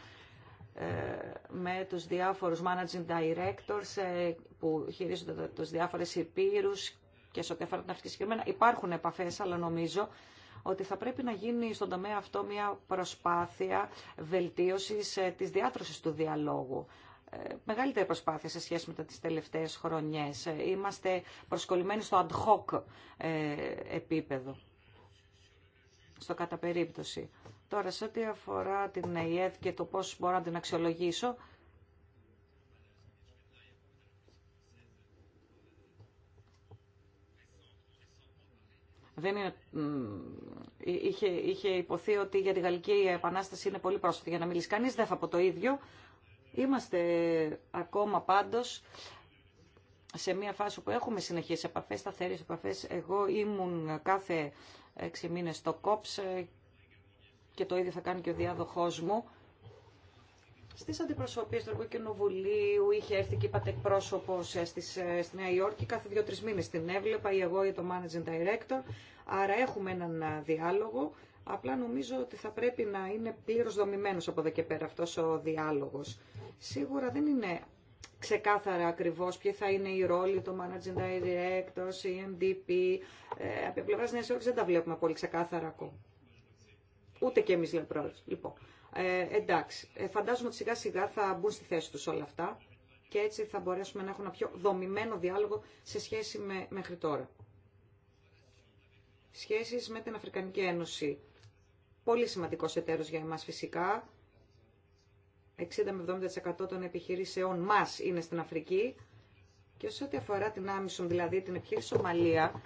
ε, με τους διάφορους managing directors ε, που χειρίζονται τους διάφορες υπήρους και σε ό,τι αφορά την Υπάρχουν επαφές, αλλά νομίζω ότι θα πρέπει να γίνει στον τομέα αυτό μια προσπάθεια βελτίωσης της διάτρωσης του διαλόγου μεγαλύτερη προσπάθεια σε σχέση με τις τελευταίες χρονιές. Είμαστε προσκολλημένοι στο ad hoc ε, επίπεδο, στο κατά περίπτωση. Τώρα, σε ό,τι αφορά την ΕΕΔ και το πώς μπορώ να την αξιολογήσω, Δεν είναι... είχε, είχε υποθεί ότι για τη Γαλλική Επανάσταση είναι πολύ πρόσφατη για να μιλήσει κανείς, δεν θα πω το ίδιο. Είμαστε ακόμα πάντως σε μια φάση που έχουμε συνεχείς επαφές, σταθερές επαφές. Εγώ ήμουν κάθε έξι μήνες στο ΚΟΠΣ και το ίδιο θα κάνει και ο διάδοχός μου. Στι αντιπροσωπείε του κοινοβουλίου, είχε έρθει και είπατε εκπρόσωπο ε, ε, στη Νέα Υόρκη κάθε δύο-τρει μήνε. Την έβλεπα ή εγώ ή το managing director. Άρα έχουμε έναν ε, διάλογο Απλά νομίζω ότι θα πρέπει να είναι πλήρως δομημένος από εδώ και πέρα αυτός ο διάλογος. Σίγουρα δεν είναι ξεκάθαρα ακριβώς ποιοι θα είναι οι ρόλοι του Managing Director, η MDP. Ε, από πλευράς Νέας Υόρκης δεν τα βλέπουμε πολύ ξεκάθαρα ακόμα. Ούτε και εμείς λέμε πρόεδρος. Λοιπόν, ε, εντάξει, ε, φαντάζομαι ότι σιγά σιγά θα μπουν στη θέση τους όλα αυτά και έτσι θα μπορέσουμε να έχουμε ένα πιο δομημένο διάλογο σε σχέση με μέχρι τώρα. Σχέσεις με την Αφρικανική Ένωση πολύ σημαντικός εταίρος για εμάς φυσικά. 60 με 70% των επιχειρήσεών μας είναι στην Αφρική. Και σε ό,τι αφορά την Άμισον, δηλαδή την επιχείρηση Σομαλία,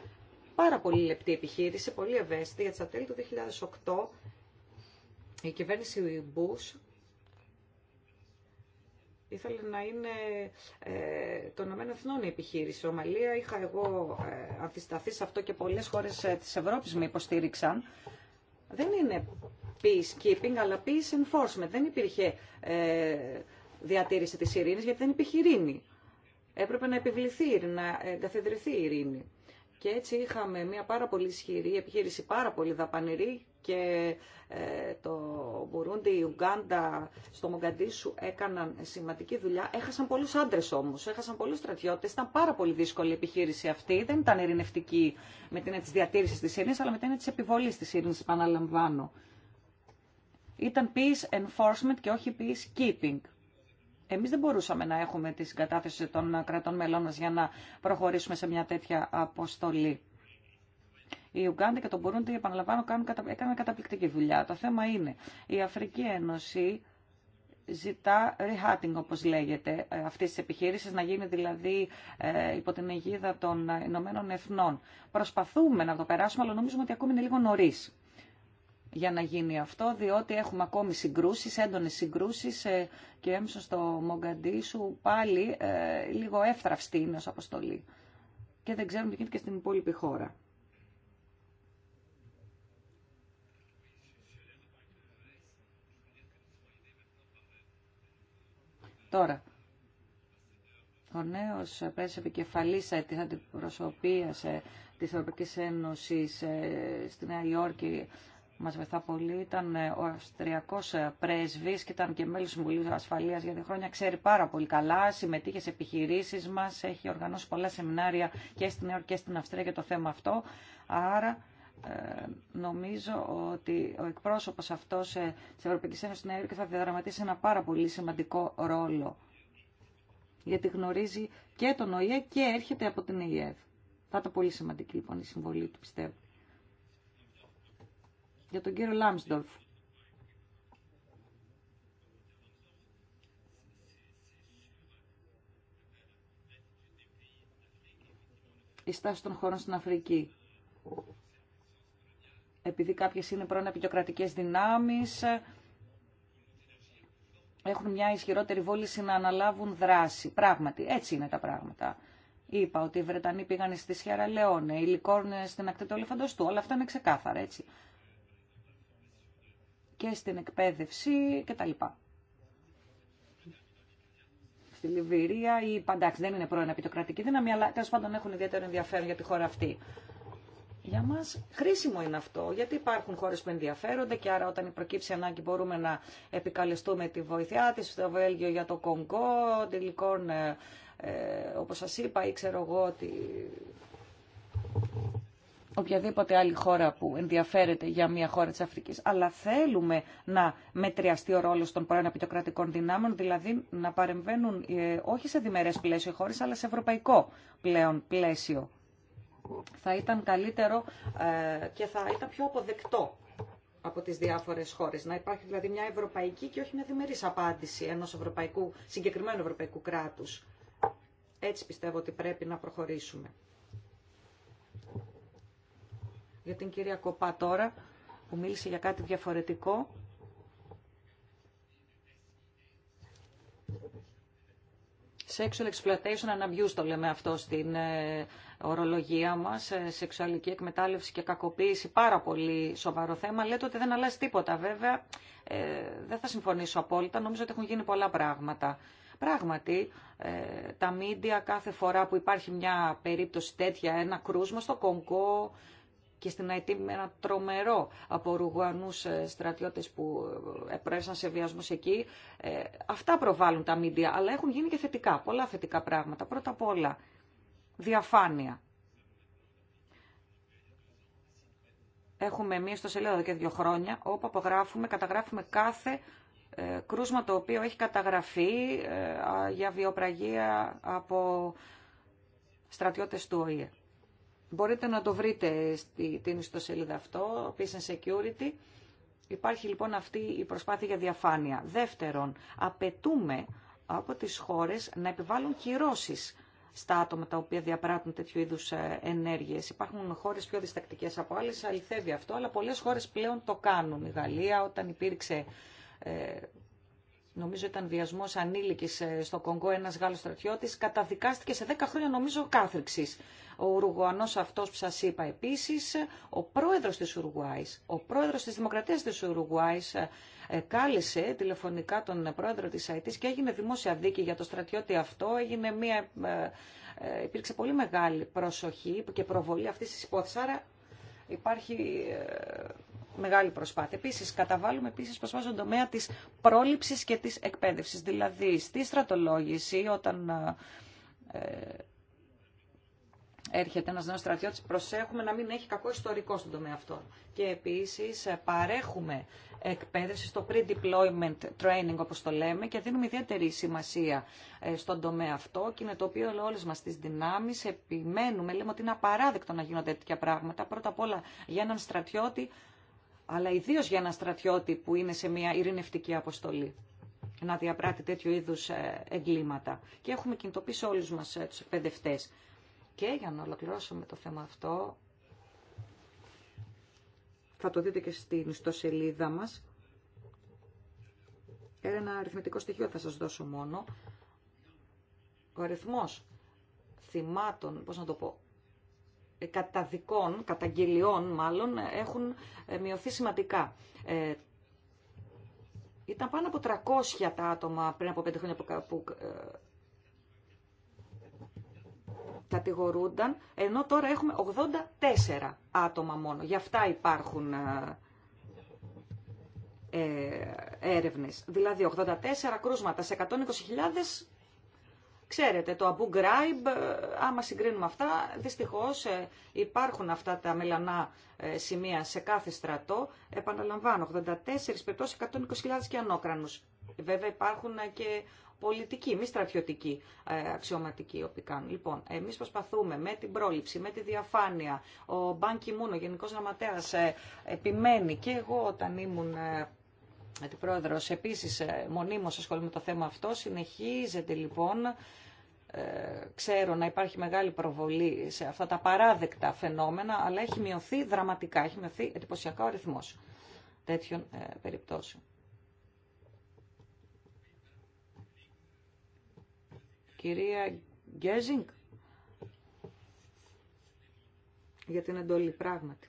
πάρα πολύ λεπτή επιχείρηση, πολύ ευαίσθητη, γιατί στα τέλη του 2008 η κυβέρνηση Ιμπούς ήθελε να είναι ε, το Εθνών η επιχείρηση. Σομαλία είχα εγώ ε, αντισταθεί σε αυτό και πολλές χώρες ε, της Ευρώπης με υποστήριξαν δεν είναι peacekeeping, αλλά peace enforcement. Δεν υπήρχε ε, διατήρηση της ειρήνης, γιατί δεν υπήρχε ειρήνη. Έπρεπε να επιβληθεί, να εγκαθιδρυθεί η ειρήνη. Και έτσι είχαμε μια πάρα πολύ ισχυρή επιχείρηση, πάρα πολύ δαπανηρή και ε, το Μπουρούντι, η Ουγγάντα, στο Μογκαντήσου έκαναν σημαντική δουλειά. Έχασαν πολλούς άντρες όμως, έχασαν πολλούς στρατιώτες. Ήταν πάρα πολύ δύσκολη η επιχείρηση αυτή. Δεν ήταν ειρηνευτική με την έτσι της διατήρησης ειρήνης, αλλά με την έτσι επιβολή της ειρήνης, επαναλαμβάνω. Ήταν peace enforcement και όχι peace keeping. Εμεί δεν μπορούσαμε να έχουμε τη συγκατάθεση των κρατών μελών μα για να προχωρήσουμε σε μια τέτοια αποστολή. Η Ουγγάντα και το Μπουρούντι, επαναλαμβάνω, έκαναν καταπληκτική δουλειά. Το θέμα είναι, η Αφρική Ένωση ζητά rehatting, όπως λέγεται, ε, αυτή τη επιχείρηση, να γίνει δηλαδή ε, υπό την αιγίδα των Ηνωμένων Εθνών. Προσπαθούμε να το περάσουμε, αλλά νομίζουμε ότι ακόμη είναι λίγο νωρίς για να γίνει αυτό, διότι έχουμε ακόμη συγκρούσεις, έντονες συγκρούσεις ε, και έμψω στο Μογκαντήσου πάλι ε, λίγο εύθραυστη είναι ως αποστολή. Και δεν ξέρουμε τι γίνεται και στην υπόλοιπη χώρα. Τώρα, ο νέος πρέσβης επικεφαλής της αντιπροσωπείας ε, της Ευρωπαϊκής Ένωσης στη Νέα Υόρκη μας βοηθά πολύ ήταν ε, ο Αυστριακός ε, πρέσβης και ήταν και μέλος Συμβουλίου Ασφαλείας για δύο χρόνια. Ξέρει πάρα πολύ καλά, συμμετείχε σε επιχειρήσεις μας, έχει οργανώσει πολλά σεμινάρια και στην Νέα και στην Αυστρία για το θέμα αυτό. Άρα ε, νομίζω ότι ο εκπρόσωπος αυτός ε, της Ευρωπαϊκής Ένωσης στην ΕΕ θα διαδραματίσει ένα πάρα πολύ σημαντικό ρόλο. Γιατί γνωρίζει και τον ΟΗΕ και έρχεται από την ΕΕ. Θα ήταν πολύ σημαντική λοιπόν η συμβολή του πιστεύω για τον κύριο Λάμσντορφ. Η στάση των χωρών στην Αφρική. Επειδή κάποιες είναι πρώην επικοκρατικές δυνάμεις, έχουν μια ισχυρότερη βόληση να αναλάβουν δράση. Πράγματι, έτσι είναι τα πράγματα. Είπα ότι οι Βρετανοί πήγαν στη Σιέρα Λεόνε, οι Λικόρνε στην ακτή του Όλα αυτά είναι ξεκάθαρα, έτσι και στην εκπαίδευση κτλ. Στη Λιβυρία ή παντάξει, δεν είναι πρώην επιτοκρατική δύναμη, αλλά τέλο πάντων έχουν ιδιαίτερο ενδιαφέρον για τη χώρα αυτή. Για μα χρήσιμο είναι αυτό, γιατί υπάρχουν χώρε που ενδιαφέρονται και άρα όταν προκύψει ανάγκη μπορούμε να επικαλεστούμε τη βοήθειά τη. Στο Βέλγιο για το Κονγκό, τελικών, ε, ε όπω σα είπα, ή ξέρω εγώ ότι οποιαδήποτε άλλη χώρα που ενδιαφέρεται για μια χώρα της Αφρικής, αλλά θέλουμε να μετριαστεί ο ρόλος των πρώην απειτοκρατικών δυνάμεων, δηλαδή να παρεμβαίνουν ε, όχι σε διμερές πλαίσιο χώρες, αλλά σε ευρωπαϊκό πλέον πλαίσιο. Θα ήταν καλύτερο ε, και θα ήταν πιο αποδεκτό από τις διάφορες χώρες. Να υπάρχει δηλαδή μια ευρωπαϊκή και όχι μια διμερής απάντηση ενός ευρωπαϊκού, συγκεκριμένου ευρωπαϊκού κράτους. Έτσι πιστεύω ότι πρέπει να προχωρήσουμε για την κυρία Κοπά τώρα, που μίλησε για κάτι διαφορετικό. Sexual exploitation and abuse το λέμε αυτό στην ε, ορολογία μας, ε, σεξουαλική εκμετάλλευση και κακοποίηση, πάρα πολύ σοβαρό θέμα. Λέτε ότι δεν αλλάζει τίποτα βέβαια, ε, δεν θα συμφωνήσω απόλυτα, νομίζω ότι έχουν γίνει πολλά πράγματα. Πράγματι, ε, τα μίντια κάθε φορά που υπάρχει μια περίπτωση τέτοια, ένα κρούσμα στο Κονγκό, και στην Αιτή με ένα τρομερό από Ρουγουανού ε, στρατιώτες που επρεσάν σε βιασμούς εκεί. Ε, αυτά προβάλλουν τα μίντια, αλλά έχουν γίνει και θετικά, πολλά θετικά πράγματα. Πρώτα απ' όλα, διαφάνεια. Έχουμε εμεί στο σελίδα εδώ και δύο χρόνια, όπου απογράφουμε, καταγράφουμε κάθε ε, κρούσμα το οποίο έχει καταγραφεί για βιοπραγία από στρατιώτες του ΟΗΕ. Μπορείτε να το βρείτε στην ιστοσελίδα αυτό, Business Security. Υπάρχει λοιπόν αυτή η προσπάθεια για διαφάνεια. Δεύτερον, απαιτούμε από τις χώρες να επιβάλλουν κυρώσεις στα άτομα τα οποία διαπράττουν τέτοιου είδους ε, ενέργειες. Υπάρχουν χώρες πιο διστακτικές από άλλες, αληθεύει αυτό, αλλά πολλές χώρες πλέον το κάνουν. Η Γαλλία όταν υπήρξε ε, νομίζω ήταν βιασμό ανήλικη ε, στο Κονγκό, ένας Γάλλος στρατιώτη, καταδικάστηκε σε 10 χρόνια νομίζω κάθριξη. Ο Ουρουγουανός αυτός που σα είπα επίσης, ο πρόεδρος της Ουρουγουάης, ο πρόεδρος της Δημοκρατίας της Ουρουγουάης, ε, ε, κάλεσε τηλεφωνικά τον πρόεδρο της ΑΕΤΗΣ και έγινε δημόσια δίκη για το στρατιώτη αυτό. Έγινε μια, υπήρξε πολύ μεγάλη προσοχή και προβολή αυτή τη υπόθεση. Υπάρχει ε, μεγάλη προσπάθεια. Επίση, καταβάλουμε επίση προσπάθεια στον τομέα τη πρόληψη και τη εκπαίδευση. Δηλαδή, στη στρατολόγηση, όταν ε, έρχεται ένας νέος στρατιώτης, προσέχουμε να μην έχει κακό ιστορικό στον τομέα αυτό. Και επίσης ε, παρέχουμε εκπαίδευση στο pre-deployment training όπως το λέμε και δίνουμε ιδιαίτερη σημασία ε, στον τομέα αυτό και είναι το οποίο όλες μας τις δυνάμεις επιμένουμε, λέμε ότι είναι απαράδεκτο να γίνονται τέτοια πράγματα. Πρώτα απ' όλα για έναν στρατιώτη, αλλά ιδίως για έναν στρατιώτη που είναι σε μια ειρηνευτική αποστολή να διαπράττει τέτοιου είδους ε, εγκλήματα. Και έχουμε κινητοποιήσει όλους μας τους εκπαιδευτές. Και για να ολοκληρώσουμε το θέμα αυτό, θα το δείτε και στην ιστοσελίδα μας, ένα αριθμητικό στοιχείο θα σας δώσω μόνο. Ο αριθμός θυμάτων, πώς να το πω, καταδικών, καταγγελιών μάλλον, έχουν ε, μειωθεί σημαντικά. Ε, ήταν πάνω από 300 τα άτομα πριν από 5 χρόνια που ε, κατηγορούνταν, ενώ τώρα έχουμε 84 άτομα μόνο. Γι' αυτά υπάρχουν ε, ε έρευνες. Δηλαδή 84 κρούσματα σε 120.000, ξέρετε, το Abu Ghraib, ε, άμα συγκρίνουμε αυτά, δυστυχώς ε, υπάρχουν αυτά τα μελανά σημεία σε κάθε στρατό. Επαναλαμβάνω, 84 περιπτώσεις 120.000 και ανώκρανους. Βέβαια υπάρχουν και Πολιτική, μη στρατιωτικοί ε, αξιωματικοί οι κάνουν. Λοιπόν, εμείς προσπαθούμε με την πρόληψη, με τη διαφάνεια. Ο Μπάνκι Μούνο, Γενικός Γραμματέας, ε, επιμένει και εγώ όταν ήμουν ε, πρόεδρος, επίσης μονίμως ασχολούμαι με το θέμα αυτό. Συνεχίζεται λοιπόν ξέρω να υπάρχει μεγάλη προβολή σε αυτά τα παράδεκτα φαινόμενα, αλλά έχει μειωθεί δραματικά, έχει μειωθεί εντυπωσιακά ο αριθμός τέτοιων περιπτώσεων. Κυρία Γκέζινγκ, για την εντολή πράγματι.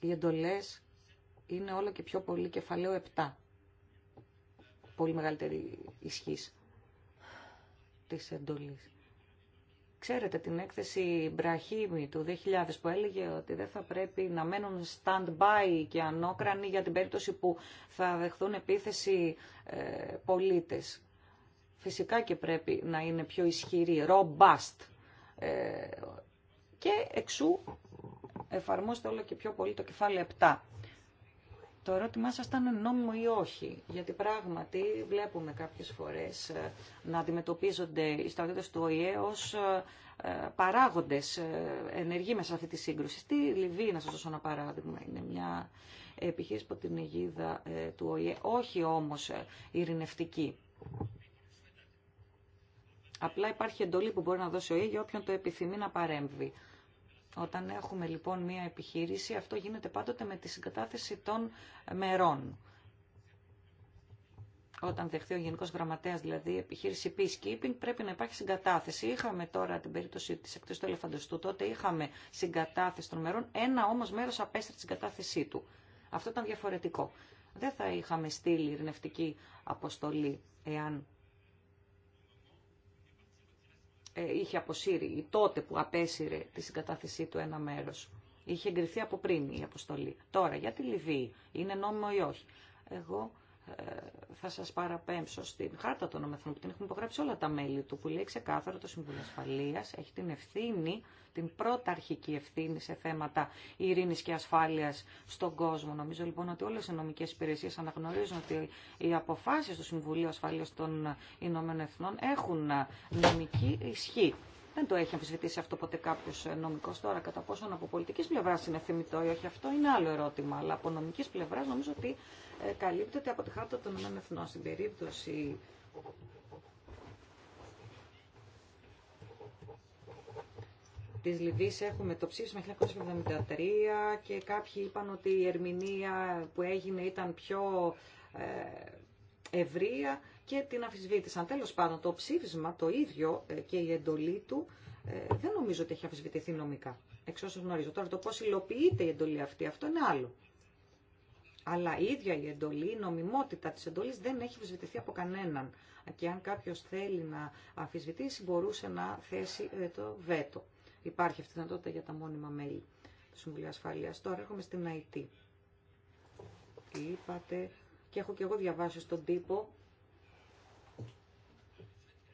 Οι εντολές είναι όλο και πιο πολύ κεφαλαίο 7. Πολύ μεγαλύτερη ισχύς της εντολής. Ξέρετε την έκθεση Μπραχίμη του 2000 που έλεγε ότι δεν θα πρέπει να μένουν stand-by και ανόκρανοι για την περίπτωση που θα δεχθούν επίθεση ε, πολίτες φυσικά και πρέπει να είναι πιο ισχυρή, robust. Ε, και εξού εφαρμόστε όλο και πιο πολύ το κεφάλαιο 7. Το ερώτημά σας ήταν νόμιμο ή όχι, γιατί πράγματι βλέπουμε κάποιες φορές ε, να αντιμετωπίζονται οι στρατιώτες του ΟΗΕ ως ε, παράγοντες ενεργοί μέσα σε αυτή τη σύγκρουση. Στη Λιβύη, να σας δώσω ένα παράδειγμα, είναι μια επιχείρηση από την αιγίδα του ΟΗΕ, όχι όμως ειρηνευτική. Απλά υπάρχει εντολή που μπορεί να δώσει ο ίδιο, όποιον το επιθυμεί να παρέμβει. Όταν έχουμε λοιπόν μία επιχείρηση, αυτό γίνεται πάντοτε με τη συγκατάθεση των μερών. Όταν δεχθεί ο Γενικό Γραμματέα, δηλαδή, επιχείρηση peacekeeping, πρέπει να υπάρχει συγκατάθεση. Είχαμε τώρα την περίπτωση τη εκτό του ελεφαντοστού, τότε είχαμε συγκατάθεση των μερών. Ένα όμω μέρο απέστρεψε την συγκατάθεσή του. Αυτό ήταν διαφορετικό. Δεν θα είχαμε στείλει ειρηνευτική αποστολή εάν ε, είχε αποσύρει, η τότε που απέσυρε τη συγκατάθεσή του ένα μέρος. Είχε εγκριθεί από πριν η αποστολή. Τώρα, για τη Λιβύη, είναι νόμιμο ή όχι. Εγώ ε, θα σα παραπέμψω στην χάρτα των ομεθνών που την έχουν υπογράψει όλα τα μέλη του, που λέει ξεκάθαρα το Συμβούλιο Ασφαλείας έχει την ευθύνη, την πρώτα αρχική ευθύνη σε θέματα ειρηνή και ασφάλειας στον κόσμο. Νομίζω λοιπόν ότι όλες οι νομικέ υπηρεσίες αναγνωρίζουν ότι οι αποφάσει του Συμβουλίου Ασφάλεια των Ηνωμένων Εθνών έχουν νομική ισχύ. Δεν το έχει αμφισβητήσει αυτό ποτέ κάποιο ε, νομικό τώρα. Κατά πόσον από πολιτική πλευρά είναι θεμητό ή όχι, αυτό είναι άλλο ερώτημα. Αλλά από νομική πλευρά νομίζω ότι ε, καλύπτεται από τη Χάρτα των Εθνών. Στην περίπτωση Τη Λιβύης έχουμε το ψήφισμα 1973 και κάποιοι είπαν ότι η ερμηνεία που έγινε ήταν πιο ε, ευρεία και την αφισβήτησαν. τέλο πάντων, το ψήφισμα το ίδιο ε, και η εντολή του ε, δεν νομίζω ότι έχει αμφισβητηθεί νομικά. Εξ όσων γνωρίζω. Τώρα το πώ υλοποιείται η εντολή αυτή, αυτό είναι άλλο. Αλλά η ίδια η εντολή, η νομιμότητα τη εντολή δεν έχει αφισβητηθεί από κανέναν. Και αν κάποιος θέλει να αφισβητήσει, μπορούσε να θέσει ε, το βέτο. Υπάρχει αυτή η δυνατότητα για τα μόνιμα μέλη του Συμβουλίου ασφαλεία. Τώρα έρχομαι στην ΑΕΤ. Είπατε, και έχω και εγώ διαβάσει στον τύπο,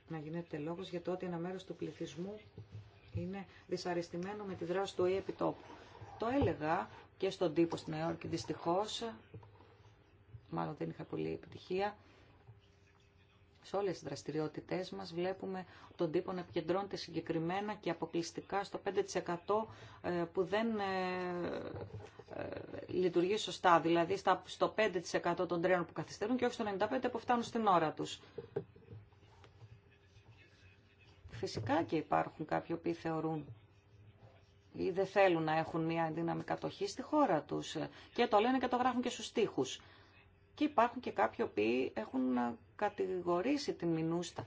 να γίνεται λόγος για το ότι ένα μέρος του πληθυσμού είναι δυσαρεστημένο με τη δράση του ΟΗΕ επιτόπου. Το έλεγα και στον τύπο στην Νέα Υόρκη δυστυχώς, μάλλον δεν είχα πολύ επιτυχία, σε όλες τις δραστηριότητές μας βλέπουμε τον τύπο να επικεντρώνεται συγκεκριμένα και αποκλειστικά στο 5% ε, που δεν ε, ε, λειτουργεί σωστά, δηλαδή στο 5% των τρένων που καθυστερούν και όχι στο 95% που φτάνουν στην ώρα τους. Φυσικά και υπάρχουν κάποιοι που θεωρούν ή δεν θέλουν να έχουν μια δύναμη κατοχή στη χώρα τους. Και το λένε και το γράφουν και στους στίχους. Και υπάρχουν και κάποιοι που έχουν κατηγορήσει την Μινούστα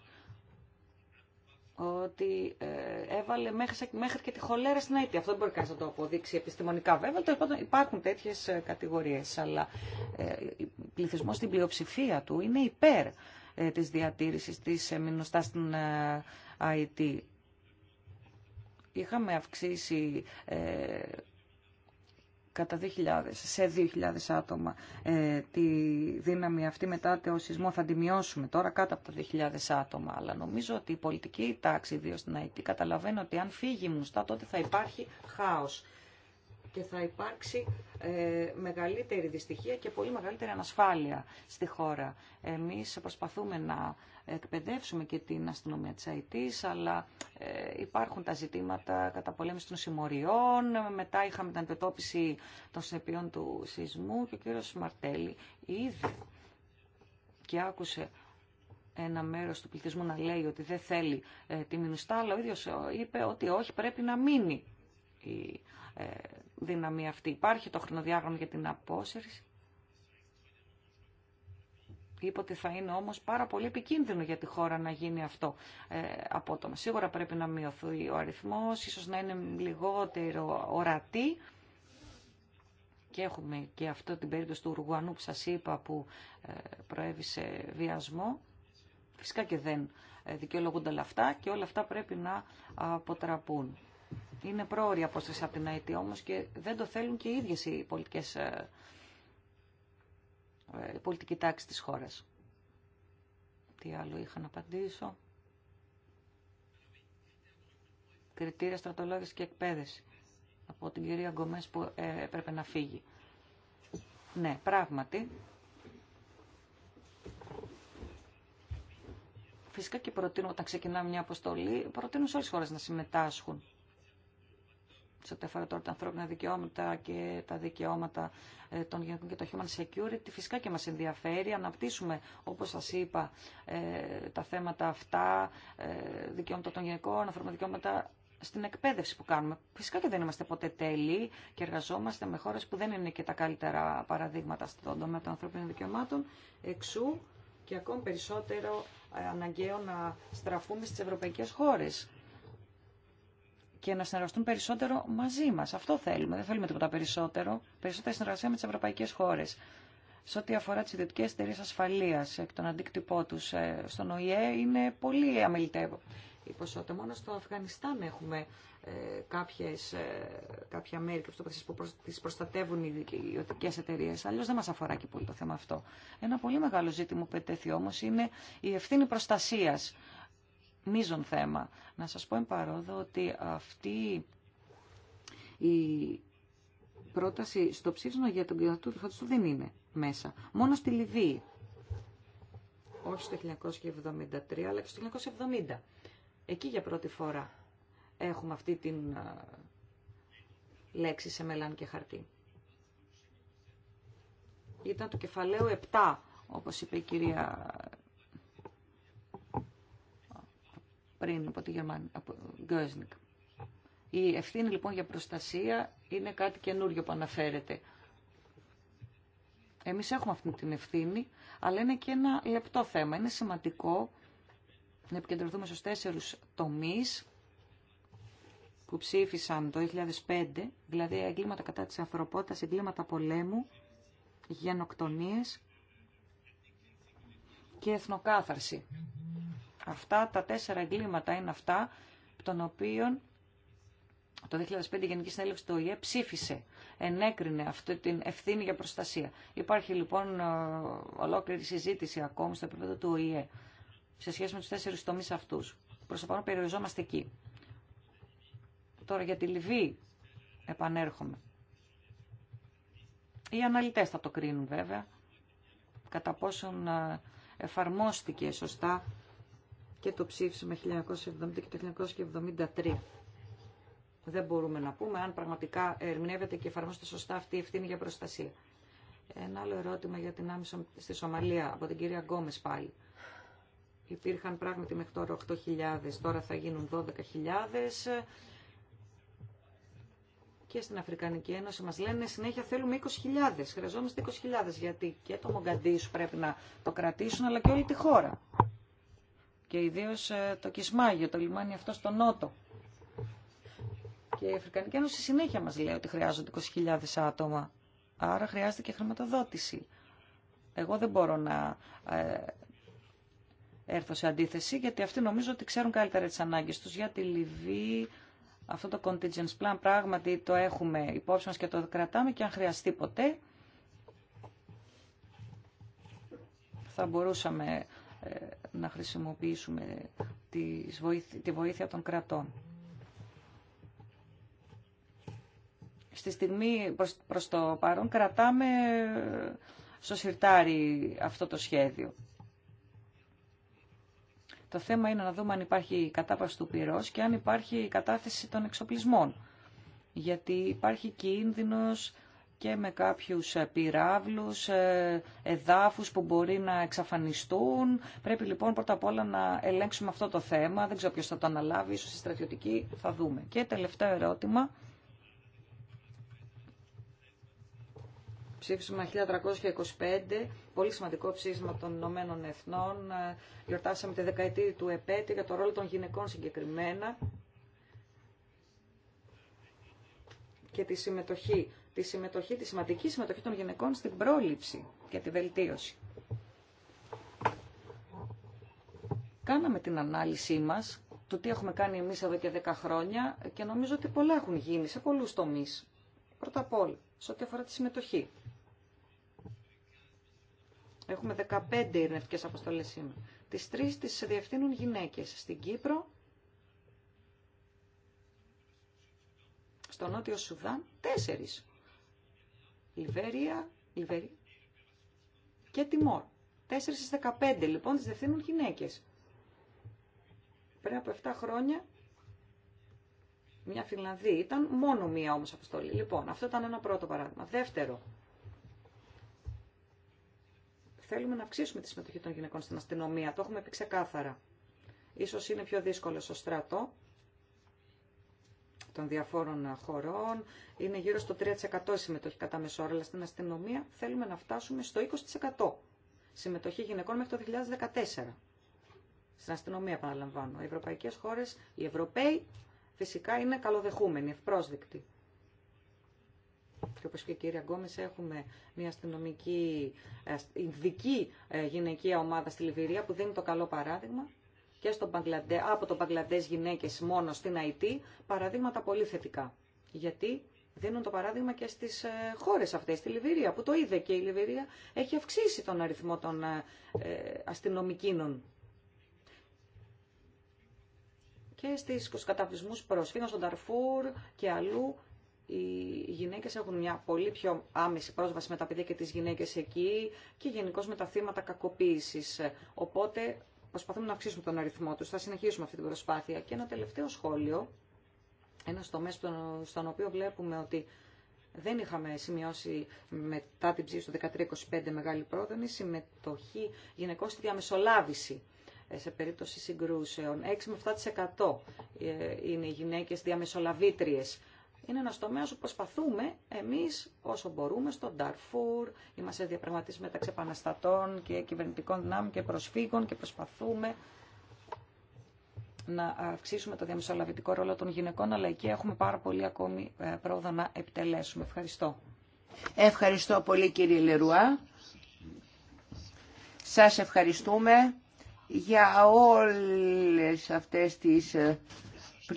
ότι ε, έβαλε μέχρι, μέχρι και τη χολέρα στην αίτη. Αυτό δεν μπορεί κανείς να το αποδείξει επιστημονικά βέβαια. υπάρχουν τέτοιες ε, κατηγορίες. Αλλά ο ε, πληθυσμός στην πλειοψηφία του είναι υπέρ της διατήρησης της μηνωστά στην IT. Είχαμε αυξήσει ε, κατά 2.000, σε 2.000 άτομα ε, τη δύναμη αυτή μετά το σεισμό θα τη μειώσουμε τώρα κάτω από τα 2.000 άτομα. Αλλά νομίζω ότι η πολιτική τάξη, ιδίω στην ΑΕΤ, καταλαβαίνει ότι αν φύγει η Μουστά τότε θα υπάρχει χάος και θα υπάρξει ε, μεγαλύτερη δυστυχία και πολύ μεγαλύτερη ανασφάλεια στη χώρα. Εμείς προσπαθούμε να εκπαιδεύσουμε και την αστυνομία της ΑΕΤΗΣ, αλλά ε, υπάρχουν τα ζητήματα κατά πολέμηση των συμμοριών, μετά είχαμε την αντιμετώπιση των συνεπειών του σεισμού και ο κύριος Μαρτέλη ήδη και άκουσε ένα μέρος του πληθυσμού να λέει ότι δεν θέλει ε, τη Μινουστά, αλλά ο ίδιο είπε ότι όχι, πρέπει να μείνει η δύναμη αυτή. Υπάρχει το χρονοδιάγραμμα για την απόσυρση. Είπε ότι θα είναι όμως πάρα πολύ επικίνδυνο για τη χώρα να γίνει αυτό ε, απότομα. Σίγουρα πρέπει να μειωθεί ο αριθμός, ίσως να είναι λιγότερο ορατή. Και έχουμε και αυτό την περίπτωση του Ουργουανού που σας είπα που ε, προέβησε βιασμό. Φυσικά και δεν ε, δικαιολογούνται όλα αυτά και όλα αυτά πρέπει να αποτραπούν. Είναι πρόωρη απόσταση από την ΑΕΤ όμω και δεν το θέλουν και οι ίδιες οι πολιτικές, η ε, ε, πολιτική τάξη της χώρας. Τι άλλο είχα να απαντήσω. Κριτήρια στρατολόγηση και εκπαίδευση. Από την κυρία Γκομές που ε, έπρεπε να φύγει. Ναι, πράγματι. Φυσικά και προτείνω όταν ξεκινάμε μια αποστολή, προτείνω σε όλες τις χώρες να συμμετάσχουν σε ό,τι αφορά τώρα τα ανθρώπινα δικαιώματα και τα δικαιώματα ε, των γυναικών και το human security. Φυσικά και μας ενδιαφέρει. Αναπτύσσουμε, όπως σας είπα, ε, τα θέματα αυτά, ε, δικαιώματα των γυναικών, ανθρώπινα δικαιώματα στην εκπαίδευση που κάνουμε. Φυσικά και δεν είμαστε ποτέ τέλειοι και εργαζόμαστε με χώρες που δεν είναι και τα καλύτερα παραδείγματα στον τομέα των ανθρώπινων δικαιωμάτων. Εξού και ακόμη περισσότερο αναγκαίο να στραφούμε στις ευρωπαϊκές χώρες και να συνεργαστούν περισσότερο μαζί μα. Αυτό θέλουμε. Δεν θέλουμε τίποτα περισσότερο. Περισσότερη συνεργασία με τι ευρωπαϊκέ χώρε. Σε ό,τι αφορά τι ιδιωτικέ εταιρείε ασφαλεία και τον αντίκτυπό του ε, στον ΟΗΕ είναι πολύ αμελητέ η ποσότητα. Μόνο στο Αφγανιστάν έχουμε ε, κάποιες, ε, κάποια μέρη και που προσ, τις προστατεύουν οι ιδιωτικές εταιρείε. Αλλιώς δεν μας αφορά και πολύ το θέμα αυτό. Ένα πολύ μεγάλο ζήτημα που ετέθη όμως είναι η ευθύνη προστασίας μείζον θέμα. Να σας πω εμπαρόδο ότι αυτή η πρόταση στο ψήφισμα για τον κοινοτικό του του δεν είναι μέσα. Μόνο στη Λιβύη. Όχι στο 1973, αλλά και στο 1970. Εκεί για πρώτη φορά έχουμε αυτή την λέξη σε μελάν και χαρτί. Ήταν το κεφαλαίο 7, όπως είπε η κυρία πριν από τη Γερμανία, Η ευθύνη λοιπόν για προστασία είναι κάτι καινούριο που αναφέρεται. Εμείς έχουμε αυτή την ευθύνη, αλλά είναι και ένα λεπτό θέμα. Είναι σημαντικό να επικεντρωθούμε στους τέσσερους τομείς που ψήφισαν το 2005, δηλαδή εγκλήματα κατά της ανθρωπότητας, εγκλήματα πολέμου, γενοκτονίες και εθνοκάθαρση. Αυτά τα τέσσερα εγκλήματα είναι αυτά των οποίων το 2005 η Γενική Συνέλευση του ΟΗΕ ψήφισε, ενέκρινε αυτή την ευθύνη για προστασία. Υπάρχει λοιπόν ε, ολόκληρη συζήτηση ακόμη στο επίπεδο του ΟΗΕ σε σχέση με τους τέσσερις τομείς αυτούς. Προς το πάνω περιοριζόμαστε εκεί. Τώρα για τη Λιβύη επανέρχομαι. Οι αναλυτές θα το κρίνουν βέβαια, κατά πόσον ε, εφαρμόστηκε σωστά και το ψήφισμα 1970 και το 1973. Δεν μπορούμε να πούμε αν πραγματικά ερμηνεύεται και εφαρμόζεται σωστά αυτή η ευθύνη για προστασία. Ένα άλλο ερώτημα για την άμυσα στη Σομαλία από την κυρία Γκόμε πάλι. Υπήρχαν πράγματι μέχρι τώρα 8.000, τώρα θα γίνουν 12.000. Και στην Αφρικανική Ένωση μας λένε συνέχεια θέλουμε 20.000, χρειαζόμαστε 20.000 γιατί και το Μογκαντήσου πρέπει να το κρατήσουν αλλά και όλη τη χώρα και ιδίως ε, το Κισμάγιο, το λιμάνι αυτό στο Νότο. Και η Αφρικανική Ένωση συνέχεια μας λέει ότι χρειάζονται 20.000 άτομα. Άρα χρειάζεται και χρηματοδότηση. Εγώ δεν μπορώ να ε, έρθω σε αντίθεση, γιατί αυτοί νομίζω ότι ξέρουν καλύτερα τις ανάγκες τους για τη Λιβύη. Αυτό το contingency plan πράγματι το έχουμε υπόψη μας και το κρατάμε και αν χρειαστεί ποτέ θα μπορούσαμε ε, να χρησιμοποιήσουμε τη βοήθεια των κρατών. Στη στιγμή προς το παρόν κρατάμε στο συρτάρι αυτό το σχέδιο. Το θέμα είναι να δούμε αν υπάρχει κατάπαυση του πυρός και αν υπάρχει κατάθεση των εξοπλισμών. Γιατί υπάρχει κίνδυνος και με κάποιους ε, πυράβλους, ε, εδάφους που μπορεί να εξαφανιστούν. Πρέπει λοιπόν πρώτα απ' όλα να ελέγξουμε αυτό το θέμα. Δεν ξέρω ποιος θα το αναλάβει, ίσως η στρατιωτική θα δούμε. Και τελευταίο ερώτημα. Ψήφισμα 1325, πολύ σημαντικό ψήφισμα των Ηνωμένων Εθνών. Ε, γιορτάσαμε τη δεκαετία του επέτειο για το ρόλο των γυναικών συγκεκριμένα και τη συμμετοχή τη συμμετοχή, τη σημαντική συμμετοχή των γυναικών στην πρόληψη και τη βελτίωση. Κάναμε την ανάλυση μας του τι έχουμε κάνει εμείς εδώ και 10 χρόνια και νομίζω ότι πολλά έχουν γίνει σε πολλούς τομείς. Πρώτα απ' όλα, σε ό,τι αφορά τη συμμετοχή. Έχουμε 15 ειρηνευτικές αποστολές σήμερα. Τις τρεις τις διευθύνουν γυναίκες. Στην Κύπρο, στο Νότιο Σουδάν, τέσσερις. Λιβέρια, Λιβέρια και Τιμόρ. 4 στις 15 λοιπόν τις διευθύνουν γυναίκες. Πριν από 7 χρόνια μια Φιλανδή ήταν μόνο μία όμως αποστολή. Λοιπόν, αυτό ήταν ένα πρώτο παράδειγμα. Δεύτερο, θέλουμε να αυξήσουμε τη συμμετοχή των γυναικών στην αστυνομία. Το έχουμε πει ξεκάθαρα. Ίσως είναι πιο δύσκολο στο στρατό, των διαφόρων χωρών. Είναι γύρω στο 3% συμμετοχή κατά μέσο αλλά στην αστυνομία θέλουμε να φτάσουμε στο 20% συμμετοχή γυναικών μέχρι το 2014. Στην αστυνομία, επαναλαμβάνω. Οι Ευρωπαϊκέ χώρε, οι Ευρωπαίοι, φυσικά είναι καλοδεχούμενοι, ευπρόσδεκτοι. Και όπως και η κυρία Γκόμες, έχουμε μια αστυνομική, ε, ειδική ε, γυναικεία ομάδα στη Λιβυρία που δίνει το καλό παράδειγμα και στο από τον Μπαγκλαντές γυναίκες μόνο στην ΑΕΤ, παραδείγματα πολύ θετικά. Γιατί δίνουν το παράδειγμα και στις ε, χώρες αυτές, στη Λιβυρία, που το είδε και η Λιβυρία έχει αυξήσει τον αριθμό των ε, ε, αστυνομικίνων. Και στις προς προσφύγων στον Ταρφούρ και αλλού οι γυναίκες έχουν μια πολύ πιο άμεση πρόσβαση με τα παιδιά και τις γυναίκες εκεί και γενικώ με τα θύματα κακοποίησης. Οπότε προσπαθούμε να αυξήσουμε τον αριθμό τους. Θα συνεχίσουμε αυτή την προσπάθεια. Και ένα τελευταίο σχόλιο, ένα τομέα στον οποίο βλέπουμε ότι δεν είχαμε σημειώσει μετά την ψήφιση του 1325 μεγάλη πρόοδο, συμμετοχή γυναικών στη διαμεσολάβηση ε, σε περίπτωση συγκρούσεων. 6 με 7% ε, είναι οι γυναίκες διαμεσολαβήτριες είναι ένα τομέα που προσπαθούμε εμείς όσο μπορούμε στον Darfur, είμαστε διαπραγματεύσει μεταξύ επαναστατών και κυβερνητικών δυνάμεων και προσφύγων και προσπαθούμε να αυξήσουμε το διαμεσολαβητικό ρόλο των γυναικών, αλλά εκεί έχουμε πάρα πολύ ακόμη ε, πρόοδο να επιτελέσουμε. Ευχαριστώ. Ευχαριστώ πολύ κύριε Λερουά. Σας ευχαριστούμε για όλες αυτές τις ε,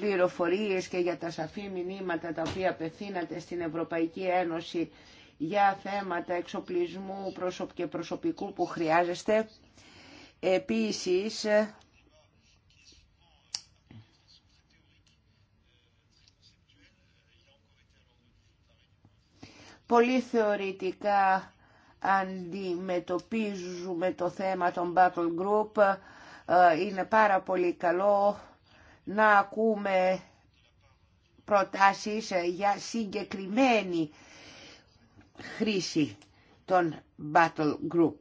πληροφορίες και για τα σαφή μηνύματα τα οποία απευθύνατε στην Ευρωπαϊκή Ένωση για θέματα εξοπλισμού και προσωπικού που χρειάζεστε. Επίσης, πολύ θεωρητικά αντιμετωπίζουμε το θέμα των battle group. Ε, είναι πάρα πολύ καλό να ακούμε προτάσεις για συγκεκριμένη χρήση των battle group.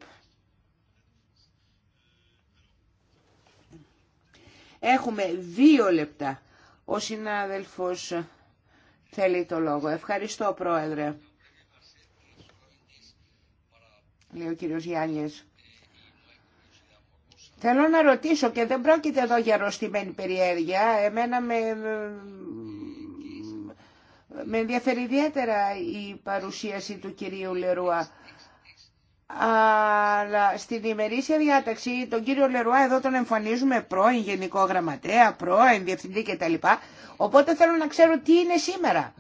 Έχουμε δύο λεπτά. Ο συνάδελφος θέλει το λόγο. Ευχαριστώ πρόεδρε. Λέει ο κύριος Γιάννης. Θέλω να ρωτήσω και δεν πρόκειται εδώ για αρρωστημένη περιέργεια. Εμένα με, με ενδιαφέρει ιδιαίτερα η παρουσίαση του κυρίου Λερουά. Αλλά στην ημερήσια διάταξη τον κύριο Λερουά εδώ τον εμφανίζουμε πρώην γενικό γραμματέα, πρώην διευθυντή κτλ. Οπότε θέλω να ξέρω τι είναι σήμερα.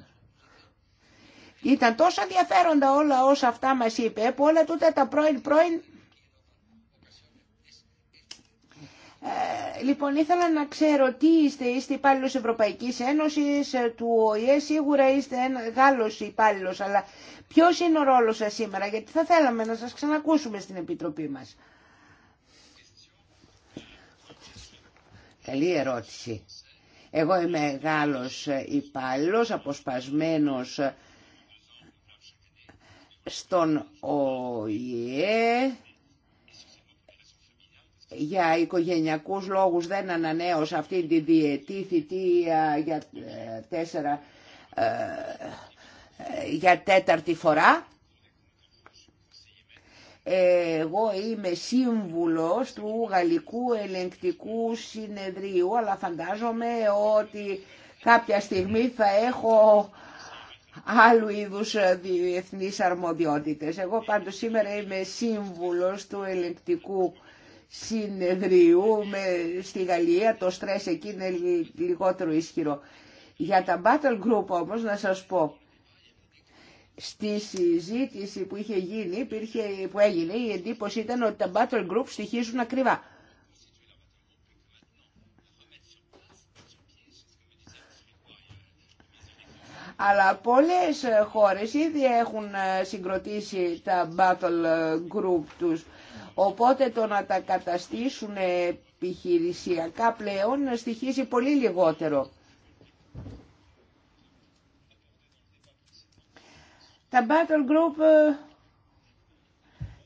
Ήταν τόσο ενδιαφέροντα όλα όσα αυτά μας είπε που όλα τούτα τα πρώην πρώην Ε, λοιπόν, ήθελα να ξέρω τι είστε. Είστε υπάλληλο Ευρωπαϊκή Ένωση, ε, του ΟΗΕ, σίγουρα είστε ένα Γάλλο υπάλληλο, αλλά ποιο είναι ο ρόλο σα σήμερα, γιατί θα θέλαμε να σα ξανακούσουμε στην Επιτροπή μα. Καλή ερώτηση. Εγώ είμαι Γάλλος υπάλληλος, αποσπασμένος στον ΟΗΕ για οικογενειακούς λόγους δεν ανανέωσα αυτή τη διετή θητεία για, ε, τέσσερα, ε, για τέταρτη φορά. Εγώ είμαι σύμβουλος του Γαλλικού Ελεγκτικού Συνεδρίου, αλλά φαντάζομαι ότι κάποια στιγμή θα έχω άλλου είδους διεθνείς αρμοδιότητες. Εγώ πάντως σήμερα είμαι σύμβουλος του Ελεγκτικού συνεδριού στη Γαλλία, το στρες εκεί είναι λιγότερο ισχυρό. Για τα battle group όμως να σας πω, στη συζήτηση που είχε γίνει, που έγινε, η εντύπωση ήταν ότι τα battle group στοιχίζουν ακριβά. Αλλά πολλές χώρες ήδη έχουν ε, συγκροτήσει τα battle ε, group τους. Οπότε το να τα καταστήσουν επιχειρησιακά πλέον στοιχίζει πολύ λιγότερο. Τα battle group ε,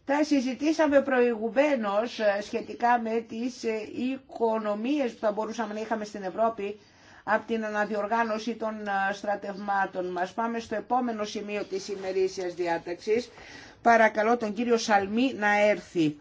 τα συζητήσαμε προηγουμένως σχετικά με τις οικονομίες που θα μπορούσαμε να είχαμε στην Ευρώπη από την αναδιοργάνωση των στρατευμάτων μας. Πάμε στο επόμενο σημείο της ημερήσιας διάταξης. Παρακαλώ τον κύριο Σαλμή να έρθει.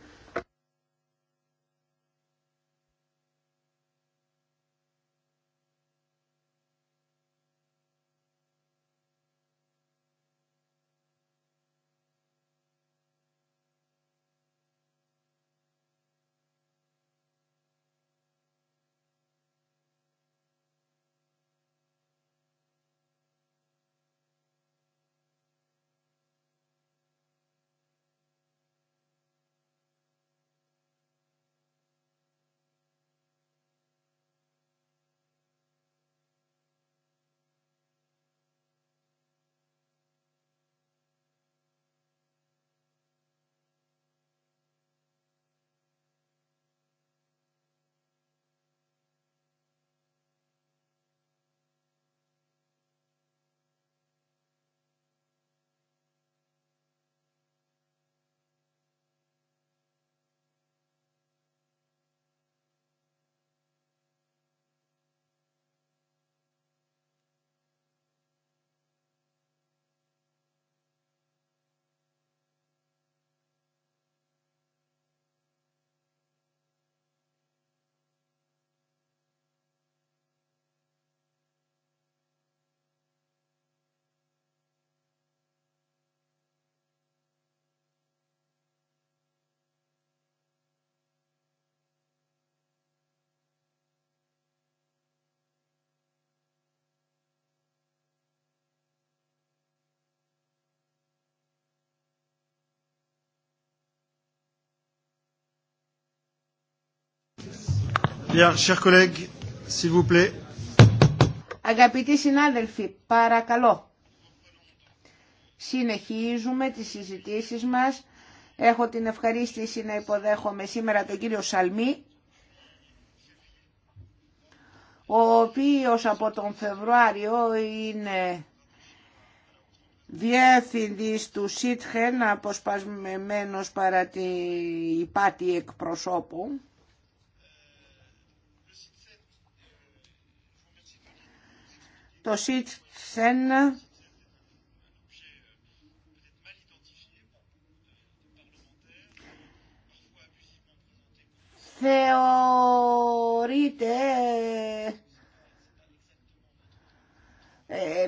Αγαπητοί συνάδελφοι, παρακαλώ. Συνεχίζουμε τις συζητήσεις μας. Έχω την ευχαρίστηση να υποδέχομαι σήμερα τον κύριο Σαλμή, ο οποίος από τον Φεβρουάριο είναι διεύθυντης του ΣΥΤΧΕΝ, αποσπασμένος παρά την υπάτη εκπροσώπου. το ΣΥΤΣΕΝ θεωρείται ε,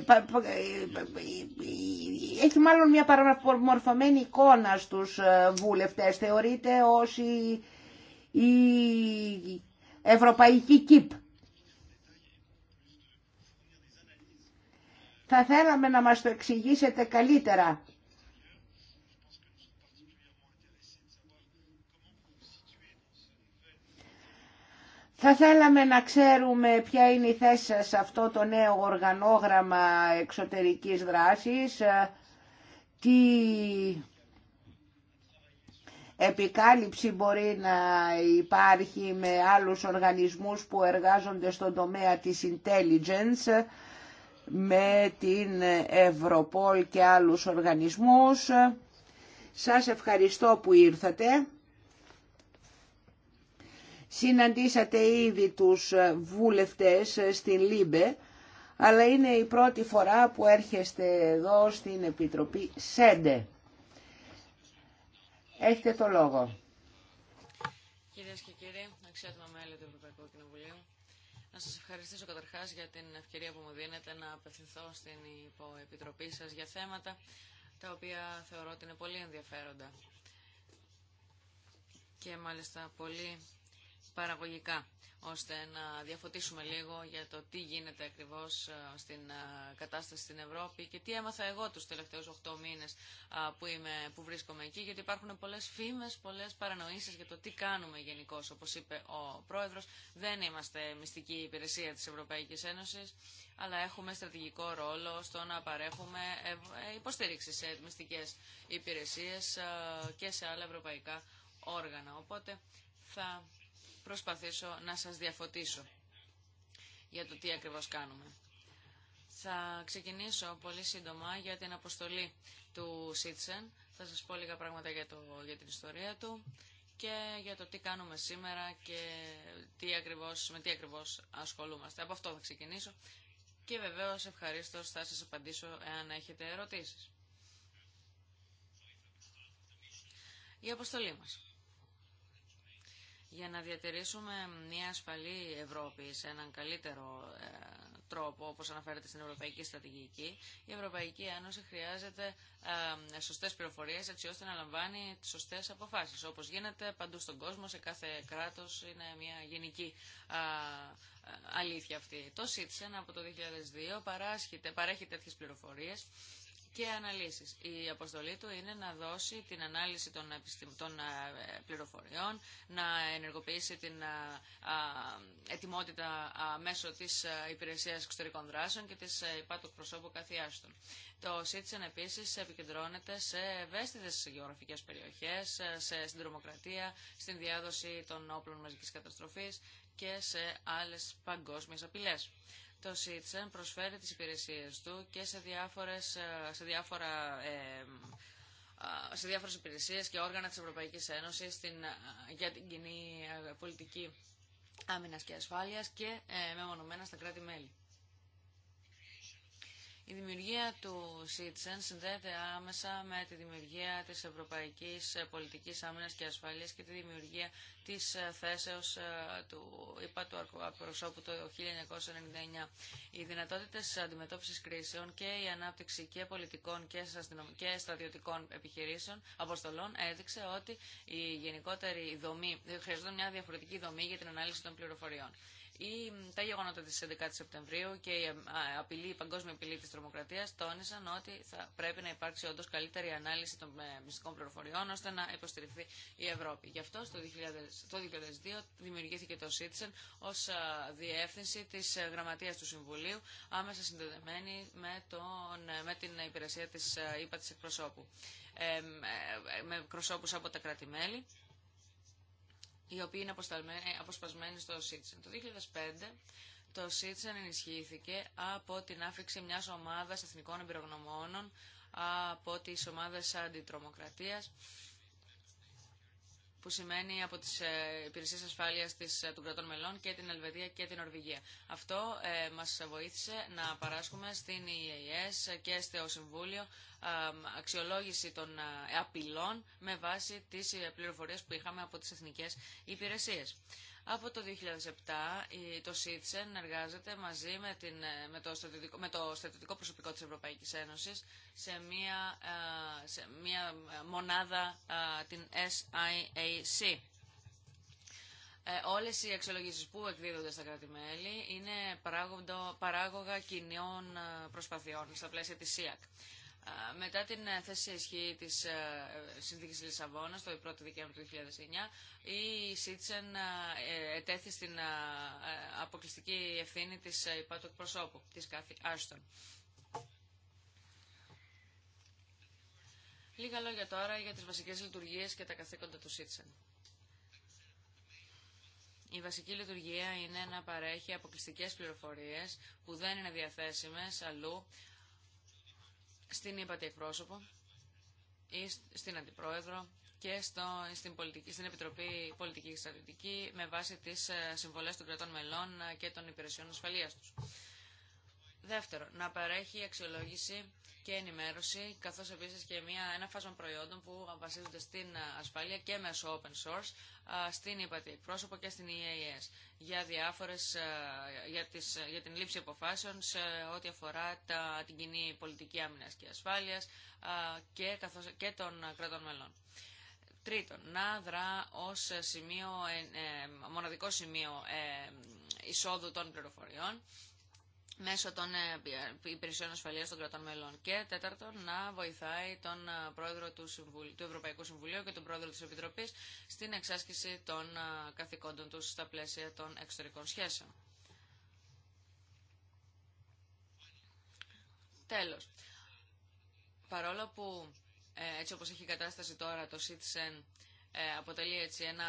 έχει μάλλον μια παραμορφωμένη εικόνα στους ε, βουλευτές θεωρείται ως η, η ευρωπαϊκή ΚΥΠ. Θα θέλαμε να μας το εξηγήσετε καλύτερα. Θα θέλαμε να ξέρουμε ποια είναι η θέση σας σε αυτό το νέο οργανόγραμμα εξωτερικής δράσης, ε, τι επικάλυψη μπορεί να υπάρχει με άλλους οργανισμούς που εργάζονται στον τομέα της intelligence, με την Ευρωπόλ και άλλους οργανισμούς. Σας ευχαριστώ που ήρθατε. Συναντήσατε ήδη τους βουλευτές στην ΛΥΜΠΕ, αλλά είναι η πρώτη φορά που έρχεστε εδώ στην Επιτροπή ΣΕΝΤΕ. Έχετε το λόγο. Κυρίες και κύριοι, αξιότιμα μέλη του να σας ευχαριστήσω καταρχάς για την ευκαιρία που μου δίνετε να απευθυνθώ στην υποεπιτροπή σας για θέματα τα οποία θεωρώ ότι είναι πολύ ενδιαφέροντα και μάλιστα πολύ παραγωγικά, ώστε να διαφωτίσουμε λίγο για το τι γίνεται ακριβώς ε, στην ε, κατάσταση στην Ευρώπη και τι έμαθα εγώ τους τελευταίους 8 μήνες που, είμαι, που βρίσκομαι εκεί, γιατί υπάρχουν πολλές φήμες, πολλές παρανοήσεις για το τι κάνουμε γενικώ. Όπως είπε ο Πρόεδρος, δεν είμαστε μυστική υπηρεσία της Ευρωπαϊκής Ένωσης, αλλά έχουμε στρατηγικό ρόλο στο να παρέχουμε ε, υποστήριξη σε μυστικές υπηρεσίες και σε άλλα ευρωπαϊκά όργανα. Οπότε θα προσπαθήσω να σας διαφωτίσω για το τι ακριβώς κάνουμε. Θα ξεκινήσω πολύ σύντομα για την αποστολή του Σίτσεν. Θα σας πω λίγα πράγματα για, το, για την ιστορία του και για το τι κάνουμε σήμερα και τι ακριβώς, με τι ακριβώς ασχολούμαστε. Από αυτό θα ξεκινήσω και βεβαίως ευχαρίστω θα σας απαντήσω εάν έχετε ερωτήσεις. Η αποστολή μας. Για να διατηρήσουμε μια ασφαλή Ευρώπη σε έναν καλύτερο ε, τρόπο, όπως αναφέρεται στην Ευρωπαϊκή Στρατηγική, η Ευρωπαϊκή Ένωση χρειάζεται ε, σωστές πληροφορίες έτσι ώστε να λαμβάνει τις σωστές αποφάσεις. Όπως γίνεται παντού στον κόσμο, σε κάθε κράτος είναι μια γενική αλήθεια αυτή. Το Citizen από το 2002 παρέχει τέτοιες πληροφορίες και αναλύσεις. Η αποστολή του είναι να δώσει την ανάλυση των, ε, πληροφοριών, να ενεργοποιήσει την ε, ε, ετοιμότητα μέσω της Υπηρεσίας Εξωτερικών Δράσεων και της υπάτου προσώπου καθιάστων. Το Citizen επίσης επικεντρώνεται σε ευαίσθητες γεωγραφικές περιοχές, σε, στην στην διάδοση των όπλων μαζικής καταστροφής και σε άλλες παγκόσμιες απειλές το ΣΥΤΣΕΝ προσφέρει τις υπηρεσίες του και σε, διάφορες, ε, σε διάφορα ε, σε διάφορες υπηρεσίες και όργανα της Ευρωπαϊκής Ένωσης ε, για την κοινή πολιτική άμυνας και ασφάλειας και ε, μεμονωμένα στα κράτη-μέλη. Η δημιουργία του ΣΥΤΣΕΝ συνδέεται άμεσα με τη δημιουργία της Ευρωπαϊκής Πολιτικής Άμυνας και Ασφαλείας και τη δημιουργία της θέσεως ε, του ΙΠΑ του Αρκοπροσώπου το 1999. Οι δυνατότητες αντιμετώπισης κρίσεων και η ανάπτυξη και πολιτικών και, και στρατιωτικών επιχειρήσεων αποστολών έδειξε ότι η γενικότερη δομή, χρειαζόταν μια διαφορετική δομή για την ανάλυση των πληροφοριών. Η, τα γεγονότα τη 11 Σεπτεμβρίου και η, ε, απειλή, παγκόσμια απειλή τη Τρομοκρατία τόνισαν ότι θα πρέπει να υπάρξει όντω καλύτερη ανάλυση των ε, μυστικών πληροφοριών ώστε να υποστηριχθεί η Ευρώπη. Γι' αυτό το 2002 δημιουργήθηκε το Citizen ω ε, διεύθυνση τη γραμματεία του Συμβουλίου άμεσα συνδεδεμένη με, την υπηρεσία τη ΥΠΑ εκπροσώπου. με προσώπου από τα κράτη-μέλη οι οποίοι είναι ε, αποσπασμένοι στο Σίτσεν. Το 2005 το Σίτσεν ενισχύθηκε από την άφηξη μιας ομάδας εθνικών εμπειρογνωμόνων από τις ομάδες αντιτρομοκρατίας που σημαίνει από τις ε, υπηρεσίες ασφάλειας ε, των κρατών μελών και την Ελβετία και την Ορβηγία. Αυτό ε, μας βοήθησε να παράσχουμε στην EAS και στο Συμβούλιο αξιολόγηση των απειλών με βάση τις πληροφορίες που είχαμε από τις εθνικές υπηρεσίες. Από το 2007 το ΣΥΤΣΕΝ εργάζεται μαζί με, την, ε, με, το, στρατιωτικό, με το προσωπικό της Ευρωπαϊκής Ένωσης σε μια, ε, σε μια ε, μονάδα την SIAC. Όλες οι αξιολογήσεις που εκδίδονται στα κράτη-μέλη είναι παράγωγα κοινών προσπαθειών στα πλαίσια της ΣΥΑΚ μετά την ε, θέση ισχύ τη ε, Συνθήκη Λισαβόνα, το 1ο Δεκέμβριο του 2009, η Σίτσεν ε, ετέθη στην αποκλειστική ευθύνη τη υπάτου προσώπου τη Κάθη Άρστον. Λίγα λόγια τώρα για τις βασικές λειτουργίες και τα καθήκοντα του Σίτσεν. Η βασική λειτουργία είναι να παρέχει αποκλειστικές πληροφορίες που δεν είναι διαθέσιμες αλλού στην είπατε εκπρόσωπο ή στην αντιπρόεδρο και στο, στην, πολιτική, στην Επιτροπή Πολιτική και Στρατιωτική με βάση τις ε, συμβολές των κρατών μελών ε, και των υπηρεσιών ασφαλείας τους. Δεύτερον, να παρέχει αξιολόγηση και ενημέρωση, καθώς επίσης και μια, ένα φάσμα προϊόντων που βασίζονται στην ε, ασφάλεια και μέσω open source, στην ΥΠΑΤΗ, και στην EAS, για, διάφορες, ε, για, τις, ε, για την λήψη αποφάσεων σε ό,τι αφορά τα, την κοινή πολιτική άμυνας και ασφάλειας και, καθώς, και των κρατών μελών. Τρίτον, να δρά ως σημείο, μοναδικό σημείο εισόδου των πληροφοριών μέσω των ε, υπηρεσιών ασφαλείας των κρατών μελών. Και τέταρτον, να βοηθάει τον ε, πρόεδρο του, του Ευρωπαϊκού Συμβουλίου και τον πρόεδρο της Επιτροπής στην εξάσκηση των ε, καθηκόντων τους στα πλαίσια των εξωτερικών σχέσεων. Τέλος, παρόλο που έτσι όπως έχει η κατάσταση τώρα το Citizen ε, αποτελεί έτσι ένα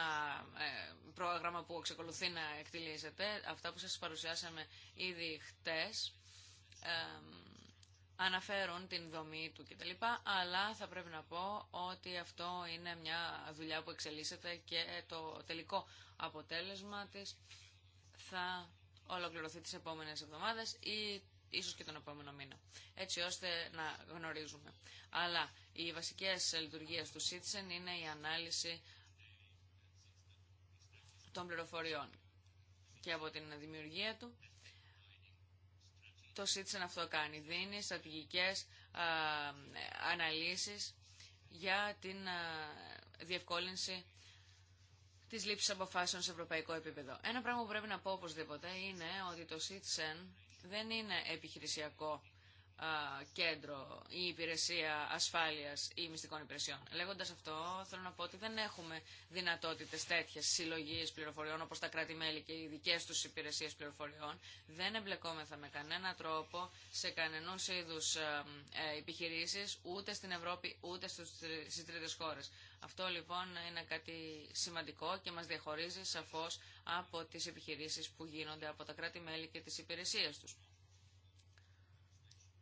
ε, πρόγραμμα που εξακολουθεί να εκτιλίζεται. Αυτά που σας παρουσιάσαμε ήδη χτες ε, αναφέρουν την δομή του κτλ. Αλλά θα πρέπει να πω ότι αυτό είναι μια δουλειά που εξελίσσεται και το τελικό αποτέλεσμα της θα ολοκληρωθεί τις επόμενες εβδομάδες ή ίσως και τον επόμενο μήνα, έτσι ώστε να γνωρίζουμε. Αλλά οι βασικές λειτουργίες του Citizen είναι η ανάλυση των πληροφοριών και από την δημιουργία του. Το Citizen αυτό κάνει, δίνει στρατηγικές α, αναλύσεις για την διευκόλυνση της λήψης αποφάσεων σε ευρωπαϊκό επίπεδο. Ένα πράγμα που πρέπει να πω οπωσδήποτε είναι ότι το Citizen δεν είναι επιχειρησιακό κέντρο ή υπηρεσία ασφάλειας ή μυστικών υπηρεσιών. Λέγοντας αυτό, θέλω να πω ότι δεν έχουμε δυνατότητες τέτοιε συλλογή πληροφοριών όπως τα κράτη-μέλη και οι δικές τους υπηρεσίες πληροφοριών. Δεν εμπλεκόμεθα με κανένα τρόπο σε κανένα είδους ε, επιχειρήσεις ούτε στην Ευρώπη ούτε στις τρίτες χώρες. Αυτό λοιπόν είναι κάτι σημαντικό και μας διαχωρίζει σαφώς από τις επιχειρήσεις που γίνονται από τα κράτη-μέλη και τις υπηρεσίες τους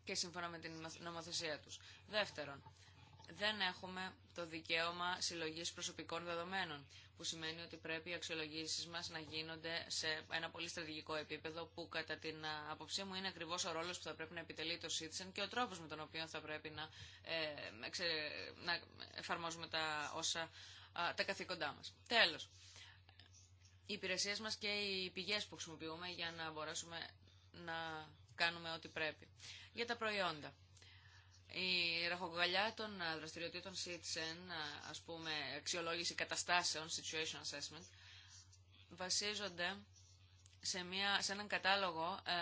και σύμφωνα με την νομοθεσία τους. Δεύτερον, δεν έχουμε το δικαίωμα συλλογής προσωπικών δεδομένων, που σημαίνει ότι πρέπει οι αξιολογήσεις μας να γίνονται σε ένα πολύ στρατηγικό επίπεδο, που κατά την άποψή μου είναι ακριβώς ο ρόλος που θα πρέπει να επιτελεί το Citizen και ο τρόπος με τον οποίο θα πρέπει να, ε, εφαρμόζουμε τα, όσα, τα καθήκοντά μας. Τέλος, οι υπηρεσίες μας και οι πηγές που χρησιμοποιούμε για να μπορέσουμε να κάνουμε ό,τι πρέπει. Για τα προϊόντα. Η ραχογκαλιά των ε, δραστηριοτήτων Citizen, ε, ας πούμε, αξιολόγηση καταστάσεων, situation assessment, βασίζονται σε, μια, σε έναν κατάλογο ε,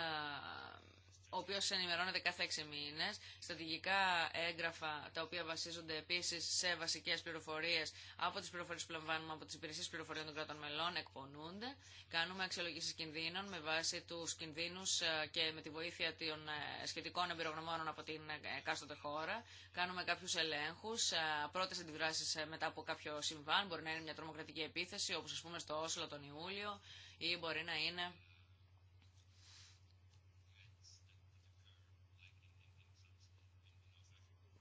ο οποίο ενημερώνεται κάθε 6 μήνε, στρατηγικά έγγραφα τα οποία βασίζονται επίση σε βασικέ πληροφορίε από τι πληροφορίε που λαμβάνουμε από τι υπηρεσίε πληροφοριών των κρατών μελών, εκπονούνται. Κάνουμε αξιολογήσει κινδύνων με βάση του κινδύνου ε, και με τη βοήθεια των ε, σχετικών εμπειρογνωμόνων από την ε, εκάστοτε χώρα. Κάνουμε κάποιου ελέγχου, πρώτε αντιδράσει μετά από κάποιο συμβάν, μπορεί να είναι μια τρομοκρατική επίθεση, όπω α πούμε στο Όσλο τον Ιούλιο, ή μπορεί να είναι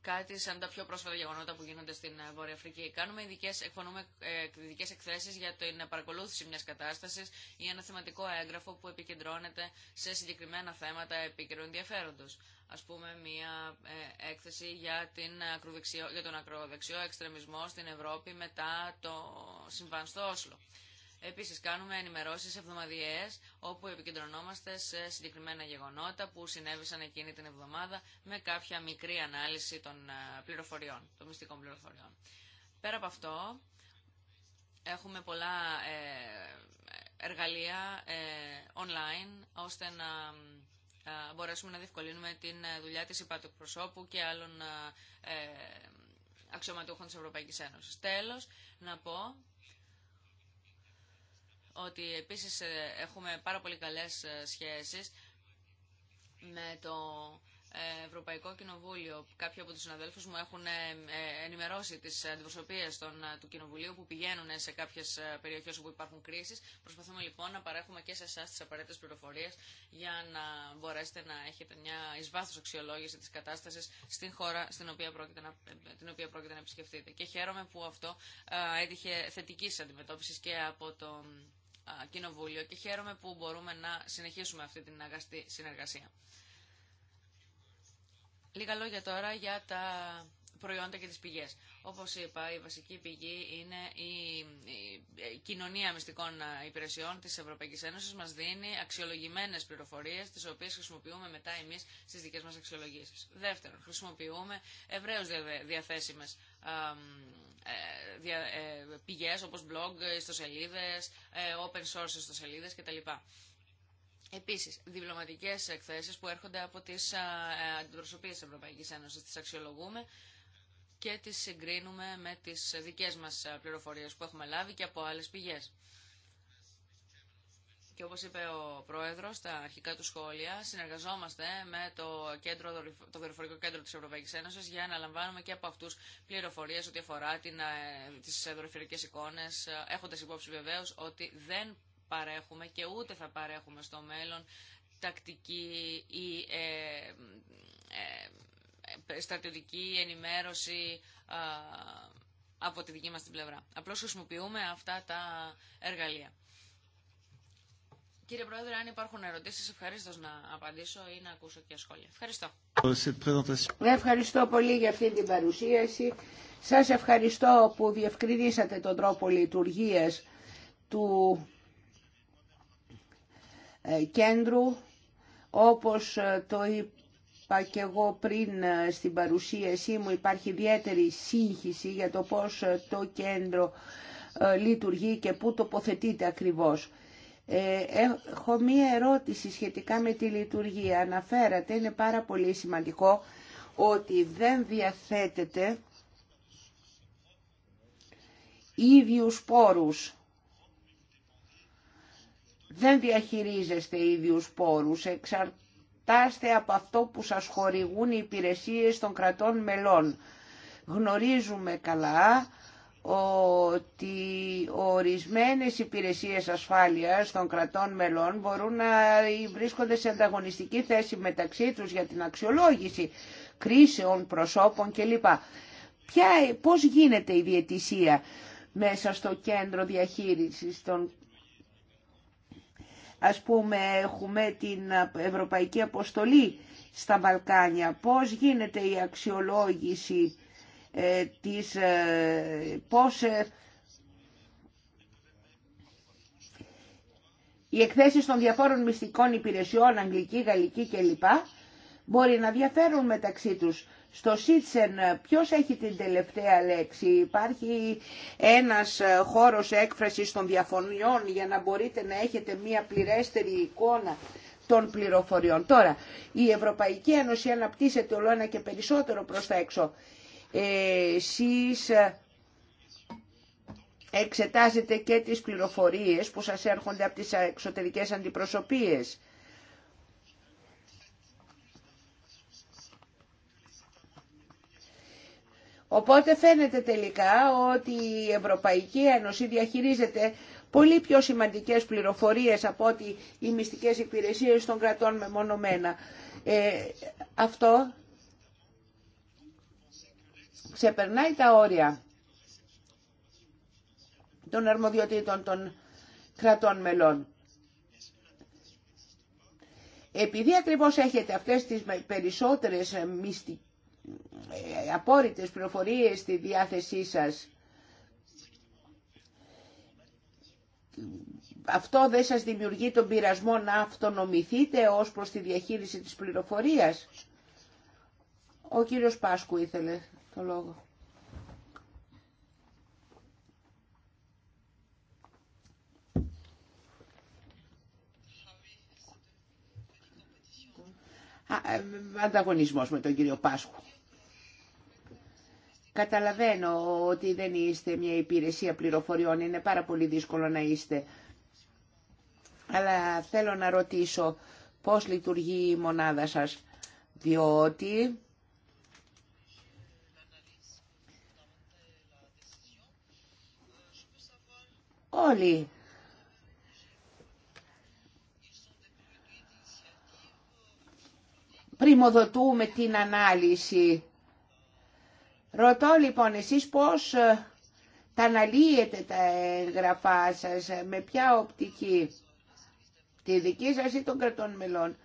κάτι σαν τα πιο πρόσφατα γεγονότα που γίνονται στην ε, Βόρεια Αφρική. Κάνουμε ειδικές, ε, ειδικέ εκθέσει για την παρακολούθηση μιας κατάστασης ή ένα θεματικό έγγραφο που επικεντρώνεται σε συγκεκριμένα θέματα επίκαιρου ενδιαφέροντο, Ας πούμε, μια ε, έκθεση για, την ακροδεξιό, για τον ακροδεξιό εξτρεμισμό στην Ευρώπη μετά το συμβάν στο Όσλο. Επίσης κάνουμε ενημερώσεις εβδομαδιαίες όπου επικεντρωνόμαστε σε συγκεκριμένα γεγονότα που συνέβησαν εκείνη την εβδομάδα με κάποια μικρή ανάλυση των ε, πληροφοριών, των μυστικών πληροφοριών. Πέρα από αυτό έχουμε πολλά ε, εργαλεία ε, online ώστε να μπορέσουμε να διευκολύνουμε την δουλειά της υπάτου προσώπου και άλλων αξιωματούχων της Ευρωπαϊκής Ένωσης. Τέλος, να πω ότι επίσης ε, έχουμε πάρα πολύ καλές ε, σχέσεις με το ε, Ευρωπαϊκό Κοινοβούλιο. Κάποιοι από τους συναδέλφους μου έχουν ενημερώσει τις αντιπροσωπείες των, του Κοινοβουλίου που πηγαίνουν σε κάποιες περιοχές όπου υπάρχουν κρίσεις. Προσπαθούμε λοιπόν να παρέχουμε και σε εσά τις απαραίτητες πληροφορίες για να μπορέσετε να έχετε μια εις βάθος αξιολόγηση της κατάστασης στην χώρα στην οποία πρόκειται να, την οποία πρόκειται να επισκεφτείτε. Και χαίρομαι που αυτό έτυχε θετικής αντιμετώπισης και από τον. Κοινοβούλιο και χαίρομαι που μπορούμε να συνεχίσουμε αυτή την αγαστή συνεργασία. Λίγα λόγια τώρα για τα προϊόντα και τις πηγές. Όπως είπα, η βασική πηγή είναι η, κοινωνία μυστικών υπηρεσιών της Ευρωπαϊκής Ένωσης. Μας δίνει αξιολογημένες πληροφορίες, τις οποίες χρησιμοποιούμε μετά εμείς στις δικές μας αξιολογήσεις. Δεύτερον, χρησιμοποιούμε ευρέως διαθέσιμες ε, ε, πηγές όπως blog, ε, ιστοσελίδες, open source ιστοσελίδες κτλ. Επίσης, διπλωματικές εκθέσεις που έρχονται από τις αντιπροσωπείες της Ευρωπαϊκής Ένωσης, τις αξιολογούμε και τις συγκρίνουμε με τις δικές μας πληροφορίες που έχουμε λάβει και από άλλες πηγές. Και όπως είπε ο Πρόεδρος στα αρχικά του σχόλια, συνεργαζόμαστε με το, κέντρο, το δορυφορικό κέντρο της Ευρωπαϊκής Ένωσης για να λαμβάνουμε και από αυτούς πληροφορίες ό,τι αφορά την, ε, τις δορυφορικές εικόνες, ε, έχοντας υπόψη βεβαίως ότι δεν παρέχουμε και ούτε θα παρέχουμε στο μέλλον τακτική ή ε, ε στρατιωτική ενημέρωση από τη δική μας την πλευρά. Απλώς χρησιμοποιούμε αυτά τα εργαλεία. Κύριε Πρόεδρε, αν υπάρχουν ερωτήσεις, ευχαρίστω να απαντήσω ή να ακούσω και σχόλια. Ευχαριστώ. Ευχαριστώ πολύ για αυτή την παρουσίαση. Σας ευχαριστώ που διευκρινίσατε τον τρόπο λειτουργίας του ε, κέντρου. Όπως ε, το είπα και εγώ πριν ε, στην παρουσίασή μου υπάρχει ιδιαίτερη σύγχυση για το πώς το κέντρο λειτουργεί και πού τοποθετείται ακριβώς. Ε, έχω μία ερώτηση σχετικά με τη λειτουργία. Αναφέρατε, είναι πάρα πολύ σημαντικό ότι δεν διαθέτεται ίδιους πόρους. Δεν διαχειρίζεστε ίδιους πόρους, εξαρτάστε από αυτό που σας χορηγούν οι υπηρεσίες των κρατών μελών. Γνωρίζουμε καλά ότι ορισμένες υπηρεσίες ασφάλειας των κρατών μελών μπορούν να βρίσκονται σε ανταγωνιστική θέση μεταξύ τους για την αξιολόγηση κρίσεων, προσώπων κλπ. Ποια, πώς γίνεται η διαιτησία μέσα στο κέντρο διαχείρισης των Ας πούμε έχουμε την Ευρωπαϊκή Αποστολή στα Βαλκάνια. Πώς γίνεται η αξιολόγηση ε, τις, ε, πώς οι εκθέσεις των διαφόρων μυστικών υπηρεσιών, αγγλική, γαλλική κλπ. μπορεί να διαφέρουν μεταξύ τους. Στο Σίτσεν ποιος έχει την τελευταία λέξη, υπάρχει ένας χώρος έκφρασης των διαφωνιών για να μπορείτε να έχετε μία πληρέστερη εικόνα των πληροφοριών. Τώρα, η Ευρωπαϊκή Ένωση αναπτύσσεται όλο ένα και περισσότερο προς τα έξω εσείς εξετάζετε και τις πληροφορίες που σας έρχονται από τις εξωτερικές αντιπροσωπείες. Οπότε φαίνεται τελικά ότι η Ευρωπαϊκή Ένωση διαχειρίζεται πολύ πιο σημαντικές πληροφορίες από ότι οι μυστικές υπηρεσίες των κρατών μεμονωμένα. Ε, αυτό ξεπερνάει τα όρια των αρμοδιοτήτων των κρατών μελών. Επειδή ακριβώ έχετε αυτές τις περισσότερες ε, μυστι... Ε, απόρριτες πληροφορίες στη διάθεσή σας, αυτό δεν σας δημιουργεί τον πειρασμό να αυτονομηθείτε ως προς τη διαχείριση της πληροφορίας. Ο κύριος Πάσκου ήθελε το λόγο. Ε, ανταγωνισμός με τον κύριο Πάσχου. Καταλαβαίνω ότι δεν είστε μια υπηρεσία πληροφοριών, είναι πάρα πολύ δύσκολο να είστε. Αλλά θέλω να ρωτήσω πώς λειτουργεί η μονάδα σας, διότι όλοι. πρημοδοτούμε την ανάλυση. Ρωτώ λοιπόν εσείς πώς ε, τα αναλύετε τα έγγραφά σας, ε, με ποια οπτική, τη δική σας ή των κρατών μελών.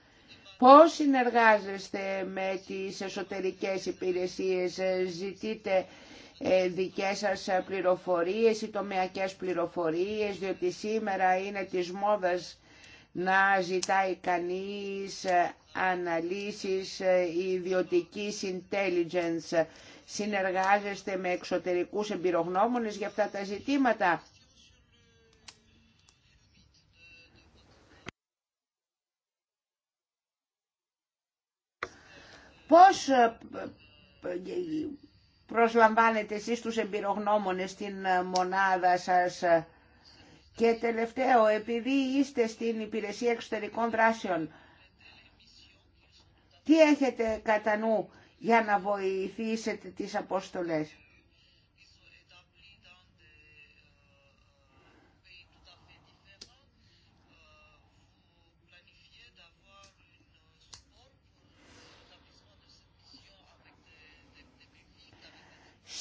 Πώς συνεργάζεστε με τις εσωτερικές υπηρεσίες, ε, ζητείτε ε, δικές σας πληροφορίες ή τομεακές πληροφορίες, διότι σήμερα είναι της μόδας να ζητάει κανείς ε, αναλύσεις ε, ιδιωτική intelligence. Συνεργάζεστε με εξωτερικούς εμπειρογνώμονες για αυτά τα ζητήματα. Πώς προσλαμβάνετε εσείς τους εμπειρογνώμονες στην ε, μονάδα σας. Και τελευταίο, επειδή είστε στην υπηρεσία εξωτερικών δράσεων, τι έχετε κατά νου για να βοηθήσετε τις αποστολές.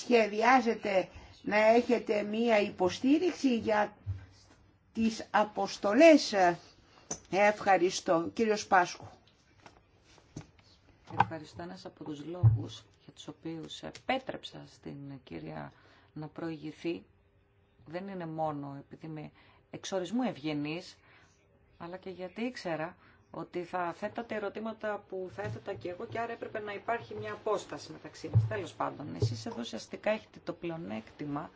σχεδιάζετε να έχετε μία υποστήριξη για τις αποστολές. Ε, ευχαριστώ. Κύριος Πάσχου. Ευχαριστώ. Ένας από τους λόγους για τους οποίους επέτρεψα στην κυρία να προηγηθεί δεν είναι μόνο επειδή είμαι εξορισμού ευγενής, αλλά και γιατί ήξερα ότι θα θέτατε ερωτήματα που θα έθετα και εγώ και άρα έπρεπε να υπάρχει μια απόσταση μεταξύ μας. Τέλος πάντων, εσείς εδώ ουσιαστικά έχετε το πλεονέκτημα,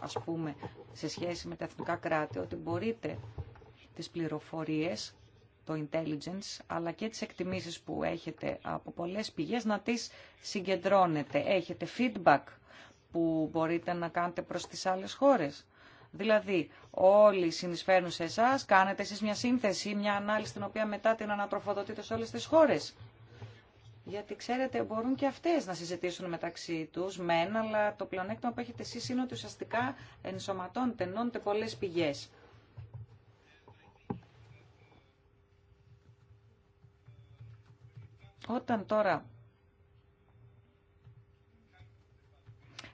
ας πούμε, σε σχέση με τα εθνικά κράτη, ότι μπορείτε τις πληροφορίες, το intelligence, αλλά και τις εκτιμήσεις που έχετε από πολλές πηγές να τις συγκεντρώνετε. Έχετε feedback που μπορείτε να κάνετε προς τις άλλες χώρες Δηλαδή, όλοι συνεισφέρουν σε εσά, κάνετε εσεί μια σύνθεση, μια ανάλυση την οποία μετά την ανατροφοδοτείτε σε όλε τι χώρε. Γιατί ξέρετε, μπορούν και αυτέ να συζητήσουν μεταξύ του, μεν, αλλά το πλεονέκτημα που έχετε εσεί είναι ότι ουσιαστικά ενσωματώνετε, ενώνετε πολλέ πηγέ. Όταν τώρα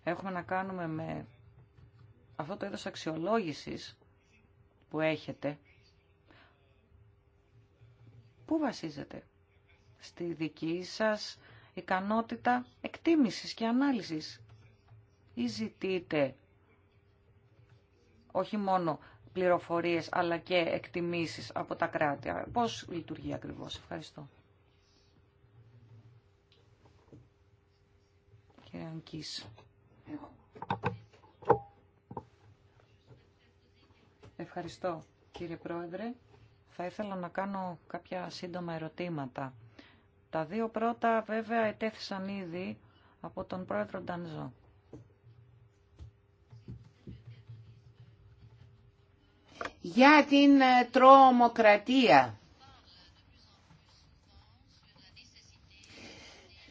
έχουμε να κάνουμε με αυτό το είδος αξιολόγησης που έχετε, πού βασίζεται στη δική σας ικανότητα εκτίμησης και ανάλυσης. Ή ζητείτε όχι μόνο πληροφορίες αλλά και εκτιμήσεις από τα κράτη. Πώς λειτουργεί ακριβώς. Ευχαριστώ. Κύριε Ευχαριστώ κύριε Πρόεδρε. Θα ήθελα να κάνω κάποια σύντομα ερωτήματα. Τα δύο πρώτα βέβαια ετέθησαν ήδη από τον πρόεδρο Ντανζό. Για την ε, τρομοκρατία.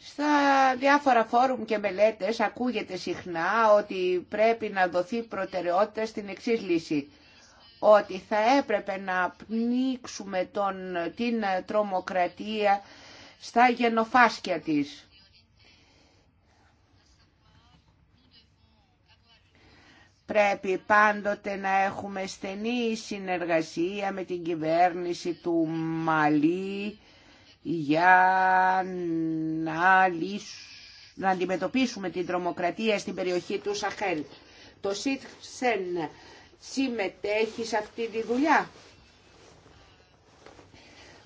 Στα διάφορα φόρουμ και μελέτες ακούγεται συχνά ότι πρέπει να δοθεί προτεραιότητα στην εξής λύση ότι θα έπρεπε να πνίξουμε τον, την τρομοκρατία στα γενοφάσκια της. Πρέπει πάντοτε να έχουμε στενή συνεργασία με την κυβέρνηση του Μαλή για να, να αντιμετωπίσουμε την τρομοκρατία στην περιοχή του Σαχέλ. Το ΣΥΤΣΕΝ συμμετέχει σε αυτή τη δουλειά.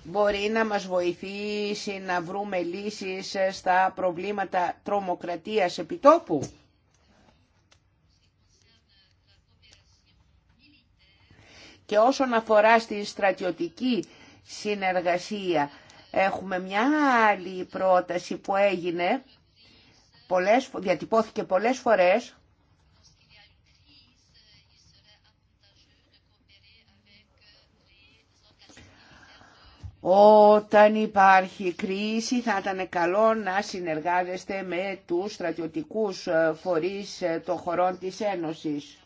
Μπορεί να μας βοηθήσει να βρούμε λύσεις στα προβλήματα τρομοκρατίας επιτόπου. Και όσον αφορά στη στρατιωτική συνεργασία, έχουμε μια άλλη πρόταση που έγινε, πολλές, διατυπώθηκε πολλές φορές, Όταν υπάρχει κρίση θα ήταν καλό να συνεργάζεστε με τους στρατιωτικούς ε, φορείς ε, των χωρών της Ένωσης.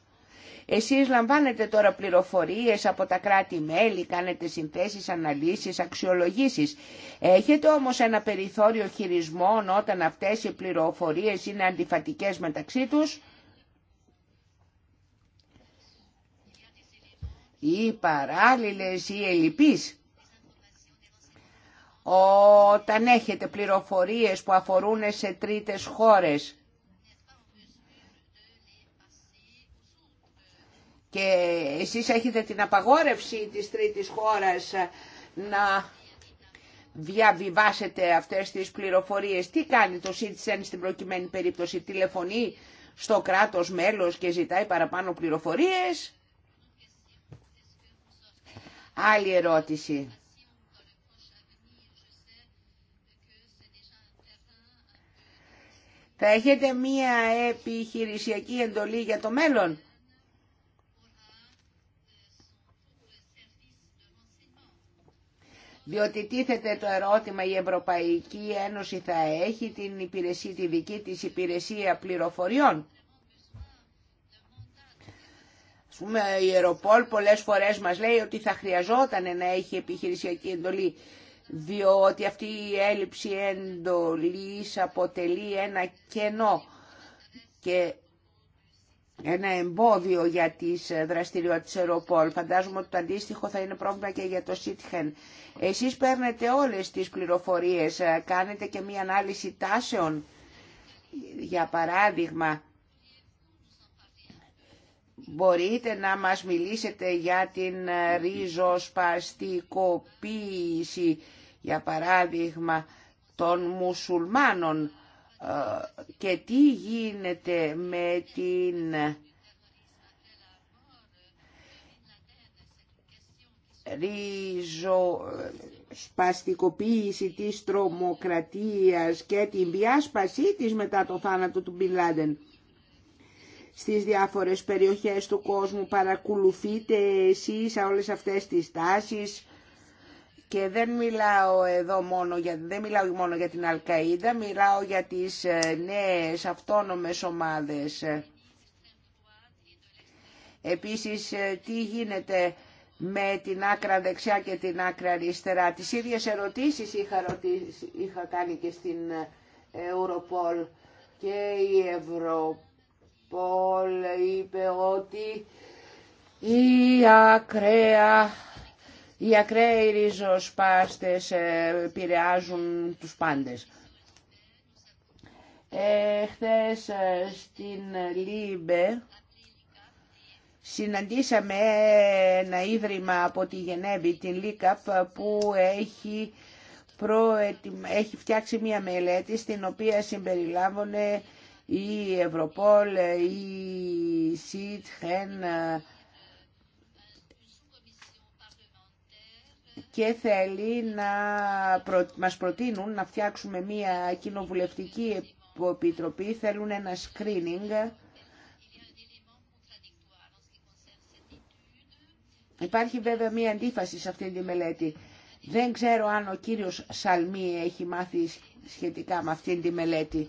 Εσείς λαμβάνετε τώρα πληροφορίες από τα κράτη-μέλη, κάνετε συνθέσεις, αναλύσεις, αξιολογήσεις. Έχετε όμως ένα περιθώριο χειρισμών όταν αυτές οι πληροφορίες είναι αντιφατικές μεταξύ τους. Ή παράλληλες ή ελλειπείς όταν έχετε πληροφορίες που αφορούν σε τρίτες χώρες και εσείς έχετε την απαγόρευση της τρίτης χώρας να διαβιβάσετε αυτές τις πληροφορίες. Τι κάνει το Citizen στην προκειμένη περίπτωση, τηλεφωνεί στο κράτος μέλος και ζητάει παραπάνω πληροφορίες. Άλλη ερώτηση. Θα έχετε μία επιχειρησιακή εντολή για το μέλλον. Διότι τίθεται το ερώτημα η Ευρωπαϊκή Ένωση θα έχει την υπηρεσία, τη δική της υπηρεσία πληροφοριών. Ας πούμε η Ευρωπόλ πολλές φορές μας λέει ότι θα χρειαζόταν να έχει επιχειρησιακή εντολή διότι αυτή η έλλειψη εντολής αποτελεί ένα κενό και ένα εμπόδιο για τις δραστηριότητες Ευρωπόλ. Φαντάζομαι ότι το αντίστοιχο θα είναι πρόβλημα και για το Σίτχεν. Εσείς παίρνετε όλες τις πληροφορίες, κάνετε και μία ανάλυση τάσεων. Για παράδειγμα, μπορείτε να μας μιλήσετε για την ριζοσπαστικοποίηση για παράδειγμα των μουσουλμάνων ε, και τι γίνεται με την ρίζο ε, σπαστικοποίηση της τρομοκρατίας και την διάσπασή της μετά το θάνατο του Μπιν Λάντεν. Στις διάφορες περιοχές του κόσμου παρακολουθείτε εσείς όλες αυτές τις τάσεις και δεν μιλάω εδώ μόνο για, δεν μιλάω μόνο για την Αλκαΐδα, μιλάω για τις ε, νέες αυτόνομες ομάδες. Επίσης, ε, τι γίνεται με την άκρα δεξιά και την άκρα αριστερά. Τις ίδιες ερωτήσεις είχα, ρωτήσει, κάνει και στην Ευρωπόλ. και η Ευρωπόλ είπε ότι η ακραία οι ακραίοι ριζοσπάστες ε, επηρεάζουν τους πάντες. Ε, χθες ε, στην Λίμπε συναντήσαμε ένα ίδρυμα από τη Γενέβη, την ΛΙΚΑΠ, που έχει, έχει φτιάξει μία μελέτη στην οποία συμπεριλάβωνε η Ευρωπόλ, η ΣΥΤΧΕΝ, και θέλει να μας προτείνουν να φτιάξουμε μία κοινοβουλευτική επιτροπή, θέλουν ένα screening. Υπάρχει βέβαια μία αντίφαση σε αυτή τη μελέτη. Δεν ξέρω αν ο κύριος Σαλμί έχει μάθει σχετικά με αυτή τη μελέτη.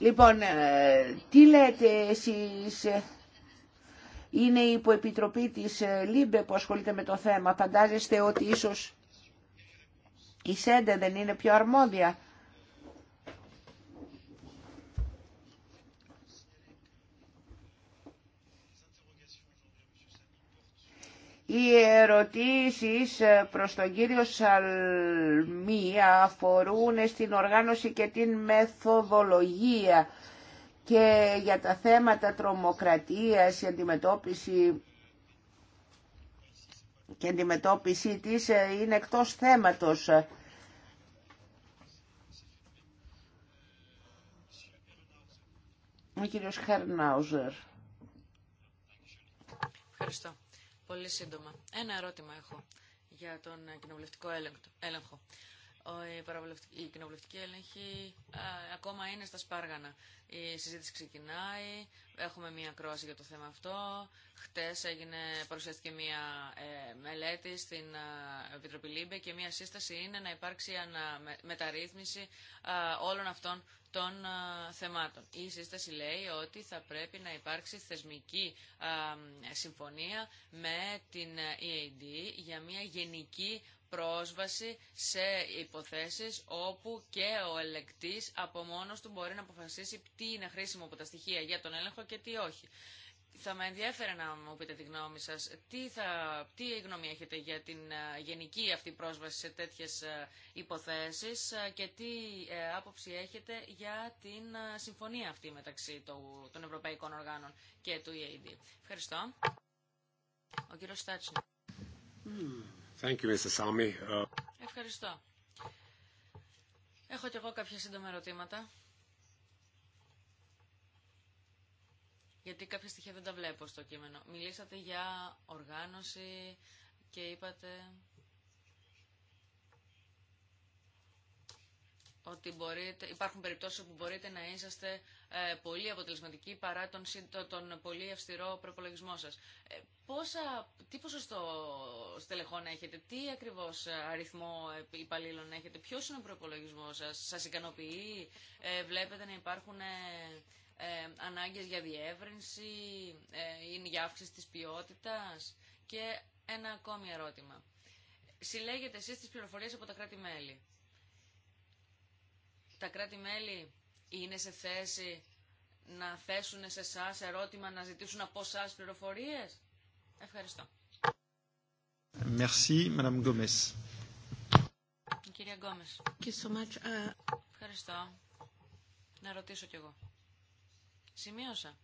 Λοιπόν, ε, τι λέτε εσείς, ε, είναι η υποεπιτροπή της ε, ΛΥΜΠΕ που ασχολείται με το θέμα. Φαντάζεστε ότι ίσως η ΣΕΝΤΕ δεν είναι πιο αρμόδια. Οι ερωτήσεις ε, προς τον κύριο Σαλμή αφορούν στην οργάνωση και την μεθοδολογία και για τα θέματα τρομοκρατίας, αντιμετώπιση και αντιμετώπιση της ε, είναι εκτός θέματος. Ο κύριος Χερνάουζερ. Ευχαριστώ. Πολύ σύντομα. Ένα ερώτημα έχω για τον κοινοβουλευτικό έλεγχο. Η κοινοβουλευτική έλεγχη ακόμα είναι στα σπάργανα. Η συζήτηση ξεκινάει, έχουμε μία κρόαση για το θέμα αυτό. Χτες έγινε, παρουσιάστηκε μία ε, μελέτη στην Επιτροπή Λίμπε και μία σύσταση είναι να υπάρξει ανα, μεταρρύθμιση όλων αυτών των θεμάτων. Η σύσταση λέει ότι θα πρέπει να υπάρξει θεσμική συμφωνία με την EAD για μια γενική πρόσβαση σε υποθέσεις όπου και ο ελεκτής από μόνος του μπορεί να αποφασίσει τι είναι χρήσιμο από τα στοιχεία για τον έλεγχο και τι όχι θα με ενδιαφέρε να μου πείτε τη γνώμη σας. Τι, γνώμη έχετε για την ε, γενική αυτή πρόσβαση σε τέτοιες ε, υποθέσεις ε, και τι άποψη έχετε για την συμφωνία αυτή μεταξύ των Ευρωπαϊκών Οργάνων και του EAD. Ευχαριστώ. Ο κύριος Στάτσιν. Thank you, Ευχαριστώ. Έχω και εγώ κάποια σύντομα ερωτήματα. γιατί κάποια στοιχεία δεν τα βλέπω στο κείμενο. Μιλήσατε για οργάνωση και είπατε ότι μπορείτε, υπάρχουν περιπτώσεις που μπορείτε να είσαστε ε, πολύ αποτελεσματικοί παρά τον, τον πολύ αυστηρό προπολογισμό σας. Ε, πόσα, τι ποσοστό στελεχών έχετε, τι ακριβώς αριθμό υπαλλήλων έχετε, ποιος είναι ο προπολογισμό σας, σας ικανοποιεί, ε, βλέπετε να υπάρχουν ε, ανάγκες για διεύρυνση, ε, είναι για αύξηση της ποιότητας και ένα ακόμη ερώτημα. Συλλέγετε εσείς τις πληροφορίες από τα κράτη-μέλη. Τα κράτη-μέλη είναι σε θέση να θέσουν σε εσά ερώτημα, να ζητήσουν από εσά πληροφορίες. Ευχαριστώ. Merci, Madame Κυρία Γκόμες. Uh, Ευχαριστώ. Να ρωτήσω κι εγώ. Σημείωσα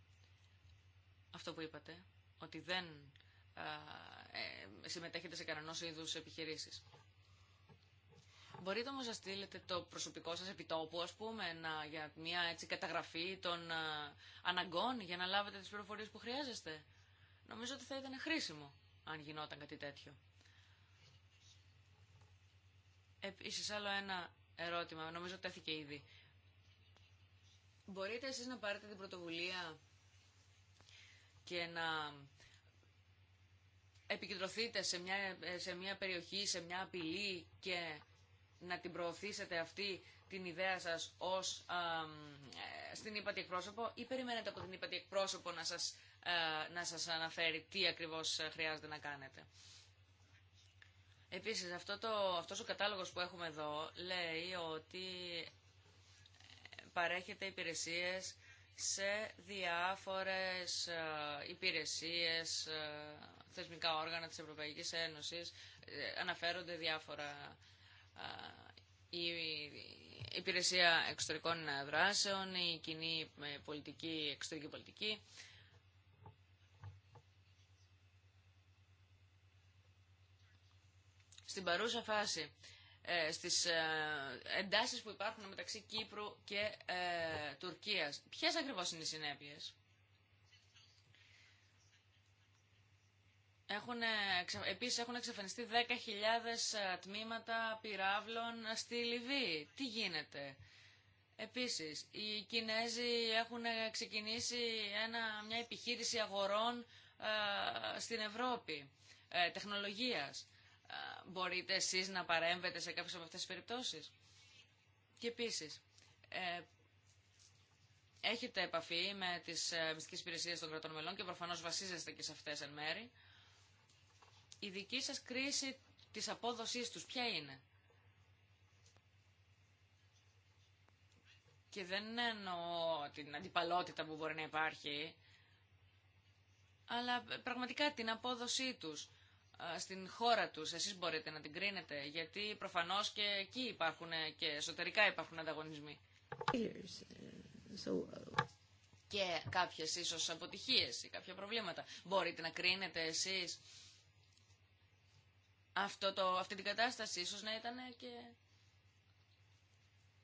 αυτό που είπατε, ότι δεν ε, συμμετέχετε σε κανένα είδου επιχειρήσει. Μπορείτε όμω να στείλετε το προσωπικό σας επιτόπου, α πούμε, να, για μια έτσι καταγραφή των αναγκών για να λάβετε τις πληροφορίες που χρειάζεστε. Νομίζω ότι θα ήταν χρήσιμο, αν γινόταν κάτι τέτοιο. Επίση άλλο ένα ερώτημα, νομίζω τέθηκε ήδη. Μπορείτε εσείς να πάρετε την πρωτοβουλία και να επικεντρωθείτε σε μια, σε μια περιοχή, σε μια απειλή και να την προωθήσετε αυτή την ιδέα σας ως, ε, στην ύπατη εκπρόσωπο ή περιμένετε από την ύπατη εκπρόσωπο να σας, ε, να σας αναφέρει τι ακριβώς χρειάζεται να κάνετε. Επίσης αυτό το, αυτός ο κατάλογος που έχουμε εδώ λέει ότι παρέχετε υπηρεσίες σε διάφορες ε, υπηρεσίες, ε, θεσμικά όργανα της Ευρωπαϊκής Ένωσης. Ε, αναφέρονται διάφορα η υπηρεσία εξωτερικών δράσεων, η κοινή πολιτική, εξωτερική πολιτική. Στην παρούσα φάση ε, στις ε, εντάσεις που υπάρχουν μεταξύ Κύπρου και ε, Τουρκίας. Ποιες ακριβώς είναι οι συνέπειες. Έχουν, επίσης έχουν εξαφανιστεί 10.000 τμήματα πυράβλων στη Λιβύη. Τι γίνεται. Επίσης, οι Κινέζοι έχουν ξεκινήσει ένα, μια επιχείρηση αγορών στην Ευρώπη, τεχνολογίας μπορείτε εσείς να παρέμβετε σε κάποιες από αυτές τις περιπτώσεις. Και επίσης, ε, έχετε επαφή με τις ε, μυστικές των κρατών μελών και προφανώς βασίζεστε και σε αυτές εν μέρη. Η δική σας κρίση της απόδοσής τους ποια είναι. Και δεν εννοώ την αντιπαλότητα που μπορεί να υπάρχει, αλλά πραγματικά την απόδοσή τους. Ε, στην χώρα τους. Εσείς μπορείτε να την κρίνετε, γιατί προφανώς και εκεί υπάρχουν ε, και εσωτερικά υπάρχουν ανταγωνισμοί. Και κάποιες ίσως αποτυχίες ή κάποια προβλήματα. Μπορείτε να κρίνετε εσείς αυτό το, αυτή την κατάσταση ίσως να ήταν ε, και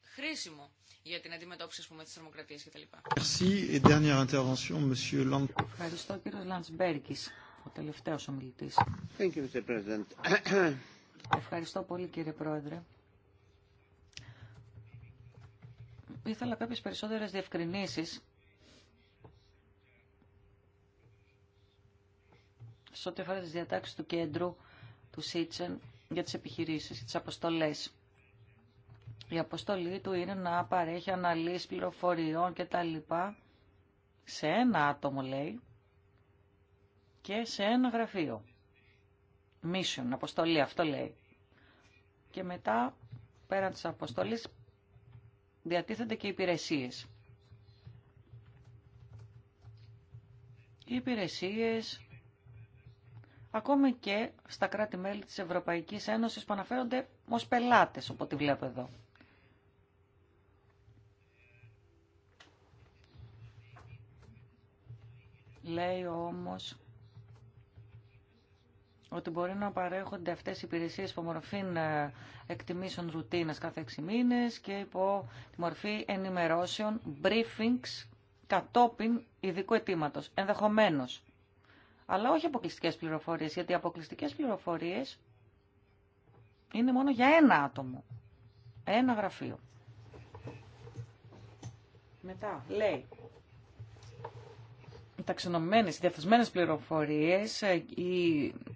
χρήσιμο για την αντιμετώπιση ας πούμε, της θερμοκρατίας λοιπά Ευχαριστώ κύριο Λαντσμπέργκης. Ευχαριστώ πολύ κύριε Πρόεδρε. Ήθελα κάποιες περισσότερες διευκρινήσεις σε ό,τι αφορά τις διατάξεις του κέντρου του ΣΥΤΣΕΝ για τις επιχειρήσεις, τις αποστολές. Η αποστολή του είναι να παρέχει αναλύσεις πληροφοριών και τα λοιπά σε ένα άτομο λέει και σε ένα γραφείο. Mission, αποστολή, αυτό λέει. Και μετά, πέραν της αποστολής, διατίθενται και υπηρεσίες. Οι υπηρεσίες, ακόμη και στα κράτη-μέλη της Ευρωπαϊκής Ένωσης που αναφέρονται ως πελάτες, τη βλέπω εδώ. Λέει όμως ότι μπορεί να παρέχονται αυτές οι υπηρεσίες υπό μορφή ε, εκτιμήσεων ρουτίνας κάθε 6 μήνες και υπό τη μορφή ενημερώσεων, briefings, κατόπιν ειδικού αιτήματο, ενδεχομένως. Αλλά όχι αποκλειστικές πληροφορίες, γιατί οι αποκλειστικές πληροφορίες είναι μόνο για ένα άτομο, ένα γραφείο. Μετά, λέει, ταξινομημένες, διαθεσμένες πληροφορίες οι... Ε,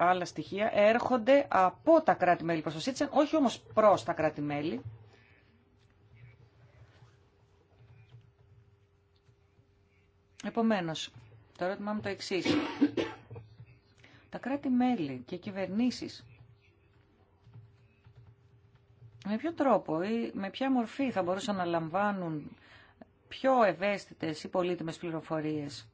άλλα στοιχεία έρχονται από τα κράτη-μέλη προς το όχι όμως προς τα κράτη-μέλη. Επομένως, το ερώτημά μου το εξής. τα κράτη-μέλη και οι κυβερνήσεις με ποιο τρόπο ή με ποια μορφή θα μπορούσαν να λαμβάνουν πιο ευαίσθητες ή πολύτιμες πληροφορίες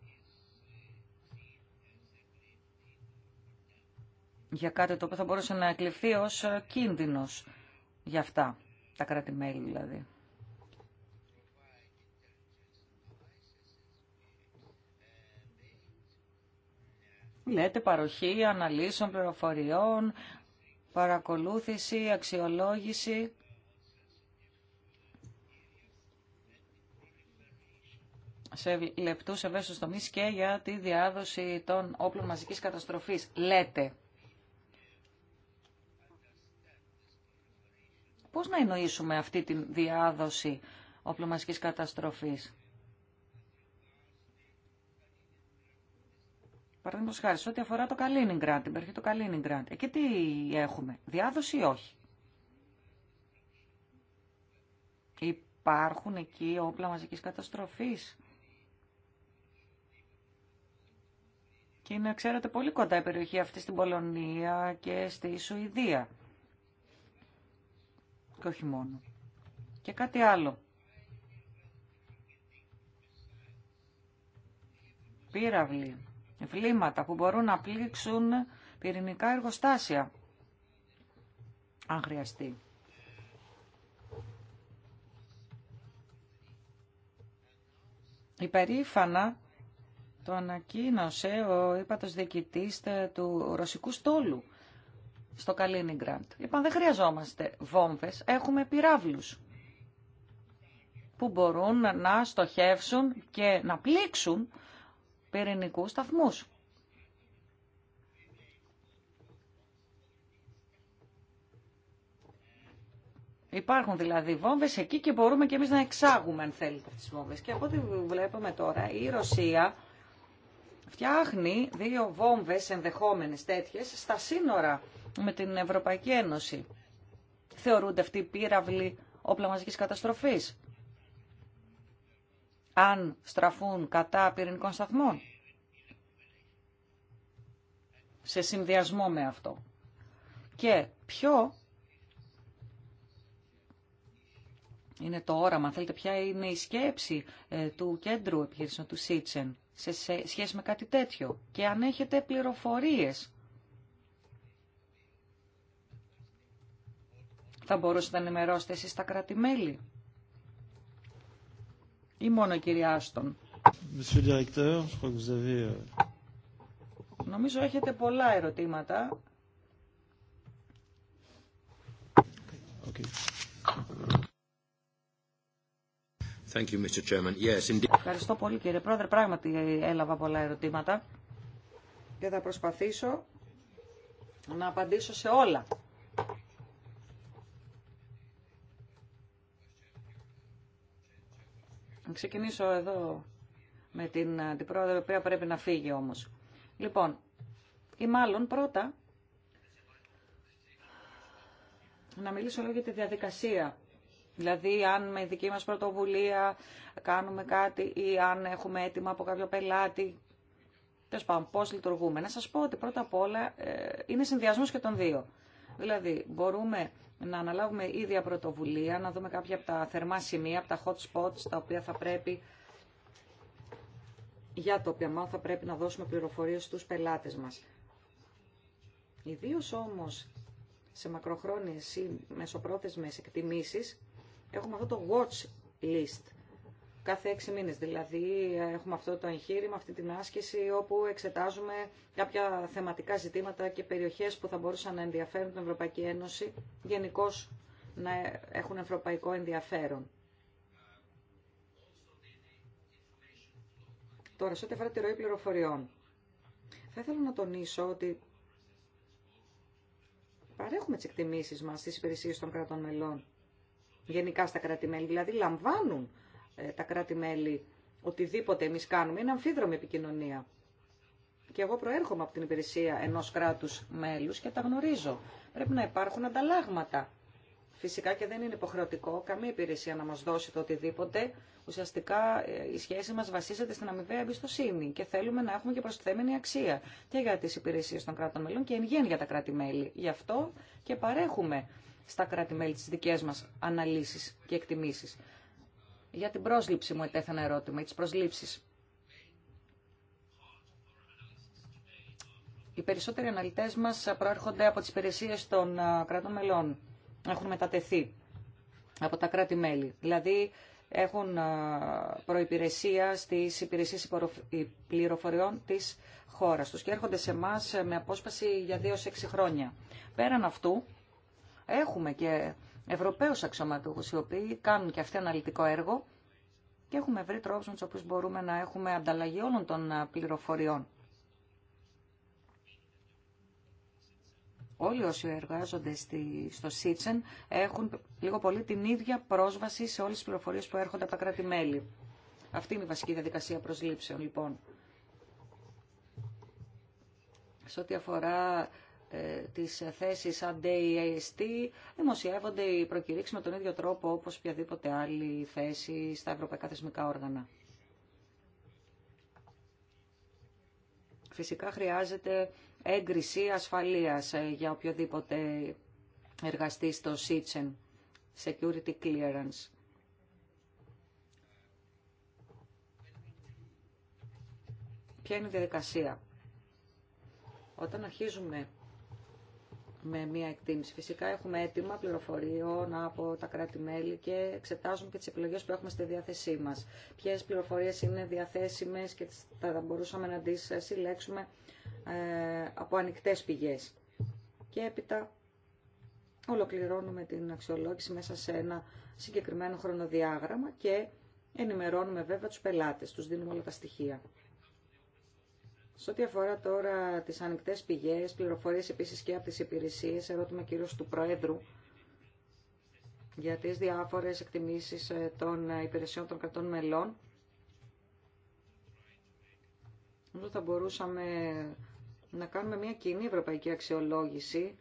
για κάτι το οποίο θα μπορούσε να εκλειφθεί ως ε, κίνδυνος για αυτά, τα κράτη-μέλη δηλαδή. Λέτε παροχή αναλύσεων πληροφοριών, παρακολούθηση, αξιολόγηση. σε λεπτούς ευαίσθητους τομείς και για τη διάδοση των όπλων μαζικής καταστροφής. Λέτε. Πώς να εννοήσουμε αυτή τη διάδοση οπλομασικής καταστροφής. Παραδείγματος χάρη, σε ό,τι αφορά το Καλίνιγκραντ, την περιοχή του Καλίνιγκραντ, εκεί τι έχουμε, διάδοση ή όχι. Υπάρχουν εκεί όπλα μαζικής καταστροφής. Και είναι, ξέρετε, πολύ κοντά η περιοχή αυτή στην Πολωνία και στη Σουηδία και Και κάτι άλλο. Πύραυλοι, βλήματα που μπορούν να πλήξουν πυρηνικά εργοστάσια, αν χρειαστεί. Υπερήφανα το ανακοίνωσε ο ύπατος διοικητής του Ρωσικού στόλου στο Καλίνιγκραντ. Λοιπόν, δεν χρειαζόμαστε βόμβες, έχουμε πυράβλους που μπορούν να στοχεύσουν και να πλήξουν πυρηνικούς σταθμούς. Υπάρχουν δηλαδή βόμβες εκεί και μπορούμε και εμείς να εξάγουμε, αν θέλετε, αυτές τι βόμβε. Και από ό,τι βλέπουμε τώρα, η Ρωσία φτιάχνει δύο βόμβες ενδεχόμενες τέτοιες στα σύνορα με την Ευρωπαϊκή Ένωση. Θεωρούνται αυτοί οι πύραυλοι όπλα μαζικής καταστροφής. Αν στραφούν κατά πυρηνικών σταθμών. Σε συνδυασμό με αυτό. Και ποιο είναι το όραμα, θέλετε, ποια είναι η σκέψη ε, του κέντρου επιχείρησης του Σίτσεν σε σχέση με κάτι τέτοιο και αν έχετε πληροφορίες. Θα μπορούσατε να ενημερώσετε εσείς τα κράτη-μέλη. η κυρία Άστον. Euh, Νομίζω έχετε πολλά ερωτήματα Ευχαριστώ πολύ κύριε Πρόεδρε. Πράγματι έλαβα πολλά ερωτήματα και θα προσπαθήσω να απαντήσω σε όλα. Να ξεκινήσω εδώ με την αντιπρόεδρο, η οποία πρέπει να φύγει όμως. Λοιπόν, ή μάλλον πρώτα να μιλήσω λίγο για τη διαδικασία Δηλαδή, αν με δική μας πρωτοβουλία κάνουμε κάτι ή αν έχουμε έτοιμα από κάποιο πελάτη, τέλος πάντων, πώς λειτουργούμε. Να σας πω ότι πρώτα απ' όλα ε, είναι συνδυασμός και των δύο. Δηλαδή, μπορούμε να αναλάβουμε ίδια πρωτοβουλία, να δούμε κάποια από τα θερμά σημεία, από τα hot spots, τα οποία θα πρέπει για το οποία μάλλον θα πρέπει να δώσουμε πληροφορίες στους πελάτες μας. Ιδίω όμως σε μακροχρόνιες ή μεσοπρόθεσμες εκτιμήσεις, Έχουμε αυτό το watch list. Κάθε έξι μήνες δηλαδή έχουμε αυτό το εγχείρημα, αυτή την άσκηση όπου εξετάζουμε κάποια θεματικά ζητήματα και περιοχές που θα μπορούσαν να ενδιαφέρουν την Ευρωπαϊκή Ένωση γενικώ να έχουν ευρωπαϊκό ενδιαφέρον. Τώρα, σε ό,τι αφορά τη ροή πληροφοριών, θα ήθελα να τονίσω ότι παρέχουμε τις εκτιμήσεις μας στις υπηρεσίες των κρατών μελών γενικά στα κράτη-μέλη. Δηλαδή λαμβάνουν ε, τα κράτη-μέλη οτιδήποτε εμεί κάνουμε. Είναι αμφίδρομη επικοινωνία. Και εγώ προέρχομαι από την υπηρεσία ενό κράτου μέλους και τα γνωρίζω. Πρέπει να υπάρχουν ανταλλάγματα. Φυσικά και δεν είναι υποχρεωτικό καμία υπηρεσία να μα δώσει το οτιδήποτε. Ουσιαστικά ε, η σχέση μα βασίζεται στην αμοιβαία εμπιστοσύνη και θέλουμε να έχουμε και προστιθέμενη αξία και για τι υπηρεσίε των κράτων μελών και εν γέν για τα κράτη-μέλη. Γι' αυτό και παρέχουμε στα κράτη-μέλη τις δικές μας αναλύσεις και εκτιμήσεις. Για την πρόσληψη μου ένα ερώτημα, τις προσλήψεις. Οι περισσότεροι αναλυτές μας προέρχονται από τις υπηρεσίε των κρατών μελών. Έχουν μετατεθεί από τα κράτη-μέλη. Δηλαδή έχουν προϋπηρεσία στις υπηρεσίες πληροφοριών της χώρας τους και έρχονται σε εμά με απόσπαση για 2-6 χρόνια. Πέραν αυτού, Έχουμε και Ευρωπαίους αξιωματούχους οι οποίοι κάνουν και αυτοί αναλυτικό έργο και έχουμε βρει τρόπους με μπορούμε να έχουμε ανταλλαγή όλων των πληροφοριών. Όλοι όσοι εργάζονται στη, στο ΣΥΤΣΕΝ έχουν λίγο πολύ την ίδια πρόσβαση σε όλες τις πληροφορίες που έρχονται από τα κράτη-μέλη. Αυτή είναι η βασική διαδικασία προσλήψεων, λοιπόν. Σε ό,τι αφορά ε, τις θέσεις ADAST δημοσιεύονται οι προκηρύξεις με τον ίδιο τρόπο όπως οποιαδήποτε άλλη θέση στα ευρωπαϊκά θεσμικά όργανα. Φυσικά χρειάζεται έγκριση ασφαλείας ε, για οποιοδήποτε εργαστή στο SITCHEN, Security Clearance. Ποια είναι η διαδικασία. Όταν αρχίζουμε με μια εκτίμηση. Φυσικά έχουμε έτοιμα πληροφοριών από τα κράτη-μέλη και εξετάζουμε και τις επιλογές που έχουμε στη διάθεσή μας. Ποιες πληροφορίες είναι διαθέσιμες και θα μπορούσαμε να τις συλλέξουμε ε, από ανοιχτές πηγές. Και έπειτα ολοκληρώνουμε την αξιολόγηση μέσα σε ένα συγκεκριμένο χρονοδιάγραμμα και ενημερώνουμε βέβαια τους πελάτες, τους δίνουμε όλα τα στοιχεία. Σε ό,τι αφορά τώρα τι ανοιχτέ πηγέ, πληροφορίε επίση και από τι υπηρεσίε, ερώτημα κυρίω του Προέδρου για τι διάφορε εκτιμήσει ε, των ε, υπηρεσιών των κρατών μελών. Νομίζω θα μπορούσαμε να κάνουμε μια κοινή ευρωπαϊκή αξιολόγηση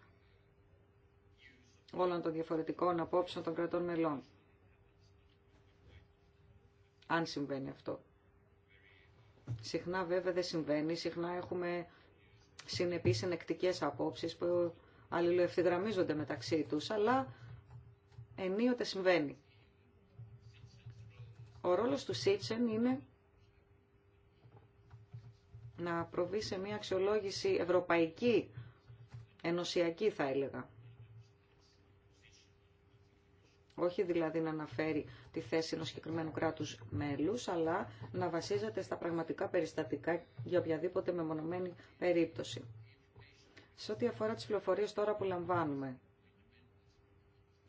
όλων των διαφορετικών απόψεων των κρατών μελών. Αν συμβαίνει αυτό. Συχνά βέβαια δεν συμβαίνει, συχνά έχουμε συνεπείς ενεκτικές απόψεις που αλληλοευθυγραμμίζονται μεταξύ τους, αλλά ενίοτε συμβαίνει. Ο ρόλος του Σίτσεν είναι να προβεί σε μια αξιολόγηση ευρωπαϊκή, ενωσιακή θα έλεγα. Όχι δηλαδή να αναφέρει τη θέση ενός συγκεκριμένου κράτους μέλους, αλλά να βασίζεται στα πραγματικά περιστατικά για οποιαδήποτε μεμονωμένη περίπτωση. Σε ό,τι αφορά τις πληροφορίες τώρα που λαμβάνουμε,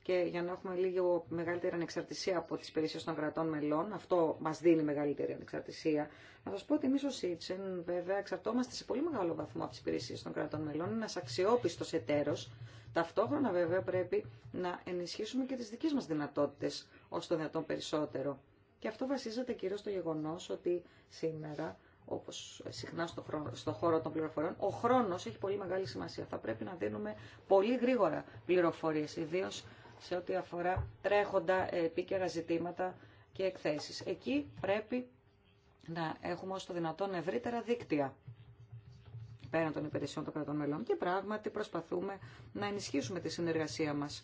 και για να έχουμε λίγο μεγαλύτερη ανεξαρτησία από τις υπηρεσίε των κρατών μελών. Αυτό μας δίνει μεγαλύτερη ανεξαρτησία. Να σας πω ότι εμείς ως Ιτσεν βέβαια εξαρτώμαστε σε πολύ μεγάλο βαθμό από τις υπηρεσίε των κρατών μελών. Είναι ένα αξιόπιστος εταίρος. Ταυτόχρονα βέβαια πρέπει να ενισχύσουμε και τις δικέ μα δυνατότητες όσο το δυνατόν περισσότερο. Και αυτό βασίζεται κυρίως στο γεγονός ότι σήμερα, όπως συχνά στο, χρόνο, χώρο των πληροφοριών, ο χρόνος έχει πολύ μεγάλη σημασία. Θα πρέπει να δίνουμε πολύ γρήγορα πληροφορίες, ιδίω σε ό,τι αφορά τρέχοντα επίκαιρα ζητήματα και εκθέσεις. Εκεί πρέπει να έχουμε όσο το δυνατόν ευρύτερα δίκτυα πέραν των υπηρεσιών των κρατών μελών και πράγματι προσπαθούμε να ενισχύσουμε τη συνεργασία μας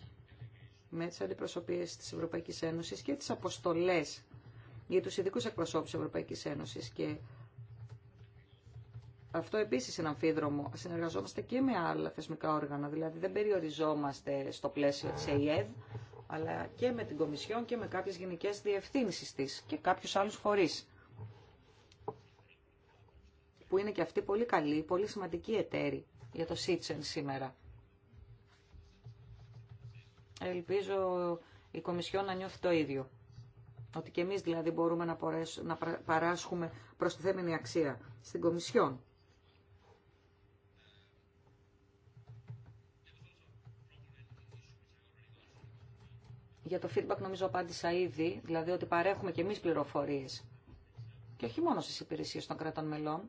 με τις αντιπροσωπείες της Ευρωπαϊκής Ένωσης και τις αποστολές για τους ειδικούς εκπροσώπους της Ευρωπαϊκής Ένωσης και αυτό επίσης είναι αμφίδρομο. Συνεργαζόμαστε και με άλλα θεσμικά όργανα, δηλαδή δεν περιοριζόμαστε στο πλαίσιο της ΕΙΕΔ, αλλά και με την Κομισιόν και με κάποιες γενικές διευθύνσεις της και κάποιους άλλους φορείς που είναι και αυτοί πολύ καλοί, πολύ σημαντικοί εταίροι για το Σίτσεν σήμερα. Ελπίζω η Κομισιόν να νιώθει το ίδιο. Ότι και εμείς δηλαδή μπορούμε να, να παράσχουμε προστιθέμενη αξία στην Κομισιόν. Για το feedback νομίζω απάντησα ήδη, δηλαδή ότι παρέχουμε και εμείς πληροφορίες. Και όχι μόνο στις υπηρεσίες των κρατών μελών,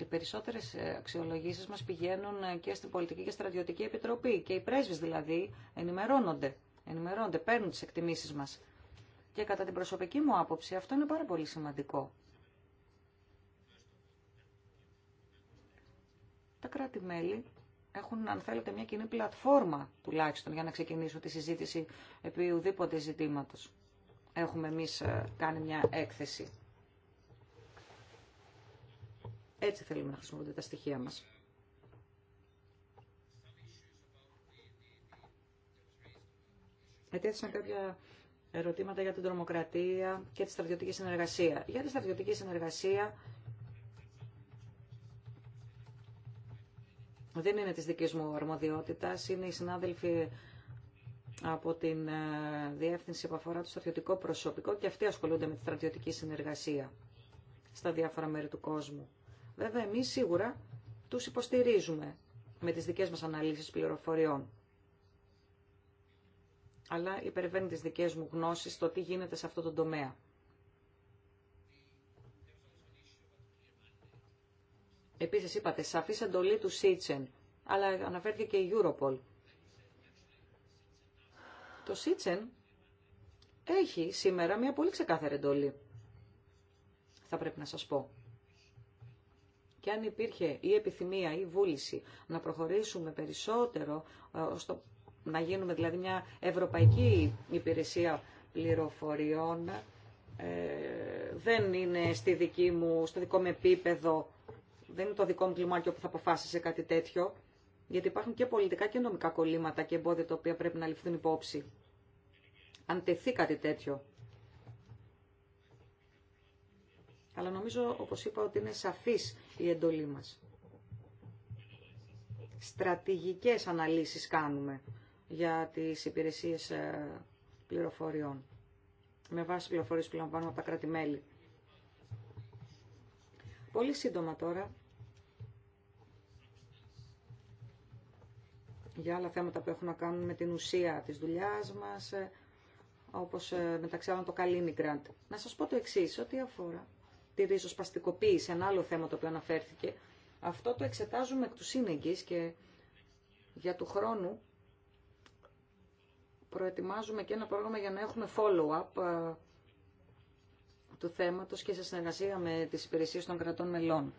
οι περισσότερε αξιολογήσει μα πηγαίνουν ε, και στην Πολιτική και Στρατιωτική Επιτροπή. Και οι πρέσβει δηλαδή ενημερώνονται, ενημερώνονται παίρνουν τι εκτιμήσει μα. Και κατά την προσωπική μου άποψη αυτό είναι πάρα πολύ σημαντικό. Τα κράτη-μέλη έχουν, αν θέλετε, μια κοινή πλατφόρμα τουλάχιστον για να ξεκινήσουν τη συζήτηση επί ουδήποτε ζητήματος. Έχουμε εμείς ε, κάνει μια έκθεση έτσι θέλουμε να χρησιμοποιούνται τα στοιχεία μας. Ετέθησαν κάποια ερωτήματα για την τρομοκρατία και τη στρατιωτική συνεργασία. Για τη στρατιωτική συνεργασία δεν είναι της δικής μου αρμοδιότητας, είναι οι συνάδελφοι από την ε, διεύθυνση που αφορά το στρατιωτικό προσωπικό και αυτοί ασχολούνται με τη στρατιωτική συνεργασία στα διάφορα μέρη του κόσμου. Βέβαια, εμεί σίγουρα του υποστηρίζουμε με τις δικές μας αναλύσεις πληροφοριών. Αλλά υπερβαίνει τις δικές μου γνώσεις το τι γίνεται σε αυτό το τομέα. Επίσης είπατε, σαφής εντολή του Σίτσεν, αλλά αναφέρθηκε και η Europol. Το Σίτσεν έχει σήμερα μια πολύ ξεκάθαρη εντολή. Θα πρέπει να σας πω. Και αν υπήρχε η επιθυμία ή η βούληση να προχωρήσουμε περισσότερο, ε, στο, να γίνουμε δηλαδή μια ευρωπαϊκή υπηρεσία πληροφοριών, ε, δεν είναι στη δική μου, στο δικό μου επίπεδο, δεν είναι το δικό μου κλιμάκιο που θα αποφάσισε κάτι τέτοιο, γιατί υπάρχουν και πολιτικά και νομικά κολλήματα και εμπόδια τα οποία πρέπει να ληφθούν υπόψη. Αν τεθεί κάτι τέτοιο. Αλλά νομίζω, όπως είπα, ότι είναι σαφής η εντολή μας. Στρατηγικές αναλύσεις κάνουμε για τις υπηρεσίες ε, πληροφοριών, με βάση πληροφορίες που λαμβάνουμε από τα κράτη-μέλη. Πολύ σύντομα τώρα, για άλλα θέματα που έχουν να κάνουν με την ουσία της δουλειάς μας, ε, όπως ε, μεταξύ άλλων το Καλίνιγκραντ. Να σας πω το εξής, ό,τι αφορά τη ριζοσπαστικοποίηση, ένα άλλο θέμα το οποίο αναφέρθηκε. Αυτό το εξετάζουμε εκ του σύνεγγυς και για του χρόνου προετοιμάζουμε και ένα πρόγραμμα για να έχουμε follow-up ε, του θέματος και σε συνεργασία με τις υπηρεσίες των κρατών μελών.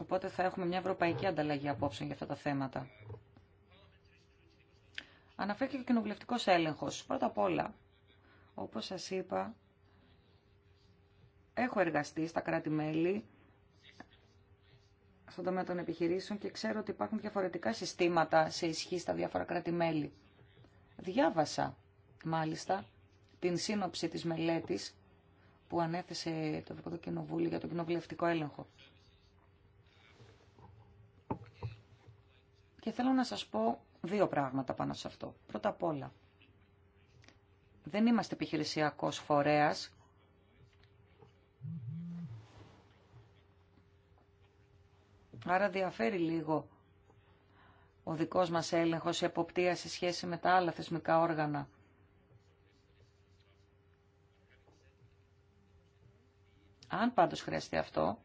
Οπότε θα έχουμε μια ευρωπαϊκή ανταλλαγή απόψεων για αυτά τα θέματα. Αναφέρθηκε ο κοινοβουλευτικό έλεγχο. Πρώτα απ' όλα, όπω σα είπα, έχω εργαστεί στα κράτη-μέλη στον τομέα των επιχειρήσεων και ξέρω ότι υπάρχουν διαφορετικά συστήματα σε ισχύ στα διάφορα κράτη-μέλη. Διάβασα, μάλιστα, την σύνοψη της μελέτης που ανέθεσε το Ευρωπαϊκό Κοινοβούλιο για τον κοινοβουλευτικό έλεγχο. Και θέλω να σας πω δύο πράγματα πάνω σε αυτό. Πρώτα απ' όλα, δεν είμαστε επιχειρησιακός φορέας. Άρα διαφέρει λίγο ο δικός μας έλεγχος, η εποπτεία σε σχέση με τα άλλα θεσμικά όργανα. Αν πάντως χρειαστεί αυτό,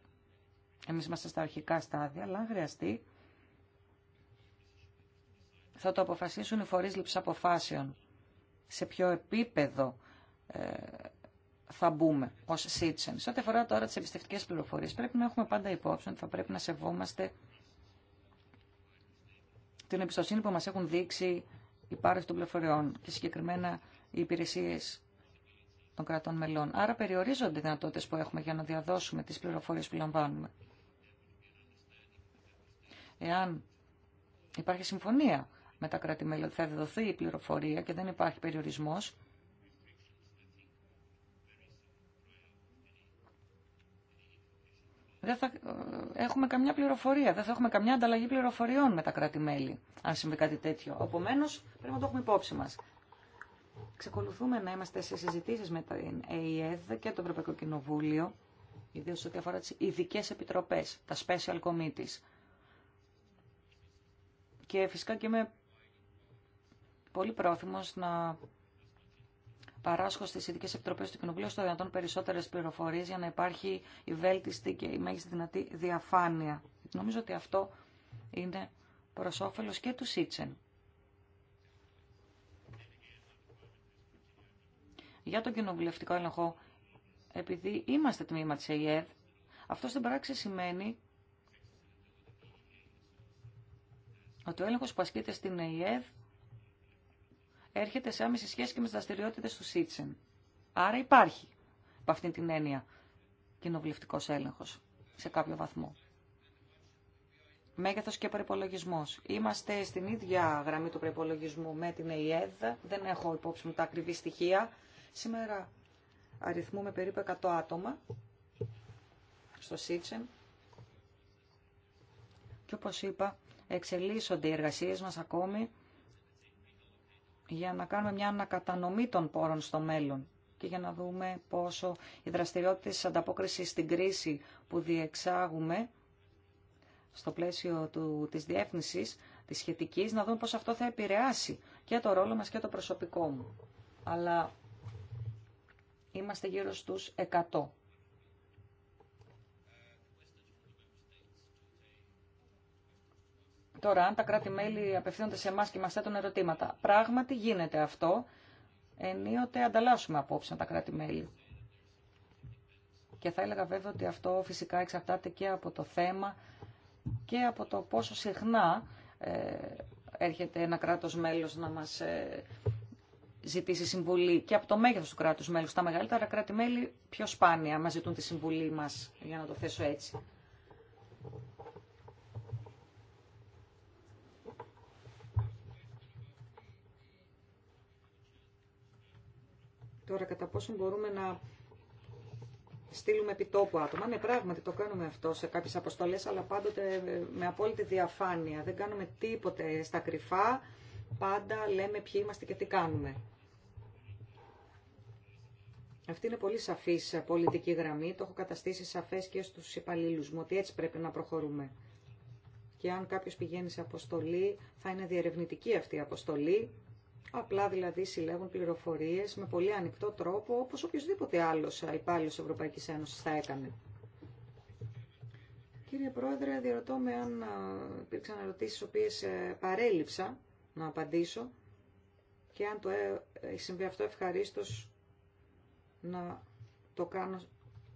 εμείς είμαστε στα αρχικά στάδια, αλλά αν χρειαστεί, θα το αποφασίσουν οι φορείς λήψη αποφάσεων. Σε ποιο επίπεδο ε, θα μπούμε ως Σε Ό,τι αφορά τώρα τις εμπιστευτικές πληροφορίες, πρέπει να έχουμε πάντα υπόψη ότι θα πρέπει να σεβόμαστε την εμπιστοσύνη που μας έχουν δείξει οι πάροχοι των πληροφοριών και συγκεκριμένα οι υπηρεσίες των κρατών μελών. Άρα περιορίζονται οι δυνατότητε που έχουμε για να διαδώσουμε τις πληροφορίες που λαμβάνουμε. Εάν υπάρχει συμφωνία με τα κράτη-μέλη ότι θα δοθεί η πληροφορία και δεν υπάρχει περιορισμός. Δεν θα ε, έχουμε καμιά πληροφορία, δεν θα έχουμε καμιά ανταλλαγή πληροφοριών με τα κράτη-μέλη, αν συμβεί κάτι τέτοιο. Οπομένως, πρέπει να το έχουμε υπόψη μας. Ξεκολουθούμε να είμαστε σε συζητήσεις με την ΕΕΔ και το Ευρωπαϊκό Κοινοβούλιο, ιδίω ό,τι αφορά τι ειδικέ επιτροπέ, τα special committees. Και φυσικά και με πολύ πρόθυμο να παράσχω στι ειδικέ επιτροπές του Κοινοβουλίου στο δυνατόν περισσότερες πληροφορίε για να υπάρχει η βέλτιστη και η μέγιστη δυνατή διαφάνεια. Νομίζω ότι αυτό είναι προ όφελο και του ΣΥΤΣΕΝ. Για τον κοινοβουλευτικό έλεγχο, επειδή είμαστε τμήμα της ΕΙΕΔ, αυτό στην πράξη σημαίνει ότι ο έλεγχος που ασκείται στην ΕΙΕΔ έρχεται σε άμεση σχέση και με τι δραστηριότητε του Σίτσεν. Άρα υπάρχει από αυτήν την έννοια κοινοβουλευτικό έλεγχο σε κάποιο βαθμό. Μέγεθο και προπολογισμό. Είμαστε στην ίδια γραμμή του προπολογισμού με την ΕΙΕΔ. Δεν έχω υπόψη μου τα ακριβή στοιχεία. Σήμερα αριθμούμε περίπου 100 άτομα στο Σίτσεν. Και όπως είπα, εξελίσσονται οι εργασίες μας ακόμη για να κάνουμε μια ανακατανομή των πόρων στο μέλλον και για να δούμε πόσο οι δραστηριότητες της ανταπόκρισης στην κρίση που διεξάγουμε στο πλαίσιο του, της διεύθυνσης της σχετικής, να δούμε πώς αυτό θα επηρεάσει και το ρόλο μας και το προσωπικό μου. Αλλά είμαστε γύρω στους 100 Τώρα, αν τα κράτη-μέλη απευθύνονται σε εμά και μα θέτουν ερωτήματα, πράγματι γίνεται αυτό. Ενίοτε ανταλλάσσουμε απόψε με τα κράτη-μέλη. Και θα έλεγα βέβαια ότι αυτό φυσικά εξαρτάται και από το θέμα και από το πόσο συχνά ε, έρχεται ένα κράτος μέλος να μας ε, ζητήσει συμβουλή και από το μέγεθος του κράτους μέλους. Τα μεγαλύτερα κράτη-μέλη πιο σπάνια μας ζητούν τη συμβουλή μας, για να το θέσω έτσι. Τώρα, κατά πόσο μπορούμε να στείλουμε επιτόπου άτομα. Ναι, πράγματι το κάνουμε αυτό σε κάποιε αποστολέ, αλλά πάντοτε με απόλυτη διαφάνεια. Δεν κάνουμε τίποτε στα κρυφά. Πάντα λέμε ποιοι είμαστε και τι κάνουμε. Αυτή είναι πολύ σαφής πολιτική γραμμή. Το έχω καταστήσει σαφές και στους υπαλλήλους μου ότι έτσι πρέπει να προχωρούμε. Και αν κάποιος πηγαίνει σε αποστολή, θα είναι διερευνητική αυτή η αποστολή Απλά δηλαδή συλλέγουν πληροφορίες με πολύ ανοιχτό τρόπο, όπως οποιοδήποτε άλλος υπάλληλο Ευρωπαϊκή Ένωση θα έκανε. Κύριε Πρόεδρε, διαρωτώ με αν υπήρξαν ερωτήσεις οποίε ε, παρέλειψα να απαντήσω και αν το έχει συμβεί αυτό ευχαρίστω να το κάνω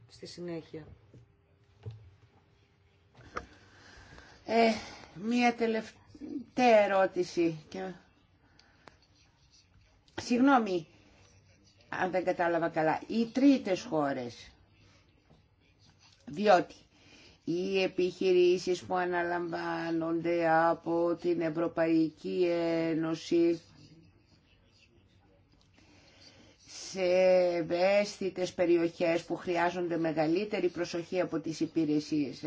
στη συνέχεια. Ε, μία τελευταία ερώτηση και Συγγνώμη, αν δεν κατάλαβα καλά, οι τρίτες χώρες. Διότι οι επιχειρήσεις που αναλαμβάνονται από την Ευρωπαϊκή Ένωση σε ευαίσθητες περιοχές που χρειάζονται μεγαλύτερη προσοχή από τις υπηρεσίες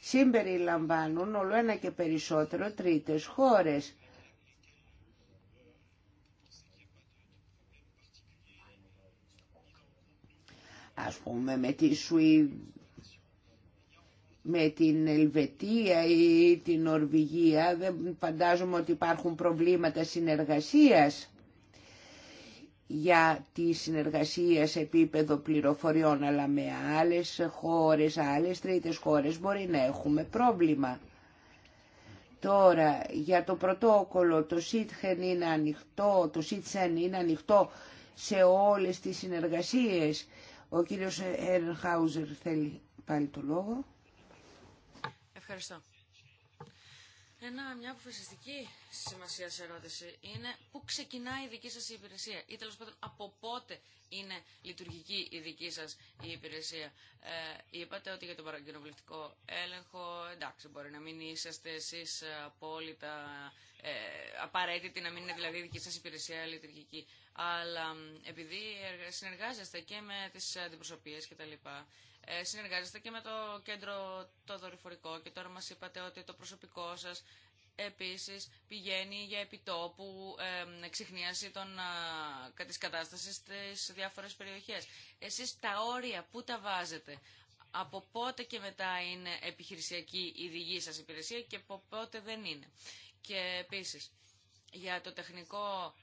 συμπεριλαμβάνουν όλο ένα και περισσότερο τρίτες χώρες ας πούμε με τη Σουή, με την Ελβετία ή την Νορβηγία δεν φαντάζομαι ότι υπάρχουν προβλήματα συνεργασίας για τη συνεργασία σε επίπεδο πληροφοριών αλλά με άλλες χώρες, άλλες τρίτες χώρες μπορεί να έχουμε πρόβλημα. Τώρα για το πρωτόκολλο το ΣΥΤΧΕΝ είναι ανοιχτό, το ΣΥΤΣΕΝ είναι ανοιχτό σε όλες τις συνεργασίες ο κύριος Ερνχάουζερ θέλει πάλι το λόγο. Ευχαριστώ. Ένα, μια αποφασιστική σημασία σε ερώτηση είναι πού ξεκινάει η δική σας υπηρεσία ή τέλος πάντων από πότε είναι λειτουργική η δική σας η υπηρεσία. Ε, είπατε ότι για τον παρακοινοβουλευτικό έλεγχο, εντάξει, μπορεί να μην είσαστε εσείς απόλυτα ε, απαραίτητοι, να μην είναι δηλαδή η δική σας υπηρεσία λειτουργική αλλά επειδή συνεργάζεστε και με τις αντιπροσωπείες και τα λοιπά, ε, συνεργάζεστε και με το κέντρο το δορυφορικό και τώρα μας είπατε ότι το προσωπικό σας επίσης πηγαίνει για επιτόπου ε, εξυχνίαση των, ε, της κατάστασης στις διάφορες περιοχές. Εσείς τα όρια που τα βάζετε, από πότε και μετά είναι επιχειρησιακή η δική σας υπηρεσία και από πότε δεν είναι. Και επίσης, για το τεχνικό,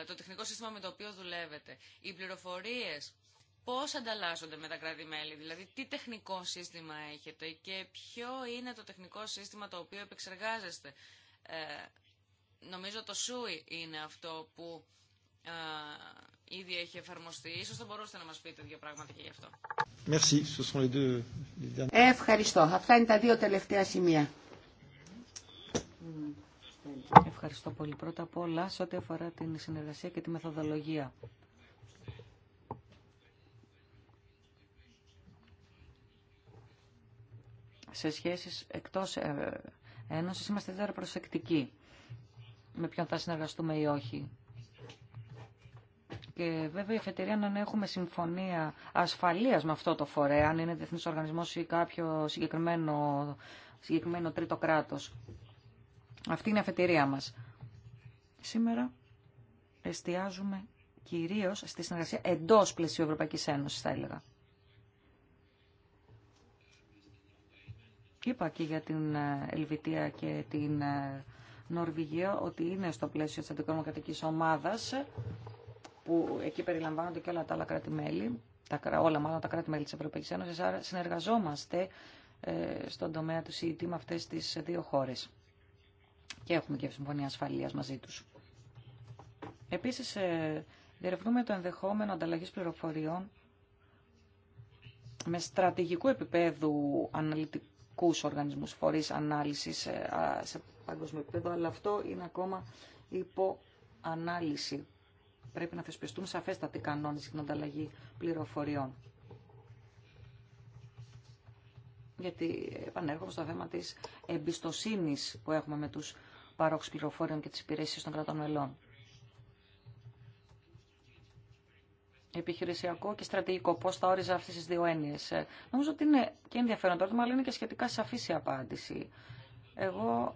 ε, το τεχνικό σύστημα με το οποίο δουλεύετε. Οι πληροφορίες πώς ανταλλάσσονται με τα κράτη-μέλη, δηλαδή τι τεχνικό σύστημα έχετε και ποιο είναι το τεχνικό σύστημα το οποίο επεξεργάζεστε. Ε, νομίζω το ΣΟΥΙ είναι αυτό που ε, ήδη έχει εφαρμοστεί. Ίσως θα μπορούσατε να μας πείτε δύο πράγματα και γι' αυτό. Ευχαριστώ. Αυτά είναι τα δύο τελευταία σημεία. Mm. Ευχαριστώ πολύ. Πρώτα απ' όλα, σε ό,τι αφορά την συνεργασία και τη μεθοδολογία. Σε σχέσεις εκτός ε, ένωσης είμαστε τώρα προσεκτικοί με ποιον θα συνεργαστούμε ή όχι. Και βέβαια η εφετηρία να έχουμε συμφωνία ασφαλείας με αυτό το φορέα, αν είναι διεθνής οργανισμός ή κάποιο συγκεκριμένο, συγκεκριμένο τρίτο κράτος. Αυτή είναι η αφετηρία μας. Σήμερα εστιάζουμε κυρίως στη συνεργασία εντός πλαισίου Ευρωπαϊκής Ένωσης, θα έλεγα. Είπα και για την ε, Ελβητία και την ε, Νορβηγία ότι είναι στο πλαίσιο της αντικρομοκρατικής ομάδας ε, που εκεί περιλαμβάνονται και όλα τα άλλα κράτη-μέλη, όλα μάλλον τα κράτη-μέλη της Ευρωπαϊκής Ένωσης, άρα συνεργαζόμαστε στον τομέα του ΣΥΤ e με αυτές τις δύο χώρες και έχουμε και συμφωνία ασφαλείας μαζί τους. Επίσης, ε, διερευνούμε το ενδεχόμενο ανταλλαγής πληροφοριών με στρατηγικού επίπεδου αναλυτικούς οργανισμούς φορείς ανάλυσης ε, σε παγκόσμιο επίπεδο, αλλά αυτό είναι ακόμα υπό ανάλυση. Πρέπει να θεσπιστούν σαφέστατοι κανόνες για την ανταλλαγή πληροφοριών. Γιατί επανέρχομαι στο θέμα της εμπιστοσύνης που έχουμε με τους παρόχου πληροφόρων και τις υπηρεσίες των κρατών μελών. Επιχειρησιακό και στρατηγικό. Πώς θα όριζα αυτές τις δύο έννοιες. Ε, νομίζω ότι είναι και ενδιαφέρον το ερώτημα, αλλά είναι και σχετικά σαφής η απάντηση. Εγώ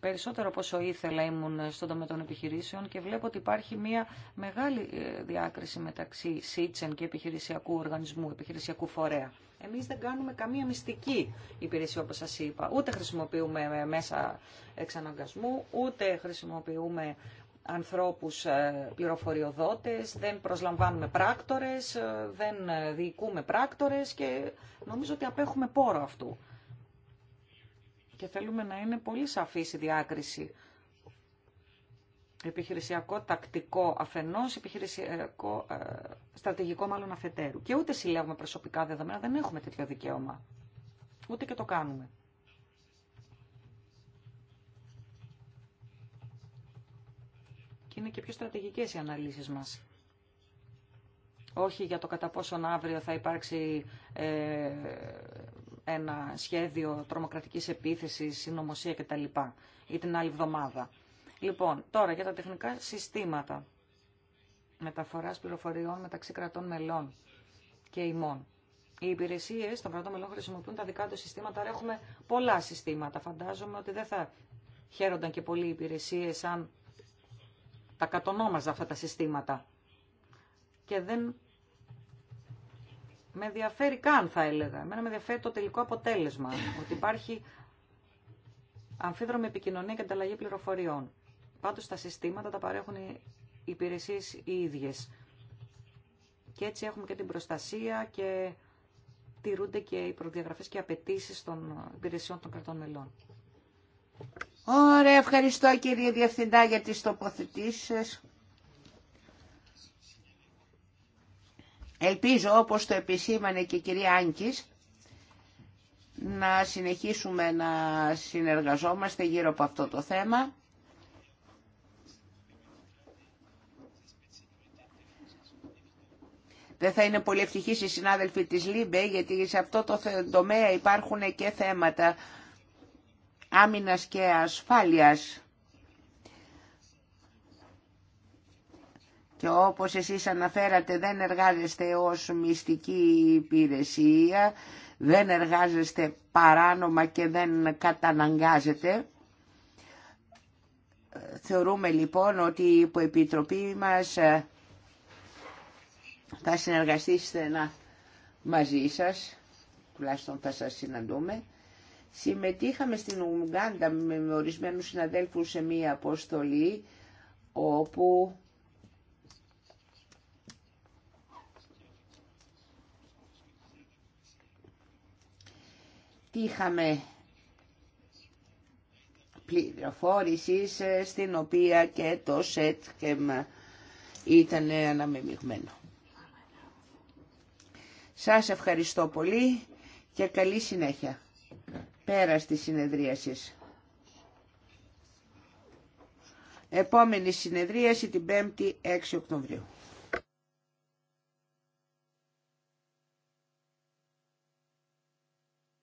περισσότερο από ήθελα ήμουν στον τομέα των επιχειρήσεων και βλέπω ότι υπάρχει μια μεγάλη ε, διάκριση μεταξύ ΣΥΤΣΕΝ και επιχειρησιακού οργανισμού, επιχειρησιακού φορέα. Εμείς δεν κάνουμε καμία μυστική υπηρεσία όπως σας είπα. Ούτε χρησιμοποιούμε μέσα εξαναγκασμού, ούτε χρησιμοποιούμε ανθρώπους ε, πληροφοριοδότες, δεν προσλαμβάνουμε πράκτορες, ε, δεν ε, διοικούμε πράκτορες και νομίζω ότι απέχουμε πόρο αυτού. Και θέλουμε να είναι πολύ σαφής η διάκριση επιχειρησιακό τακτικό αφενός, επιχειρησιακό ε, στρατηγικό μάλλον αφετέρου. Και ούτε συλλέγουμε προσωπικά δεδομένα, δεν έχουμε τέτοιο δικαίωμα. Ούτε και το κάνουμε. Και είναι και πιο στρατηγικές οι αναλύσεις μας. Όχι για το κατά πόσον αύριο θα υπάρξει ε, ένα σχέδιο τρομοκρατικής επίθεσης, συνωμοσία κτλ. Ή την άλλη εβδομάδα. Λοιπόν, τώρα για τα τεχνικά συστήματα μεταφοράς πληροφοριών μεταξύ κρατών μελών και ημών. Οι υπηρεσίε των κρατών μελών χρησιμοποιούν τα δικά του συστήματα, άρα έχουμε πολλά συστήματα. Φαντάζομαι ότι δεν θα χαίρονταν και πολλοί οι υπηρεσίε αν τα κατονόμαζα αυτά τα συστήματα. Και δεν με ενδιαφέρει καν, θα έλεγα. Εμένα με ενδιαφέρει το τελικό αποτέλεσμα, ότι υπάρχει αμφίδρομη επικοινωνία και ανταλλαγή πληροφοριών. Πάντως τα συστήματα τα παρέχουν οι υπηρεσίες οι ίδιες. Και έτσι έχουμε και την προστασία και τηρούνται και οι προδιαγραφές και οι απαιτήσει των υπηρεσιών των κρατών μελών. Ωραία, ευχαριστώ κύριε Διευθυντά για τις τοποθετήσεις Ελπίζω, όπως το επισήμανε και η κυρία Άγκης, να συνεχίσουμε να συνεργαζόμαστε γύρω από αυτό το θέμα. Δεν θα είναι πολύ ευτυχής οι συνάδελφοι της ΛΥΜΠΕ γιατί σε αυτό το τομέα υπάρχουν και θέματα άμυνας και ασφάλειας. Και όπως εσείς αναφέρατε δεν εργάζεστε ως μυστική υπηρεσία, δεν εργάζεστε παράνομα και δεν καταναγκάζετε. Θεωρούμε λοιπόν ότι η υποεπιτροπή μας θα συνεργαστεί στενά μαζί σας, τουλάχιστον θα σας συναντούμε. Συμμετείχαμε στην Ουγγάντα με ορισμένου συναδέλφου σε μία αποστολή όπου είχαμε πληροφόρηση ε, στην οποία και το ΣΕΤ ήταν αναμειγμένο. Σας ευχαριστώ πολύ και καλή συνέχεια. Πέρα στη συνεδρίαση. Επόμενη συνεδρίαση την 5η 6 Οκτωβρίου.